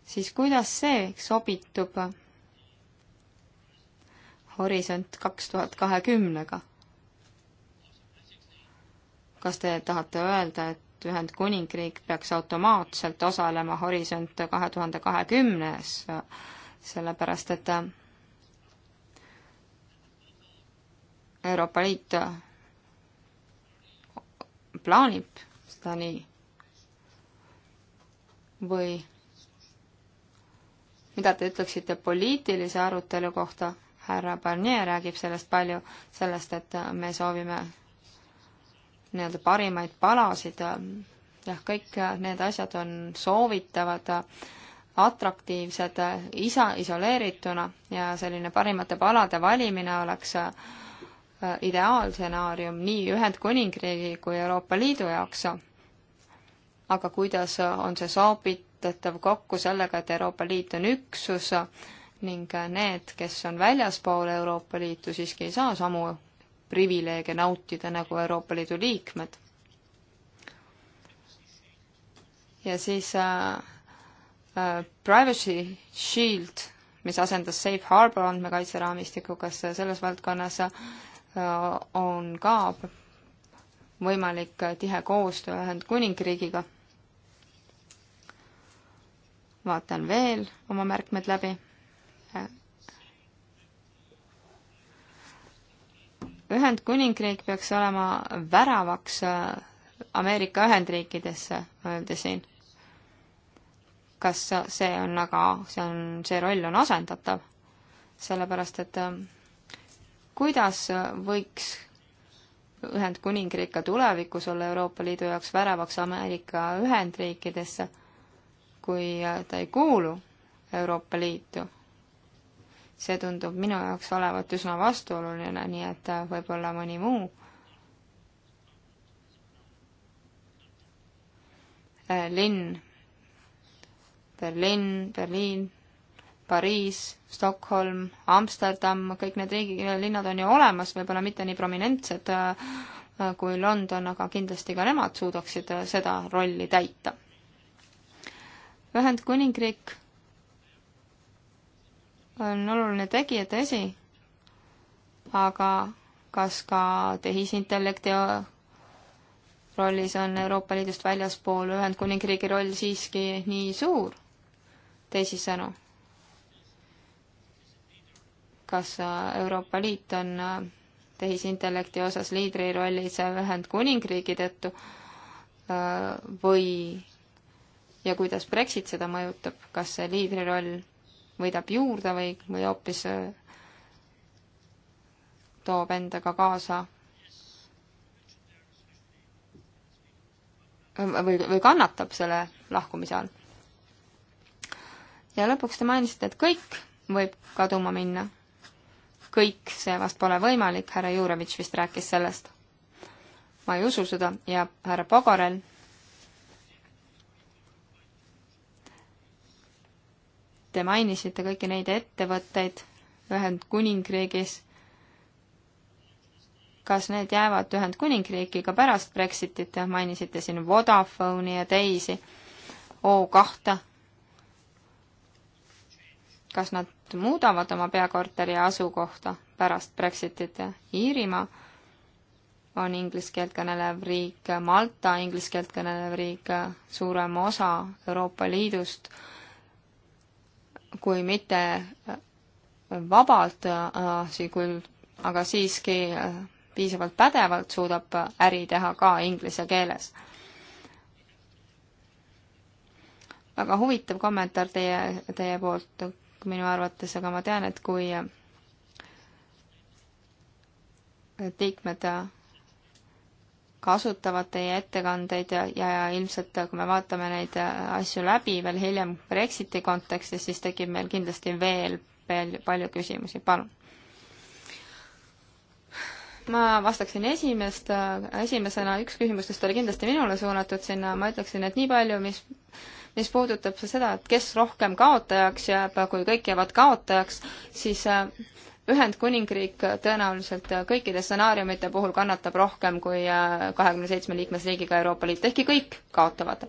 siis kuidas see sobitub Horisont kaks tuhat kahekümnega. kas te tahate öelda, et Ühendkuningriik peaks automaatselt osalema Horisont kahe tuhande kahekümnes, sellepärast et äh, Euroopa Liit äh, plaanib seda nii või mida te ütleksite poliitilise arutelu kohta härra Barnier räägib sellest palju, sellest, et äh, me soovime nii-öelda parimaid palasid, äh, jah, kõik äh, need asjad on soovitavad, atraktiivsed isa, isoleerituna ja selline parimate palade valimine oleks ideaalsenaarium nii Ühendkuningriigi kui Euroopa Liidu jaoks. aga kuidas on see soovitatav kokku sellega, et Euroopa Liit on üksus, ning need, kes on väljaspool Euroopa Liitu, siiski ei saa samu privileege nautida nagu Euroopa Liidu liikmed. ja siis äh, äh, Privacy Shield, mis asendas Safe Harbor andmekaitseraamistiku, kas selles valdkonnas äh, on ka võimalik tihe koostöö Ühendkuningriigiga? vaatan veel oma märkmed läbi Ühendkuningriik peaks olema väravaks äh, Ameerika Ühendriikidesse, öeldi siin. kas see on aga, see on, see roll on asendatav? sellepärast, et äh, kuidas võiks Ühendkuningriik ka tulevikus olla Euroopa Liidu jaoks väravaks Ameerika Ühendriikidesse, kui ta ei kuulu Euroopa Liitu see tundub minu jaoks olevat üsna vastuoluline, nii et äh, võib-olla mõni muu äh, linn, Berliin, Berliin, Pariis, Stockholm, Amsterdam, kõik need riigid, äh, linnad on ju olemas, võib-olla mitte nii prominentsed kui London, aga kindlasti ka nemad suudaksid seda rolli täita. Ühendkuningriik on oluline tegija, tõsi, aga kas ka tehisintellekti rollis on Euroopa Liidust väljaspool Ühendkuningriigi roll siiski nii suur? teisisõnu, kas äh, Euroopa Liit on äh, tehisintellekti osas liidri rollis Ühendkuningriigi tõttu äh, või ja kuidas Brexit seda mõjutab, kas see liidri roll võidab juurde või, või hoopis äh, toob endaga kaasa või, või kannatab selle lahkumise all. ja lõpuks te mainisite, et kõik võib kaduma minna. kõik, see vast pole võimalik, härra Jurevitš vist rääkis sellest. ma ei usu seda ja härra Pogorel Te mainisite kõiki neid ettevõtteid Ühendkuningriigis. kas need jäävad Ühendkuningriiki ka pärast Brexitit, mainisite siin Vodafone'i ja teisi, O2. kas nad muudavad oma peakorteri asukohta pärast Brexitit ja Iirimaa? on inglise keelt kõnelev riik, Malta inglise keelt kõnelev riik, suurem osa Euroopa Liidust kui mitte äh, vabalt, äh, aga siiski äh, piisavalt pädevalt suudab äri teha ka inglise keeles. väga huvitav kommentaar teie, teie poolt minu arvates, aga ma tean, et kui liikmed kasutavad teie ettekandeid ja, ja ilmselt kui me vaatame neid äh, asju läbi veel hiljem Brexiti kontekstis, siis tekib meil kindlasti veel palju, palju küsimusi, palun. ma vastaksin esimest, äh, esimesena, üks küsimustest oli kindlasti minule suunatud sinna, ma ütleksin, et nii palju, mis mis puudutab seda, et kes rohkem kaotajaks jääb, kui kõik jäävad kaotajaks, siis äh, Ühendkuningriik tõenäoliselt kõikide stsenaariumite puhul kannatab rohkem kui äh, kahekümne seitsme liikmesriigiga Euroopa Liit, ehkki kõik kaotavad.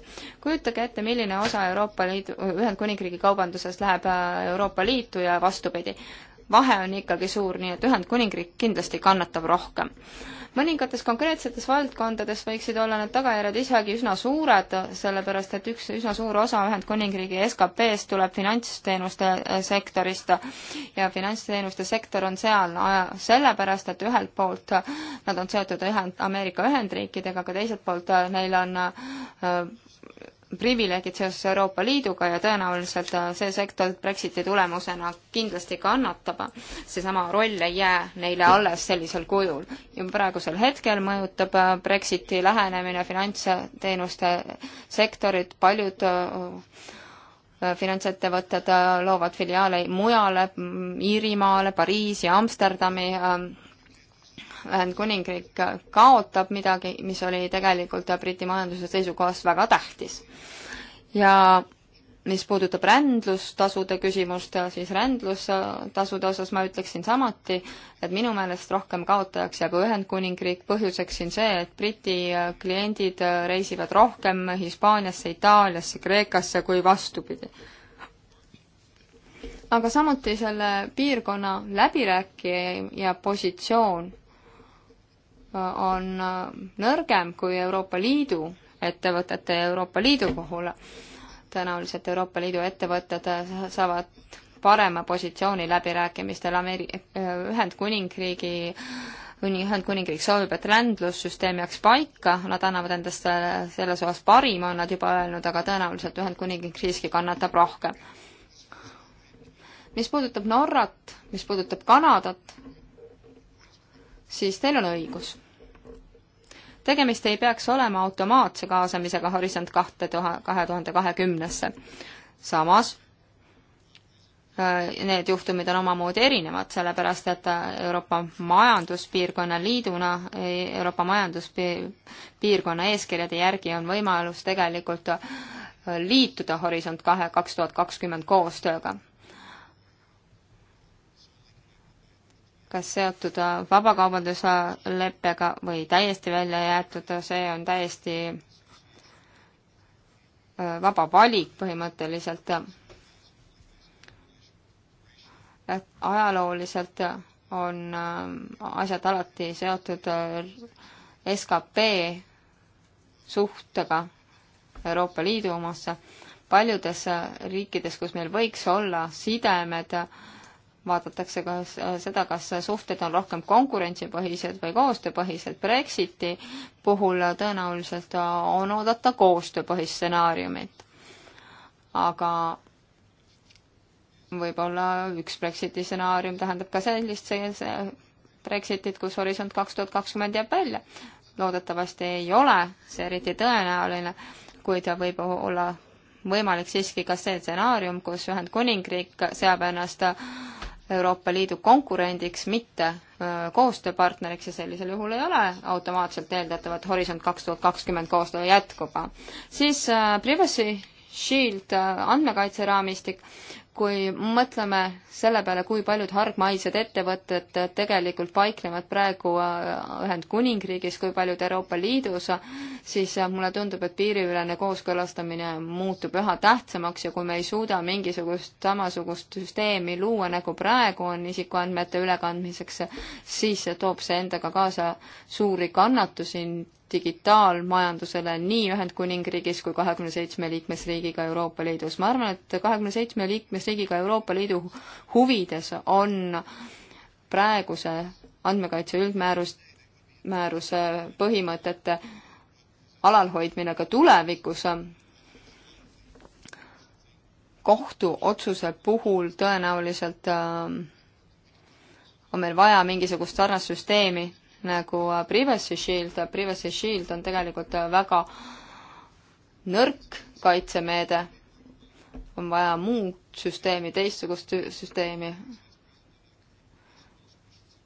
kujutage ette, milline osa Euroopa Liidu, Ühendkuningriigi kaubandusest läheb äh, Euroopa Liitu ja vastupidi. vahe on ikkagi suur, nii et Ühendkuningriik kindlasti kannatab rohkem mõningates konkreetsetes valdkondades võiksid olla need tagajärjed isegi üsna suured, sellepärast et üks üsna suur osa Ühendkuningriigi SKP-st tuleb finantsteenuste äh, sektorist ja finantsteenuste sektor on seal no, äh, sellepärast, et ühelt poolt äh, nad on seotud ühend, Ameerika Ühendriikidega, aga teiselt poolt neil on privileegid seoses Euroopa Liiduga ja tõenäoliselt äh, see sektor Brexiti tulemusena kindlasti kannatab. seesama roll ei jää neile alles sellisel kujul. ja praegusel hetkel mõjutab äh, Brexiti lähenemine finantsteenuste sektorit, paljud äh, finantsettevõtted loovad filiaale mujale, Iirimaale, Pariisi, Amsterdami Ühendkuningriik kaotab midagi, mis oli tegelikult Briti majanduse seisukohast väga tähtis. ja mis puudutab rändlustasude küsimust, siis rändlustasude osas ma ütleksin samuti, et minu meelest rohkem kaotajaks jääb Ühendkuningriik, põhjuseks siin see, et Briti kliendid reisivad rohkem Hispaaniasse, Itaaliasse, Kreekasse kui vastupidi. aga samuti selle piirkonna läbirääkija positsioon on nõrgem kui Euroopa Liidu ettevõtete ja Euroopa Liidu puhul. tõenäoliselt Euroopa Liidu ettevõtted saavad parema positsiooni läbirääkimistel Ameri-, äh, Ühendkuningriigi Ühendkuningriik soovib, et rändlussüsteem jääks paika, nad annavad endast selles osas parima, on nad juba öelnud, aga tõenäoliselt Ühendkuningriik siiski kannatab rohkem. mis puudutab Norrat, mis puudutab Kanadat, siis teil on õigus. tegemist ei peaks olema automaatse kaasamisega Horisont kahte tuhat, kahe tuhande kahekümnesse. samas äh, need juhtumid on omamoodi erinevad, sellepärast et äh, Euroopa Majanduspiirkonna liiduna, äh, Euroopa Majanduspiirkonna eeskirjade järgi on võimalus tegelikult liituda Horisont kahe, kaks tuhat kakskümmend koostööga kas seotud vabakaubandusleppega või täiesti välja jäetud, see on täiesti vaba valik põhimõtteliselt. et ajalooliselt on asjad alati seotud skp suhtega Euroopa Liidu omasse. paljudes riikides, kus meil võiks olla sidemed vaadatakse ka seda, kas suhted on rohkem konkurentsipõhised või koostööpõhised. Brexiti puhul tõenäoliselt on oodata koostööpõhist stsenaariumit. aga võib-olla üks Brexiti stsenaarium tähendab ka sellist Brexitit, kus horisont kaks tuhat kakskümmend jääb välja. loodetavasti ei ole see eriti tõenäoline, kuid võib olla võimalik siiski ka see stsenaarium, kus Ühendkuningriik seab ennast Euroopa Liidu konkurendiks, mitte koostööpartneriks ja sellisel juhul ei ole automaatselt eeldatav, et Horisont kaks tuhat kakskümmend koostöö jätkub. siis Privacy Shield andmekaitseraamistik, kui mõtleme selle peale, kui paljud hargmaised ettevõtted tegelikult paiknevad praegu äh, Ühendkuningriigis, kui paljud Euroopa Liidus, siis äh, mulle tundub, et piiriülene kooskõlastamine muutub üha tähtsamaks ja kui me ei suuda mingisugust samasugust süsteemi luua, nagu praegu on isikuandmete ülekandmiseks, siis toob see endaga kaasa suuri kannatusi digitaalmajandusele nii Ühendkuningriigis kui kahekümne seitsme liikmesriigiga Euroopa Liidus. ma arvan, et kahekümne seitsme liikmesriigiga Euroopa Liidu huvides on praeguse andmekaitse üldmäärus, määruse põhimõtete alalhoidmine ka tulevikus, kohtuotsuse puhul tõenäoliselt äh, on meil vaja mingisugust sarnast süsteemi nagu äh, Privacy Shield, Privacy Shield on tegelikult äh, väga nõrk kaitsemeede, on vaja muud süsteemi, teistsugust süsteemi.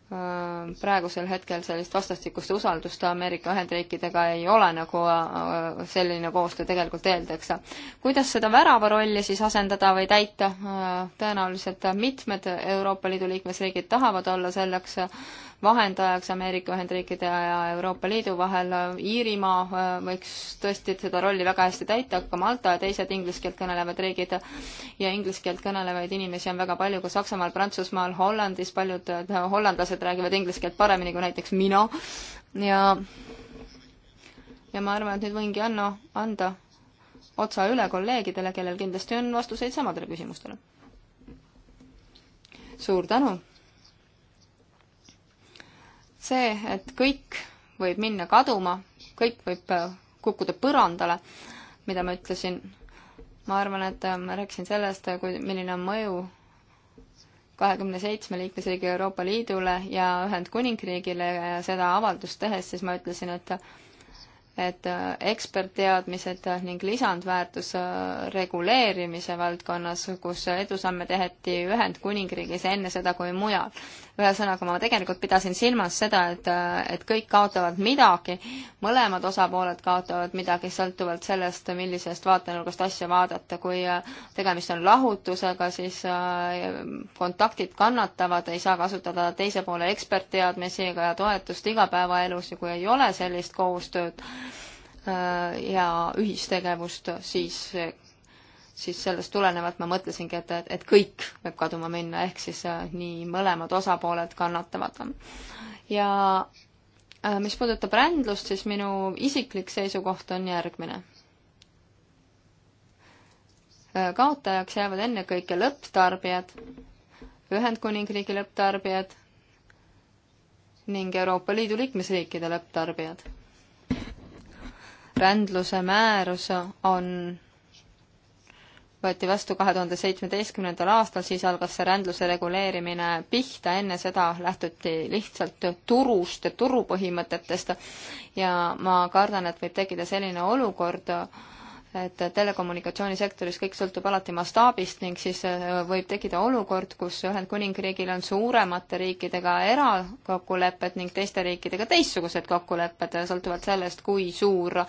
Äh, praegusel hetkel sellist vastastikust usaldust Ameerika Ühendriikidega ei ole, nagu selline koostöö tegelikult eeldaks. kuidas seda värava rolli siis asendada või täita, tõenäoliselt mitmed Euroopa Liidu liikmesriigid tahavad olla selleks vahendajaks Ameerika Ühendriikide ja Euroopa Liidu vahel. Iirimaa äh, võiks tõesti seda rolli väga hästi täita, aga Malta ja teised inglise keelt kõnelevad riigid ja inglise keelt kõnelevaid inimesi on väga palju ka Saksamaal, Prantsusmaal, Hollandis, paljud äh, hollandlased räägivad inglise keelt paremini kui näiteks mina ja ja ma arvan, et nüüd võingi anna, anda otsa üle kolleegidele, kellel kindlasti on vastuseid samadele küsimustele. suur tänu! see, et kõik võib minna kaduma, kõik võib äh, kukkuda põrandale, mida ma ütlesin, ma arvan, et äh, ma rääkisin sellest, äh, kui, milline on mõju kahekümne seitsme liikmesriigi Euroopa Liidule ja Ühendkuningriigile ja seda avaldust tehes siis ma ütlesin, et et ekspertteadmised ning lisandväärtus reguleerimise valdkonnas, kus edusamme tehti Ühendkuningriigis enne seda kui mujal ühesõnaga, ma tegelikult pidasin silmas seda, et, et kõik kaotavad midagi, mõlemad osapooled kaotavad midagi, sõltuvalt sellest, millisest vaatenurgast asja vaadata. kui äh, tegemist on lahutusega, siis äh, kontaktid kannatavad, ei saa kasutada teise poole ekspertteadmisi ega toetust igapäevaelus ja kui ei ole sellist koostööd äh, ja ühistegevust, siis siis sellest tulenevalt ma mõtlesingi, et, et kõik võib kaduma minna, ehk siis äh, nii mõlemad osapooled kannatavad. ja äh, mis puudutab rändlust, siis minu isiklik seisukoht on järgmine. Äh, kaotajaks jäävad ennekõike lõpptarbijad, Ühendkuningriigi lõpptarbijad ning Euroopa Liidu liikmesriikide lõpptarbijad. rändluse määrus on võeti vastu kahe tuhande seitsmeteistkümnendal aastal, siis algas see rändluse reguleerimine pihta, enne seda lähtuti lihtsalt turust ja turupõhimõtetest ja ma kardan, et võib tekkida selline olukord, et telekommunikatsioonisektoris kõik sõltub alati mastaabist ning siis äh, võib tekkida olukord, kus Ühendkuningriigil on suuremate riikidega erakokkulepped ning teiste riikidega teistsugused kokkulepped, sõltuvalt sellest, kui suur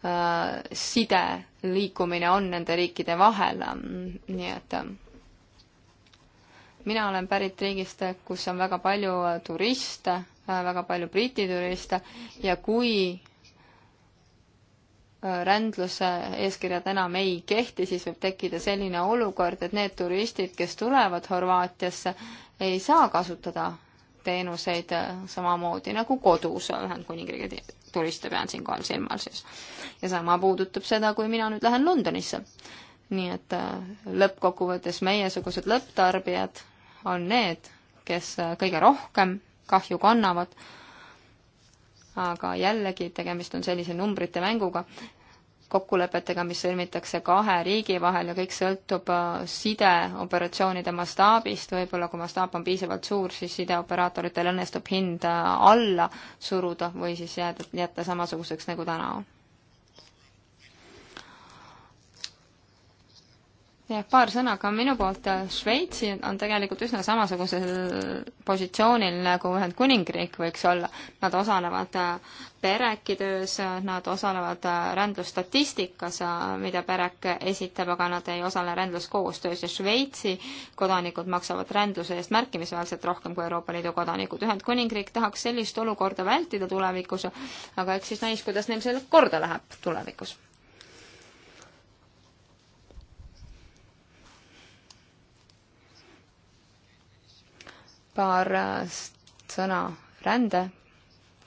Äh, side liikumine on nende riikide vahel, ähm, nii et ähm, mina olen pärit riigist, kus on väga palju äh, turiste, äh, väga palju Briti turiste ja kui rändluse eeskirjad enam ei kehti, siis võib tekkida selline olukord, et need turistid, kes tulevad Horvaatiasse, ei saa kasutada teenuseid samamoodi nagu kodus Ühendkuningriigi turiste pean siinkohal silmas siis. ja sama puudutab seda, kui mina nüüd lähen Londonisse. nii et äh, lõppkokkuvõttes meiesugused lõpptarbijad on need, kes äh, kõige rohkem kahju kannavad, aga jällegi, tegemist on sellise numbrite mänguga kokkulepetega, mis sõlmitakse kahe riigi vahel ja kõik sõltub äh, sideoperatsioonide mastaabist, võib-olla kui mastaap on piisavalt suur, siis sideoperaatoritel õnnestub hind äh, alla suruda või siis jääda, jätta samasuguseks, nagu täna on. jah, paar sõna ka minu poolt, Šveits on tegelikult üsna samasugusel positsioonil, nagu Ühendkuningriik võiks olla. Nad osalevad äh, pereki töös, nad osalevad äh, rändlusstatistikas, äh, mida perek esitab, aga nad ei osale rändluskoostöös ja Šveitsi kodanikud maksavad rändluse eest märkimisväärselt rohkem kui Euroopa Liidu kodanikud. Ühendkuningriik tahaks sellist olukorda vältida tulevikus, aga eks siis näis, kuidas neil see korda läheb tulevikus paar äh, sõna rände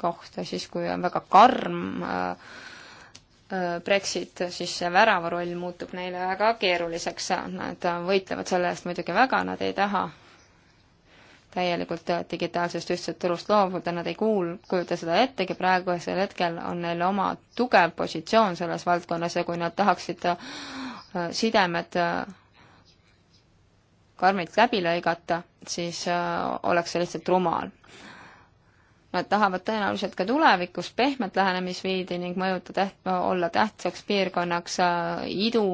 kohta, siis kui on väga karm äh, äh, Brexit, siis see väravaroll muutub neile väga keeruliseks, nad võitlevad selle eest muidugi väga, nad ei taha täielikult digitaalsest ühtsest turust loobuda, nad ei kuul-, kujuta seda ettegi, praegusel hetkel on neil oma tugev positsioon selles valdkonnas ja kui nad tahaksid sidemed karmilt läbi lõigata, siis äh, oleks see lihtsalt rumal. Nad tahavad tõenäoliselt ka tulevikus pehmet lähenemisviidi ning mõjuta täht-, olla tähtsaks piirkonnaks äh, idu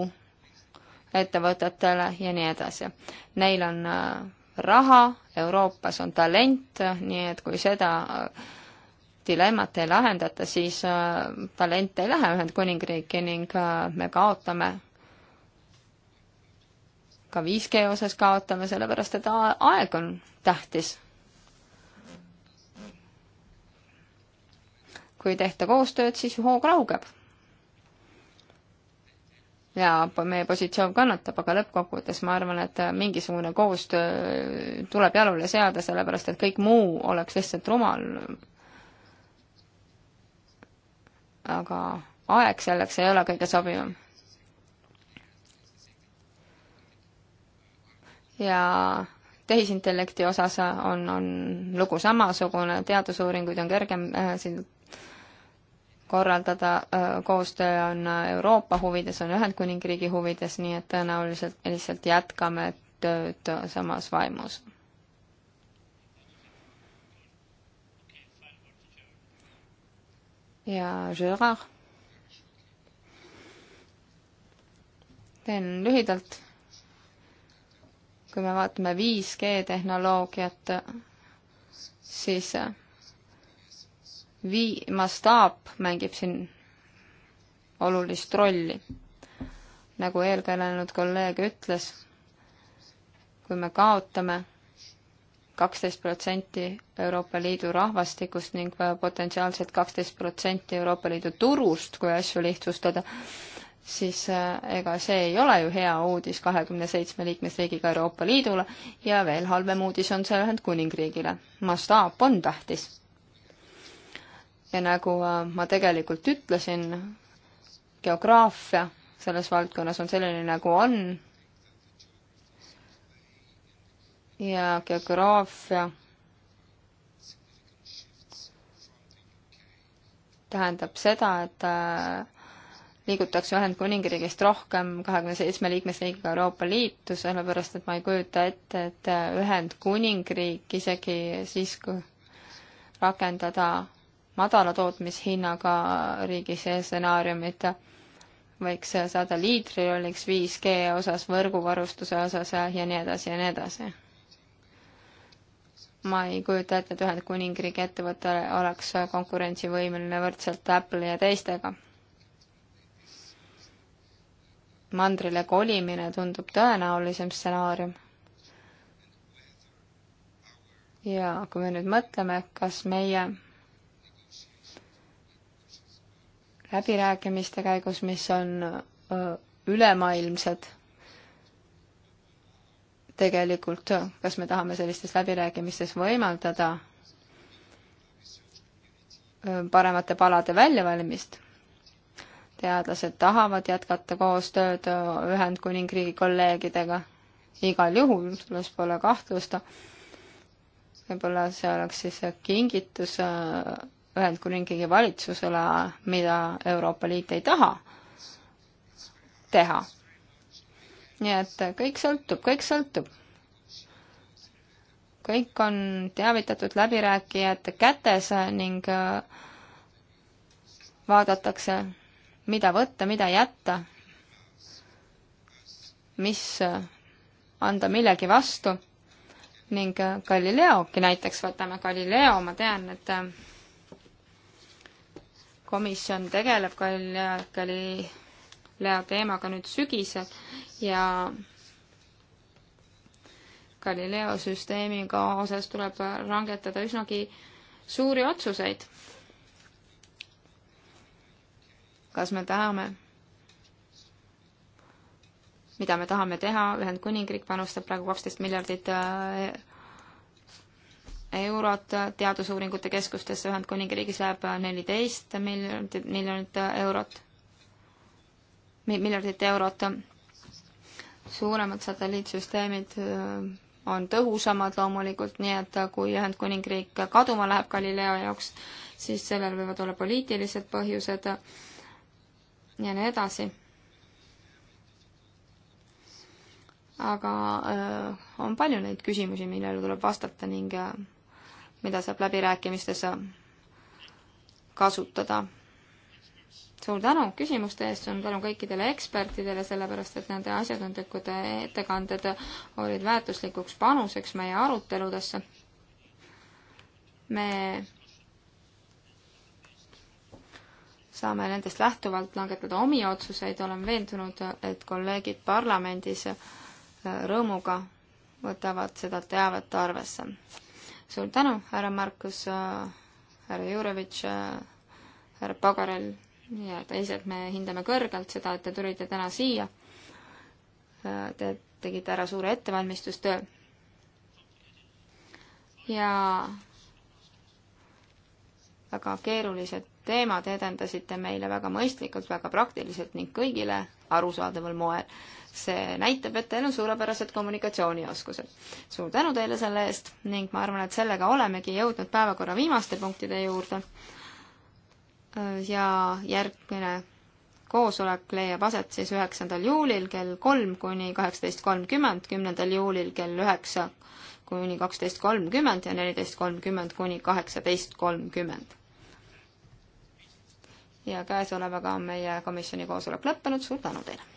ettevõtetele ja nii edasi. Neil on äh, raha, Euroopas on talent, nii et kui seda dilemmat ei lahendata, siis talent ei lähe Ühendkuningriiki ning me kaotame ka 5G osas kaotame, sellepärast et aeg on tähtis. kui ei tehta koostööd, siis hoog laugeb. ja meie positsioon kannatab, aga lõppkokkuvõttes ma arvan, et mingisugune koostöö tuleb jalule seada, sellepärast et kõik muu oleks lihtsalt rumal. aga aeg selleks ei ole kõige sobivam ja tehisintellekti osas on, on lugu samasugune, teadusuuringuid on kergem äh, siin korraldada, äh, koostöö on Euroopa huvides, on Ühendkuningriigi huvides, nii et tõenäoliselt me lihtsalt jätkame tööd samas vaimus. ja Gerard? teen lühidalt kui me vaatame 5G tehnoloogiat, siis äh, vii-, mastaap mängib siin olulist rolli. nagu eelkõnelenud kolleeg ütles, kui me kaotame kaksteist protsenti Euroopa Liidu rahvastikust ning potentsiaalselt kaksteist protsenti Euroopa Liidu turust, kui asju lihtsustada, siis äh, ega see ei ole ju hea uudis kahekümne seitsme liikmesriigiga Euroopa Liidule ja veel halvem uudis on see Ühendkuningriigile. mastaap on tähtis. ja nagu äh, ma tegelikult ütlesin, geograafia selles valdkonnas on selline, nagu on. ja geograafia tähendab seda, et äh, liigutakse Ühendkuningriigist rohkem kahekümne seitsme liikmesriigiga Euroopa Liitu, sellepärast et ma ei kujuta ette, et Ühendkuningriik isegi siis, kui rakendada madala tootmishinnaga riigi see stsenaariumit, võiks saada liidrirolliks 5G osas, võrguvarustuse osas ja nii edasi ja nii edasi. ma ei kujuta ette, et Ühendkuningriigi ettevõte oleks konkurentsivõimeline võrdselt Apple'i ja teistega mandrile kolimine tundub tõenäolisem stsenaarium. ja kui me nüüd mõtleme, kas meie läbirääkimiste käigus, mis on ülemaailmsed tegelikult, kas me tahame sellistes läbirääkimistes võimaldada paremate palade väljavalimist teadlased tahavad jätkata koostööd äh, Ühendkuningriigi kolleegidega igal juhul, selles pole kahtlust. võib-olla see oleks siis kingitus äh, Ühendkuningriigi valitsusele, mida Euroopa Liit ei taha teha. nii et kõik sõltub, kõik sõltub. kõik on teavitatud läbirääkijate kätes ning äh, vaadatakse mida võtta, mida jätta, mis äh, anda millegi vastu ning äh, Galileoki näiteks võtame, Galileo, ma tean, et äh, komisjon tegeleb Galileo, Galileo teemaga nüüd sügisel ja Galileo süsteemiga osas tuleb langetada üsnagi suuri otsuseid kas me tahame, mida me tahame teha, Ühendkuningriik panustab praegu kaksteist miljardit äh, eurot, teadusuuringute keskustesse Ühendkuningriigis läheb äh, neliteist miljonit, miljonit äh, eurot, miljardit eurot. suuremad satelliitsüsteemid on tõhusamad loomulikult, nii et kui Ühendkuningriik kaduma läheb Galileo jaoks, siis sellel võivad olla poliitilised põhjused ja nii edasi. aga öö, äh, on palju neid küsimusi, millele tuleb vastata ning äh, mida saab läbirääkimistes äh, kasutada. suur tänu küsimuste eest, suur tänu kõikidele ekspertidele, sellepärast et nende asjatundlikud ettekanded olid väärtuslikuks panuseks meie aruteludesse. me saame nendest lähtuvalt langetada omi otsuseid, olen veendunud, et kolleegid parlamendis äh, rõõmuga võtavad seda teavet arvesse. suur tänu, härra Markus, äh, härra Jurevitš, äh, härra Pagarel ja teised, me hindame kõrgelt seda, et te tulite täna siia. Te tegite ära suure ettevalmistustöö. ja väga keerulised teemad, edendasite meile väga mõistlikult, väga praktiliselt ning kõigile arusaadaval moel. see näitab, et teil on suurepärased kommunikatsioonioskused. suur tänu teile selle eest ning ma arvan, et sellega olemegi jõudnud päevakorra viimaste punktide juurde. ja järgmine koosolek leiab aset siis üheksandal juulil kell kolm kuni kaheksateist kolmkümmend, kümnendal juulil kell üheksa kuni kaksteist kolmkümmend ja neliteist kolmkümmend kuni kaheksateist kolmkümmend. ja käesolevaga on meie komisjoni koosolek lõppenud, suur tänu teile!